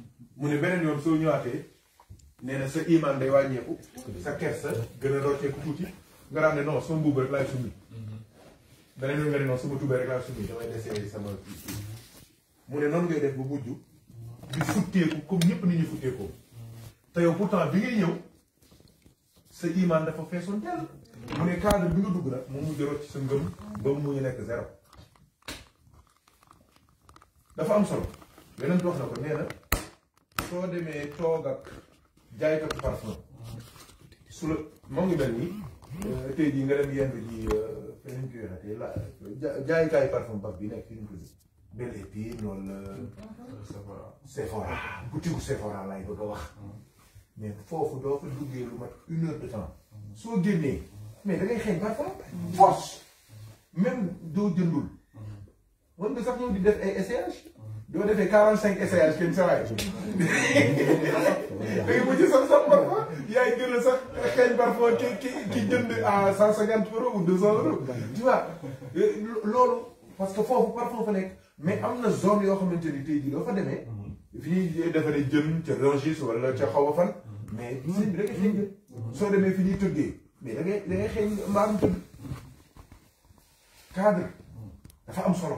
[SPEAKER 1] mu ne beneen yoon soo ñëwaatee nee na sa iman day wàññeeku sa kersa gën a rocceeku tuuti nga daan ne non sama mbubb rek laay summi beneen noonu ngay def ba mujj di futteeku comme ñëpp nit ñu futteekoo te yow pourtant bi ngay ñëw sa iman dafa feesoon dell mu ne cadre bi nga dugg nag moom mu jëroot ci sa ngëm ba mu ñu nekk zéro dafa am solo leneen wax na ko nee soo demee toog ak jaaykatu parfum su la moo ngi mel nii euh, tey jii nga dem yendu ji euh, feneen kii na tey la jaaykaayu bi nekk fi ñu ko nii Belle Épine wala Sephora boutique Sephora laay bëgg a wax mais foofu doo fa duggee lu mat une heure de temps soo génnee mais da xeeñ parfum force même doo jëndul wan nga sax ñëw di def ay essayage doo defee quarante cinq essayage kenn saa waay da nga mujj sax sax parfois yaay gën a sax xeeñ parfois ki ki ki jënd à cent cinquante euros ou deux cent euros euh, loolu parce que foofu parfois fa nekk mais am na zone yoo xamante ni ji loo doo fa demee mm-hmm. fii defaree jën ca Rungis wala ca xaw a fan mm-hmm. mais sëñ bi da ngay xeeñ mm-hmm. soo demee fi ñuy tëggee mais da ngay da ngay xeeñ mbaam tëgg cadre dafa am solo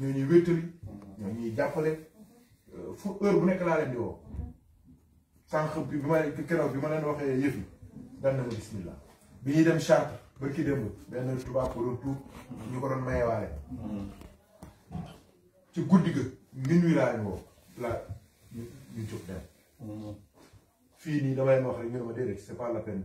[SPEAKER 1] ñoo ñuy wéttali ñoo ñuy jàppale euh, fu heure bu nekk laa leen di woo sànq bi bi ma keroog bi ma leen waxee yëf yi dan bismillah bi ñuy dem charte ba kii démb benn tubaab ko doon ñu ko doon mayewaale ci guddi ga minuit laa leen woo laa ñu ñu jóg dem mm-hmm. fii nii damay wax rek ñu ne ma déedéet c'est pas la peine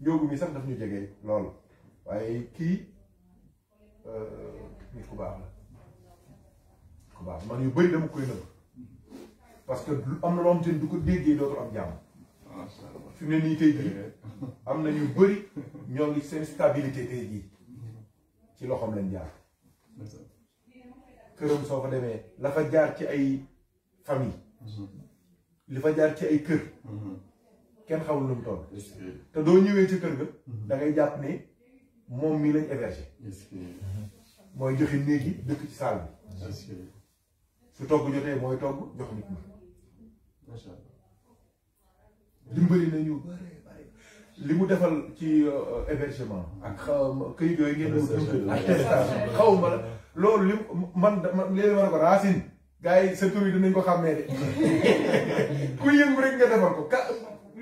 [SPEAKER 1] njóogu mi sax daf ñu jege loolu waaye kii euh, nit ku baax la ku baax man yu bëri dama koy neub parce que amna am na du ko déggee dootul am jàmm fi mu ne nii tey jii am na ñu bëri ñoo ngi seen stabilité tay jii ci loxoom lañ jaar këram soo ko demee la fa jaar ci ay famille mhm. li fa jaar ci ay kër mhm. Ken xawul lu ton te do ñewé ci kër ga. da ngay japp né mom mi lañ hébergé. moy joxé néeg yi dëkk ci salle bi. su togg jotee moy togg jox nit ma macha allah dimbali nañu bare bari li mu ci euh, hébergement. ak kay yooyu ngeen doon. attestation la loolu lim man man léegi war ko racine. gars sa tour yi dinañ ko xamé dé ku yëngu rek nga défal ko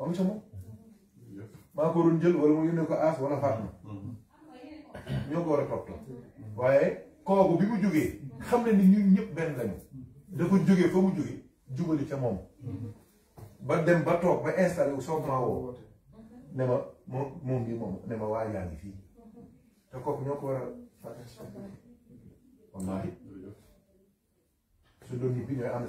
[SPEAKER 1] am ca moom mm-hmm. maa ko doon jël wala mu yónnee ko aas wala Fatma mm-hmm. ñoo ko war a topp waaye kooku bi mu jógee xam ne ni ñun ñëpp benn lañu dafa jógee fa mu jógee jubali ca moom mm-hmm. ba dem ba toog ba installé wu soog maa woo ne ma moom moom bi ne ma waa yaa ngi fii te kooku ñoo ko war a fàtte wallaahi su doon ñi bi ñooy ànd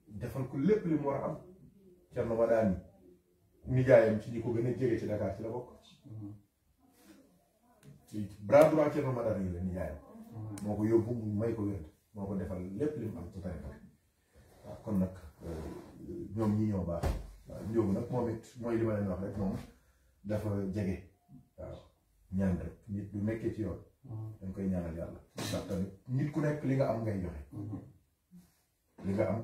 [SPEAKER 1] defal ko lépp li mu war a am Thierno Madani ci ñi ko gën jege ci Dakar ci la bokk ci bras droit Thierno Madani yi la nijaayam moo ko yóbbu mu may ko wér moo ko defal lépp li mu am ci tariqa nag euh, ñoom ñi ñoo baax waaw njóobu nag moom it mooy li ma leen wax rek moom dafa jege waaw ñaan rek nit du nekkee ci yoon dañ koy ñaanal yàlla ndax tamit ku nekk li nga am ngay joxe mm-hmm. li nga am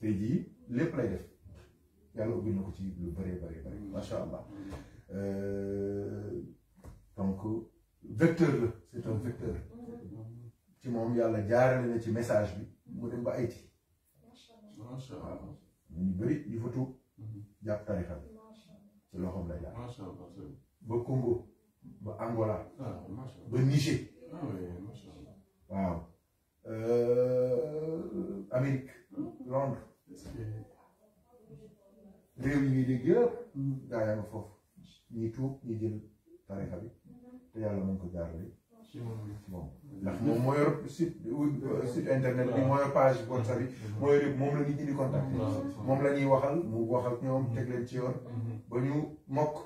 [SPEAKER 1] tay les lepp lay def ci lu bari allah euh, donc vecteur c'est un vecteur ci mom yalla jaarale na ci message bi mu dem ba mhm. lay jaar Congo ba Angola ah, ba Niger ah waaw euh, Amérique mhm. Londres réew yi ñuy dégg yëpp gaa yaa nga foofu ñi tuub ñi jël tarixa bi te yàlla mën ko jaarale ci moom ndax moom moo yor site euh, internet bi moo yor page WhatsApp bi moo yor moom la ñuy indi contact moom la waxal mu wax ak ñoom mmh. teg leen ci yoon mmh. ba ñu mokk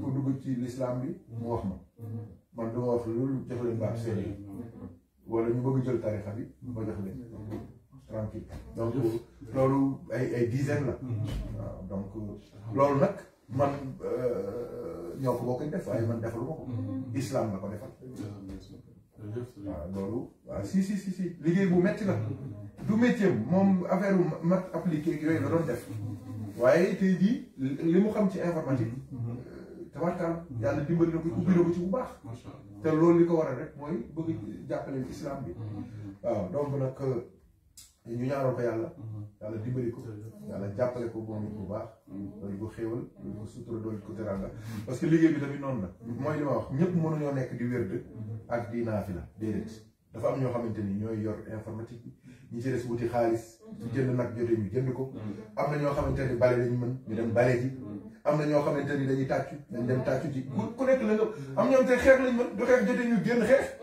[SPEAKER 1] pour mmh. dugg ci lislaam bi mu wax ma man duma wax loolu jox leen baab seen wala ñu bëgg jël tarixa bi ba jox leen tranquille donc loolu ay ay dizaine la mhm. waaw donc loolu nag man euh, ñoo ko bokk def waaye man defalu ma ko mhm. islam la ko defal waaw loolu waaw si si si liggéey bu metti la mhm. du métier moom affaire mat appliqué yooyu la doon def waaye tey jii li mu xam ci informatique euh, tabarkaal yàlla dimbali na ko ubbi na ko ci bu baax te loolu li ko waral rek mooy bëgg jàppale islam bi waaw donc nag euh, ñu ñaanal ko yàlla. Mhm. yàlla dimbali ko. yàlla jàppale ko boobu bu baax. loolu mhm. ko xéewal loolu ko ko teranga mhm. parce que liggéey bi tamit noonu li ma wax ñëpp mënuñoo nekk di wérd ak ñoo xamante ni ñooy yor informatique bi ñi ci des wuti nag jotee ñu jënd ko. am na ñoo xamante ni bale lañu mën ñu dem bale ji. am na ñoo xamante ni dañuy tàccu dañ dem tàccu ji. ku nekk la nga am ñoom te xeex lañ mën du xeex jotee ñu génn xeex.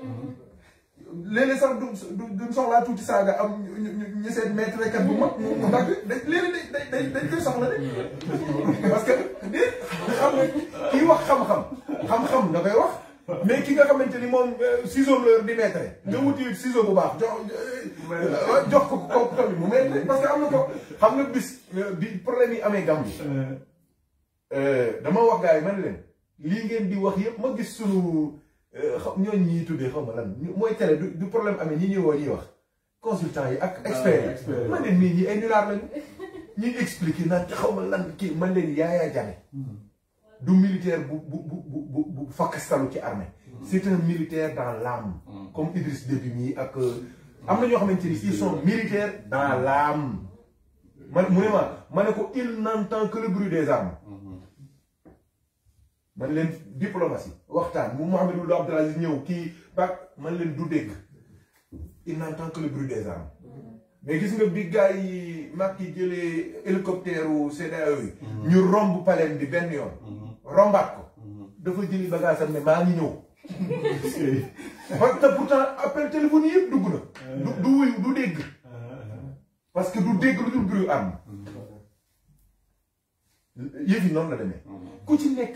[SPEAKER 1] léeg-léeg sax du du soxlaa tuuti saaga am ñu seen maître kat bu mag. mu mu dagg dañ léeg-léeg dañ dañ dañ
[SPEAKER 2] koy parce
[SPEAKER 1] que de xam nga wax xam-xam xam-xam da koy
[SPEAKER 2] wax.
[SPEAKER 1] ki nga xamante ni moom euh, ciseau la di maître. nga wuti ciseau bu baax jox euh, jox ko kooku tamit mu maître parce que am na ko xam nga bis euh, bi problème yi amee gàmm. dama wax gaa yi ma leen lii ngeen di wax yëpp ma gis sunu. Euh, ñooñu ñuy tuddee xaw ma lan moy télé du problème amee ñi ñuy woo ñuy wax consultants yi ak ah, experts man leen ñi ay nular lañ ñi expliquer na xaw ma lan ki man leen yaaya Jammeh mm-hmm. du militaire bu bu bu bu bu fakkastalu ci armée mm-hmm. c'est un militaire dans l'âme mm-hmm. comme Idriss Déby mi ak euh, am na ñoo xamanteni ils sont militaires dans l'âme man mu ne ma ma ne ko il n'entend que le bruit des armes man leen diplomatie waxtan mu mohamedou Ould Abdel ñew ki bak man len du dégg il n'entend que le bruit des armes mais gis nga bi gaay makki jele hélicoptère ou CEDEAO yi ñu romb palais bi ben yoon rombat ko dafa jëli bagage am ne ma ngi ñew parce que pourtant appel téléphone yëpp dugg na du wuyu du dégg parce que du dégg lu dul bruit arme yëf non la démé ku ci nekk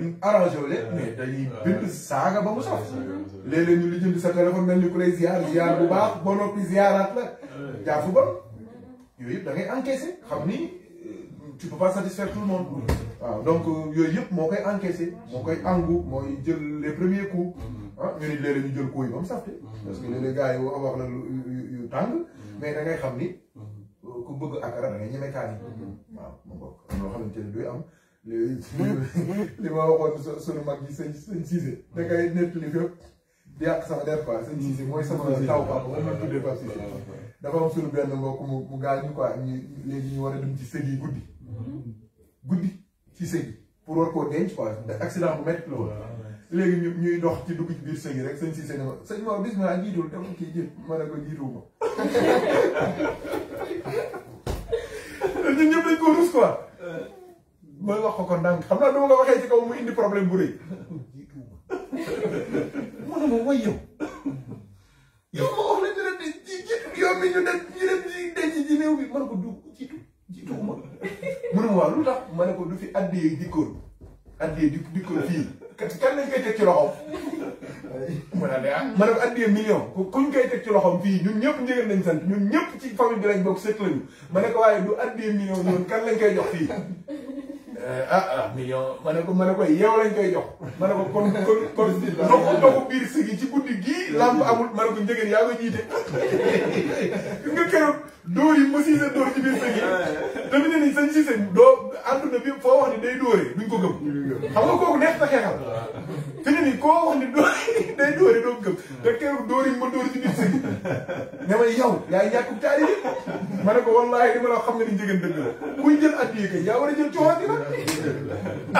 [SPEAKER 1] ñu arrangé wu mais dañuy bind saga ba mu sof léeg-léeg ñu lijjanti sa téléphone mel ni ku lay ziar ziar bu baax ba noppi ziaraat la jaafu ba yooyu da ngay encaissé xam ni tu peux pas satisfaire tout le monde waaw donc yooyu yëpp moo koy encaissé moo koy angu mooy jël les premiers coups ah ñu ni léeg ñu jël coups yi ba mu safte parce que léeg-léeg gars yi wax na yu tàng mais da ngay xam ni ku bëgg akara da ngay ñeme kaan ni waaw mu bokk am loo xamante ne duy am li ma waxoon sunu mag yi sëñ sëñ Cissé da ngay nettali fépp di yàq sama der quoi sëñ Cissé mooy sama taw papa moom la tuddee Pape Cissé dafa am sunu benn mbokk mu mu gaañu quoi ñu léegi ñu war a dem ci sëg yi guddi mm-hmm. guddi ci sëg yi pour war koo denc quoi accident bu métti la woon léegi ñu ñuy dox ci dugg ci biir sëñ yi rek sëñ Cissé ne ma sëñ ma bisimilah jiitul dama kii jiit ma ne ko jiituwuma. ñun ñëpp dañ ko rus quoi. mooy wax ko ko ndànk xam naa dama ko waxee ci kaw mu indi problème bu rëy. mu yow. yow ma dem ñu dem di ji réew mi mën ko du jiitu jiitu ma. mu ne ma wax tax ma ne ko du fi addee di addee dikkoon fii kat kan lañ koy teg ci loxoom. mu ne ah ma ne ko addee million kuñ koy teg ci loxoom fii ñun ñëpp njëgën nañ sant ñun ñëpp ci famille bi lañ bokk sëkk waaye du addee million ñoom kan lañ koy jox fii. Eh, ah ah million ma ko ma ne ko yow lañ koy jox ma ne ko kon kon kon ndoxu
[SPEAKER 2] ndoxu biir sigi
[SPEAKER 1] ci guddi gii lamp amul ma ne ko njëgeen yaa ko jiite nga keroog dóor yi ma siise dóor ci biir doo àdduna bi foo wax ni day dóore duñ ko gëm xam ko kooku neex na xeexal fi ne nii koo day dóore doo gëm te keroog dóor yi ma dóor ci biir ne ma yow yaa yàqu taari yi ma ne ko wallaahi ma la xam nga ni njëgën dëgg la kuy jël addiye kay yaa war a jël coono di la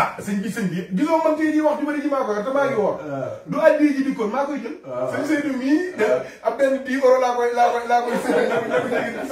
[SPEAKER 1] ah sëñ bi sëñ bi gisoo man tey jii wax ju bëri ji maa ko yor te maa ngi woor du addiye ji dikkoon maa koy jël sëñ Seydou mii ab benn dix euro laa koy laa koy laa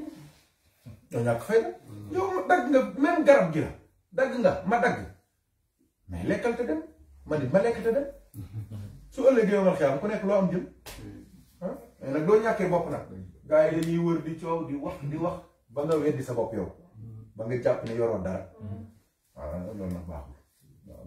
[SPEAKER 1] yow ñàkk fayda yow ma dagg nga même garab gi la dagg nga ma dagg mais lekkal te dem ma nit ma lekk te dem su ëllëgee yow ma xiyam ku nekk loo am jëm ah nag doo ñàkkee bopp nag gars dañuy wër di coow di wax di wax ba nga weddi sa bopp yow ba nga jàpp ne yoroo dara waaw loolu nag baaxul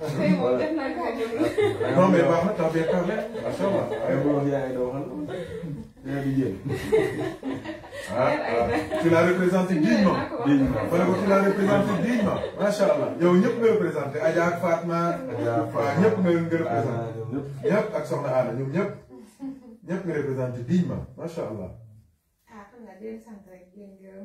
[SPEAKER 2] Nó mệt băng hết, tao biết tao đấy. À sao mà? Em
[SPEAKER 1] buồn dài đồ hắn. Em đi diện. Tu la représentes dignement. Voilà ko tu la représentes dignement. Masha Allah. Yow ñëpp nga représenté Adja ak Fatma. Waaw ñëpp nga nga représenté. Ñëpp ak Soxna Anna ñoom ñëpp. ñëpp nga représenté dignement. Masha Allah.
[SPEAKER 3] Ah kon nag di leen sant rek di leen gërëm.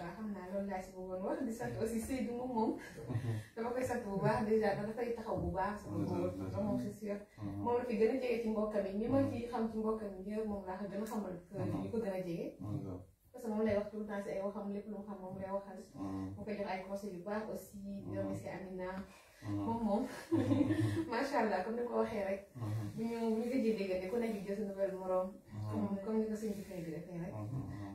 [SPEAKER 3] waaw xam naa loolu laa si bëggoon war di sant aussi Seydou moom moom dama koy sant bu baax dèjà dafay taxaw bu baax sama góor da moom c'est sûr moom la fi gën a jege ma ci xam moom laa ko a a jege tout le temps si ay waxam lépp lu mu xam moom lay yu baax aussi ñoom monsieur Amina moom moom macha allah comme ni ko waxee rek bu ñu bu ñu gëjee déggante nekk jël sa nouvelle morom comme comme ni ko sëñ bi fay bi defee rek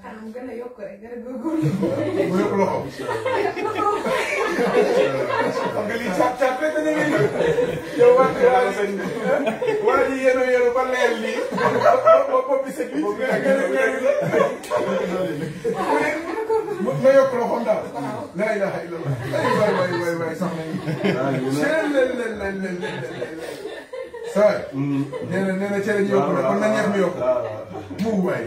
[SPEAKER 3] xanaa mu gën a yokk rek gën a góorgóorlu. mu yokk loxo. xam nga lii la
[SPEAKER 1] ilaha
[SPEAKER 2] nee na cere ñu yokk rek kon na mi yokk. mu
[SPEAKER 1] waay.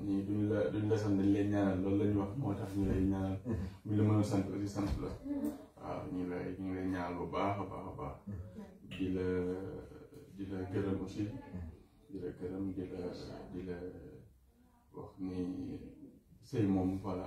[SPEAKER 6] ni duñ la duñ la sant dañ lay ñaanal loolu la ñu wax moo tax ñu lay ñaanal buñ la mën a sant aussi sant la waaw ñu lay ñu lay ñaanal bu baax a baax a baax di la di la gërëm aussi di la gërëm di la di la wax ni sëy moom voilà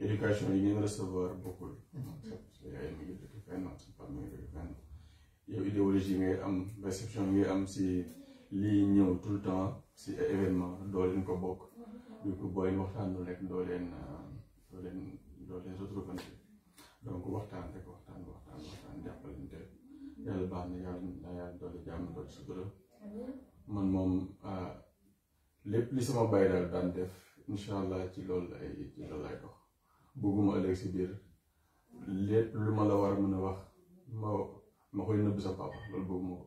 [SPEAKER 6] éducation yi ngeen recevoir bokkul. parce que yaay si lii ñëw tout le temps si événement doo ko waxtaan rek waxtaan waxtaan waxtaan jàppalante yàlla li sama daal daan def incha allah ci loolu lay ci loolu lay dox. bëgguma ëllëg si biir lépp lu ma la war a mën a wax ma ma koy nëbb sa papa loolu bëgguma ko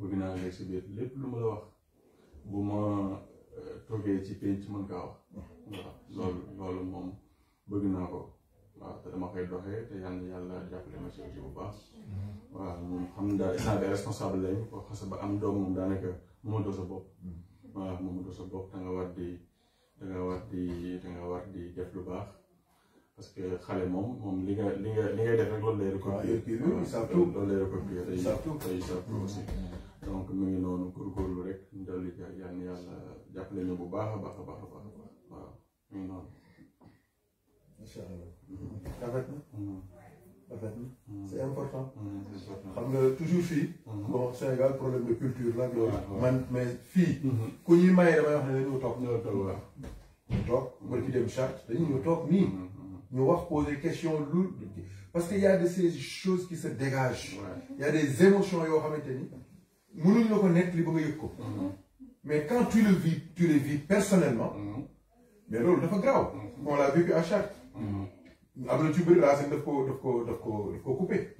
[SPEAKER 6] bëgg naa ëllëg si biir lépp lu ma la wax bu ma eh, toogee ci penc mën kaa wax waaw loolu loolu moom bëgg naa ko waaw te dama koy doxee te yal na yàlla jàppale ma ci bu baax waaw moom xam daal instant des responsable lañ ko xase ba am doom moom daanaka do sa bopp mm. waaw do sa bopp da nga war di da nga war di da nga war di def lu baax parce que xale moom moom li nga li nga li ngay def rek loolu lay recopier loolu lay recopier tey tey surtout aussi donc mu ngi noonu góorgóorlu rek dolli yal na yàlla jàppale ñu bu baax a baax a baax a baax waaw mu ngi noonu incha allah mm-hmm. rafet na mm-hmm. rafet na mm-hmm. c'est important
[SPEAKER 1] xam nga toujours fii bon Sénégal problème de culture la loolu ah, man mais fii ku ñuy maye damay wax ne dañoo toog ñoo toog waaw ñu toog mbër ki dem charge dañu ñoo toog nii nous posé des questions lourdes parce qu'il y a de ces choses qui se dégagent il y a des émotions qui ne ni pas les ko ba mhm. mais quand tu le vis tu le vis personnellement mhm. mais loolu dafa grave mhm. on l'a vécu à chaque après tu veux bëri racine daf ko daf coupé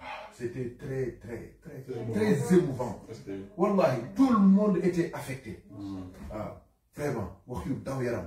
[SPEAKER 1] ah, c'était très très très très émouvant wallahi tout le monde était affecté waaw ah, vraiment wax yu daw yaram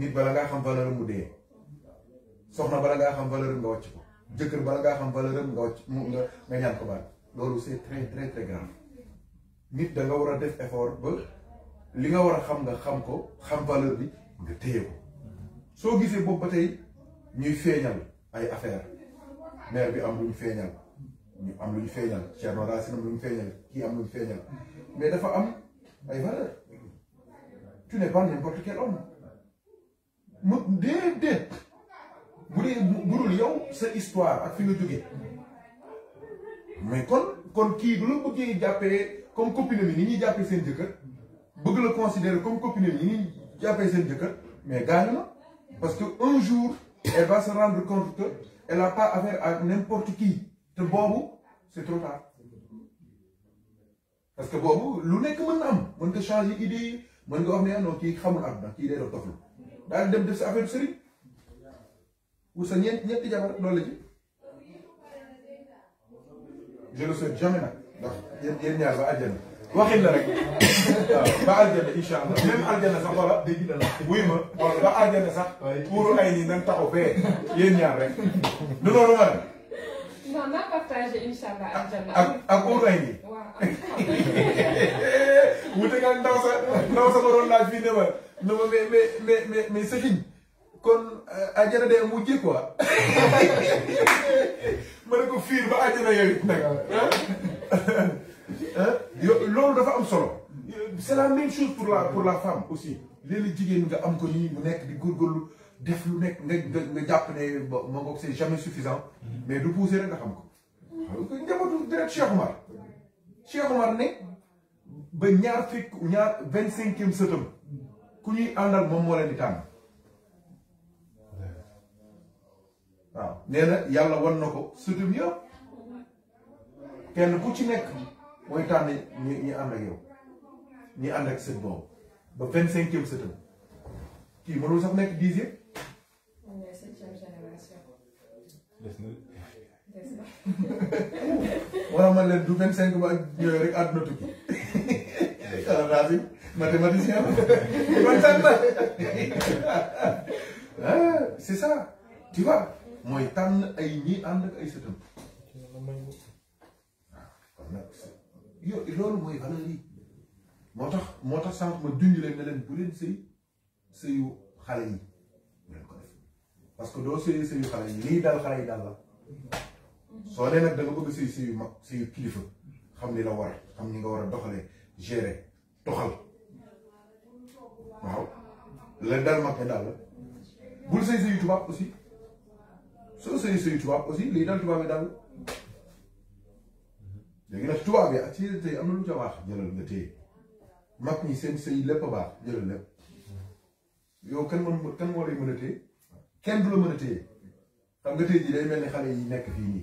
[SPEAKER 1] nit bala ngaa xam valeur mu dee soxna bala ngaa xam valeur nga wàcc ko jëkkër bala ngaa xam valeur nga wàcc mu nga ñaan ko baal loolu c'est très très très grave nit da war a def effort ba li nga war a xam nga xam ko xam valeur bi nga téye ko soo gisee boobu ba tey ñuy feeñal ay affaire maire bi am luñ ñu feeñal ñu am lu ñu feeñal Thierno Racine am lu ñu kii am luñ ñu feeñal mais dafa am ay valeur tu n'es pas n'importe quel homme mu déedéet bu dee yow sa histoire ak fini djogé mais kon kon ki bu la bëggee comme copine mi ni ñuy jàppee seen jëkkër bëgg la considérer comme copine mi ni ñuy sen seen mais gaañu parce que un jour elle va se rendre compte que elle a pas affaire à n'importe qui te bobu c'est trop tard parce que bobu lu nekk mëna am mën nga changer idée yi mën nga wax né non ki xamul àdduna ki day doon toflu daal dem def sa affaire sëriñ sa ñeent ñetti jabar loolu la ci je le souhaite jamais nag ba àjjana waxin la rek waaw ba àjjana incha allah même àjjana sax wala dégg na la ma wala ba àjjana sax pour ay nii nañ taxaw fee yéen ñaar rek du noonu ma
[SPEAKER 3] non naa partagé incha ak
[SPEAKER 1] ak ay nii sa ne ne mais mais mais mais mais Serigne kon train de quoi ko fiir ba dafa am solo c'est la même chose pour la pour la femme aussi les nga am ko ni mu di def lu ne c'est jamais suffisant mais du pousser la nga xam ko njabootu direct Cheikh Cheikh Omar ne ba ñaar fekk ñaar vingt cinquième sëtam ku ñuy àndal moom moo leen di tànn waaw nee na yàlla wan na ko sëtam yëpp kenn ku ci nekk mooy tànn ñi ñi ànd ak yow ñi ànd ak sët boobu ba vingt cinquième sëtam kii mënul sax nekk dixième. wala man leen du vingt cinq ba ak yooyu rek àdduna tukki ah rajo mathématicien c'est ça tu mooy tànn ay ñi ànd ak ay sëtam. Ah, yo loolu mooy valeur yi moo tax moo tax sànq ma junj leen ne leen bu leen sëy sëyu xale yi bu que doo sëyee sëyu xale yi lii dal xale yi dal la. soone nak da nga bëgg sëy sëyu mag sëyu kilifa xam ni la war xam ni nga wara doxale gérer toxal waaw le dal ma ko dal la bul sëy sëyu tubaab aussi so sëy sey tuba aussi lii dal tuba yi dal léegi nag tuba yi ak ci tey am lu ci wax jëlal nga téye mak ñi seen sëy lépp ba baax jëlal lépp yo kan mo kan mo lay mëna a kenn du la mëna a xam nga tey ji day melni xale yi nekk fi ni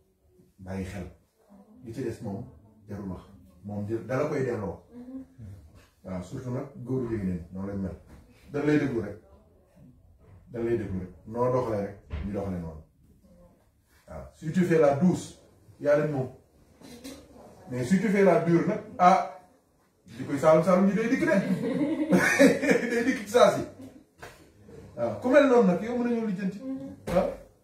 [SPEAKER 1] bàyyi xel li ci des moom jarul wax moom dala koy delloo waaw surtout nag góoru léegi neen noonu lañ mel dañ lay déglu rek dañ lay déglu rek noo doxalee rek ñu noonu waaw si tu la douce yaa leen moom mais si tu fais la dure nag ah di koy saalum saalum ñu day dikk de day ku mel noonu nag yow mën nañoo lijjanti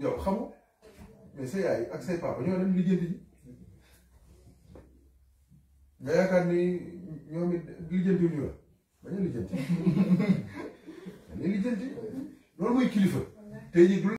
[SPEAKER 1] yow xamoo mais sa yaay ak say papa ñoo dem lijjanti nga yaakaar ni ñoom it lijjanti wu ñu la bañ
[SPEAKER 2] mooy kilifa tey jii du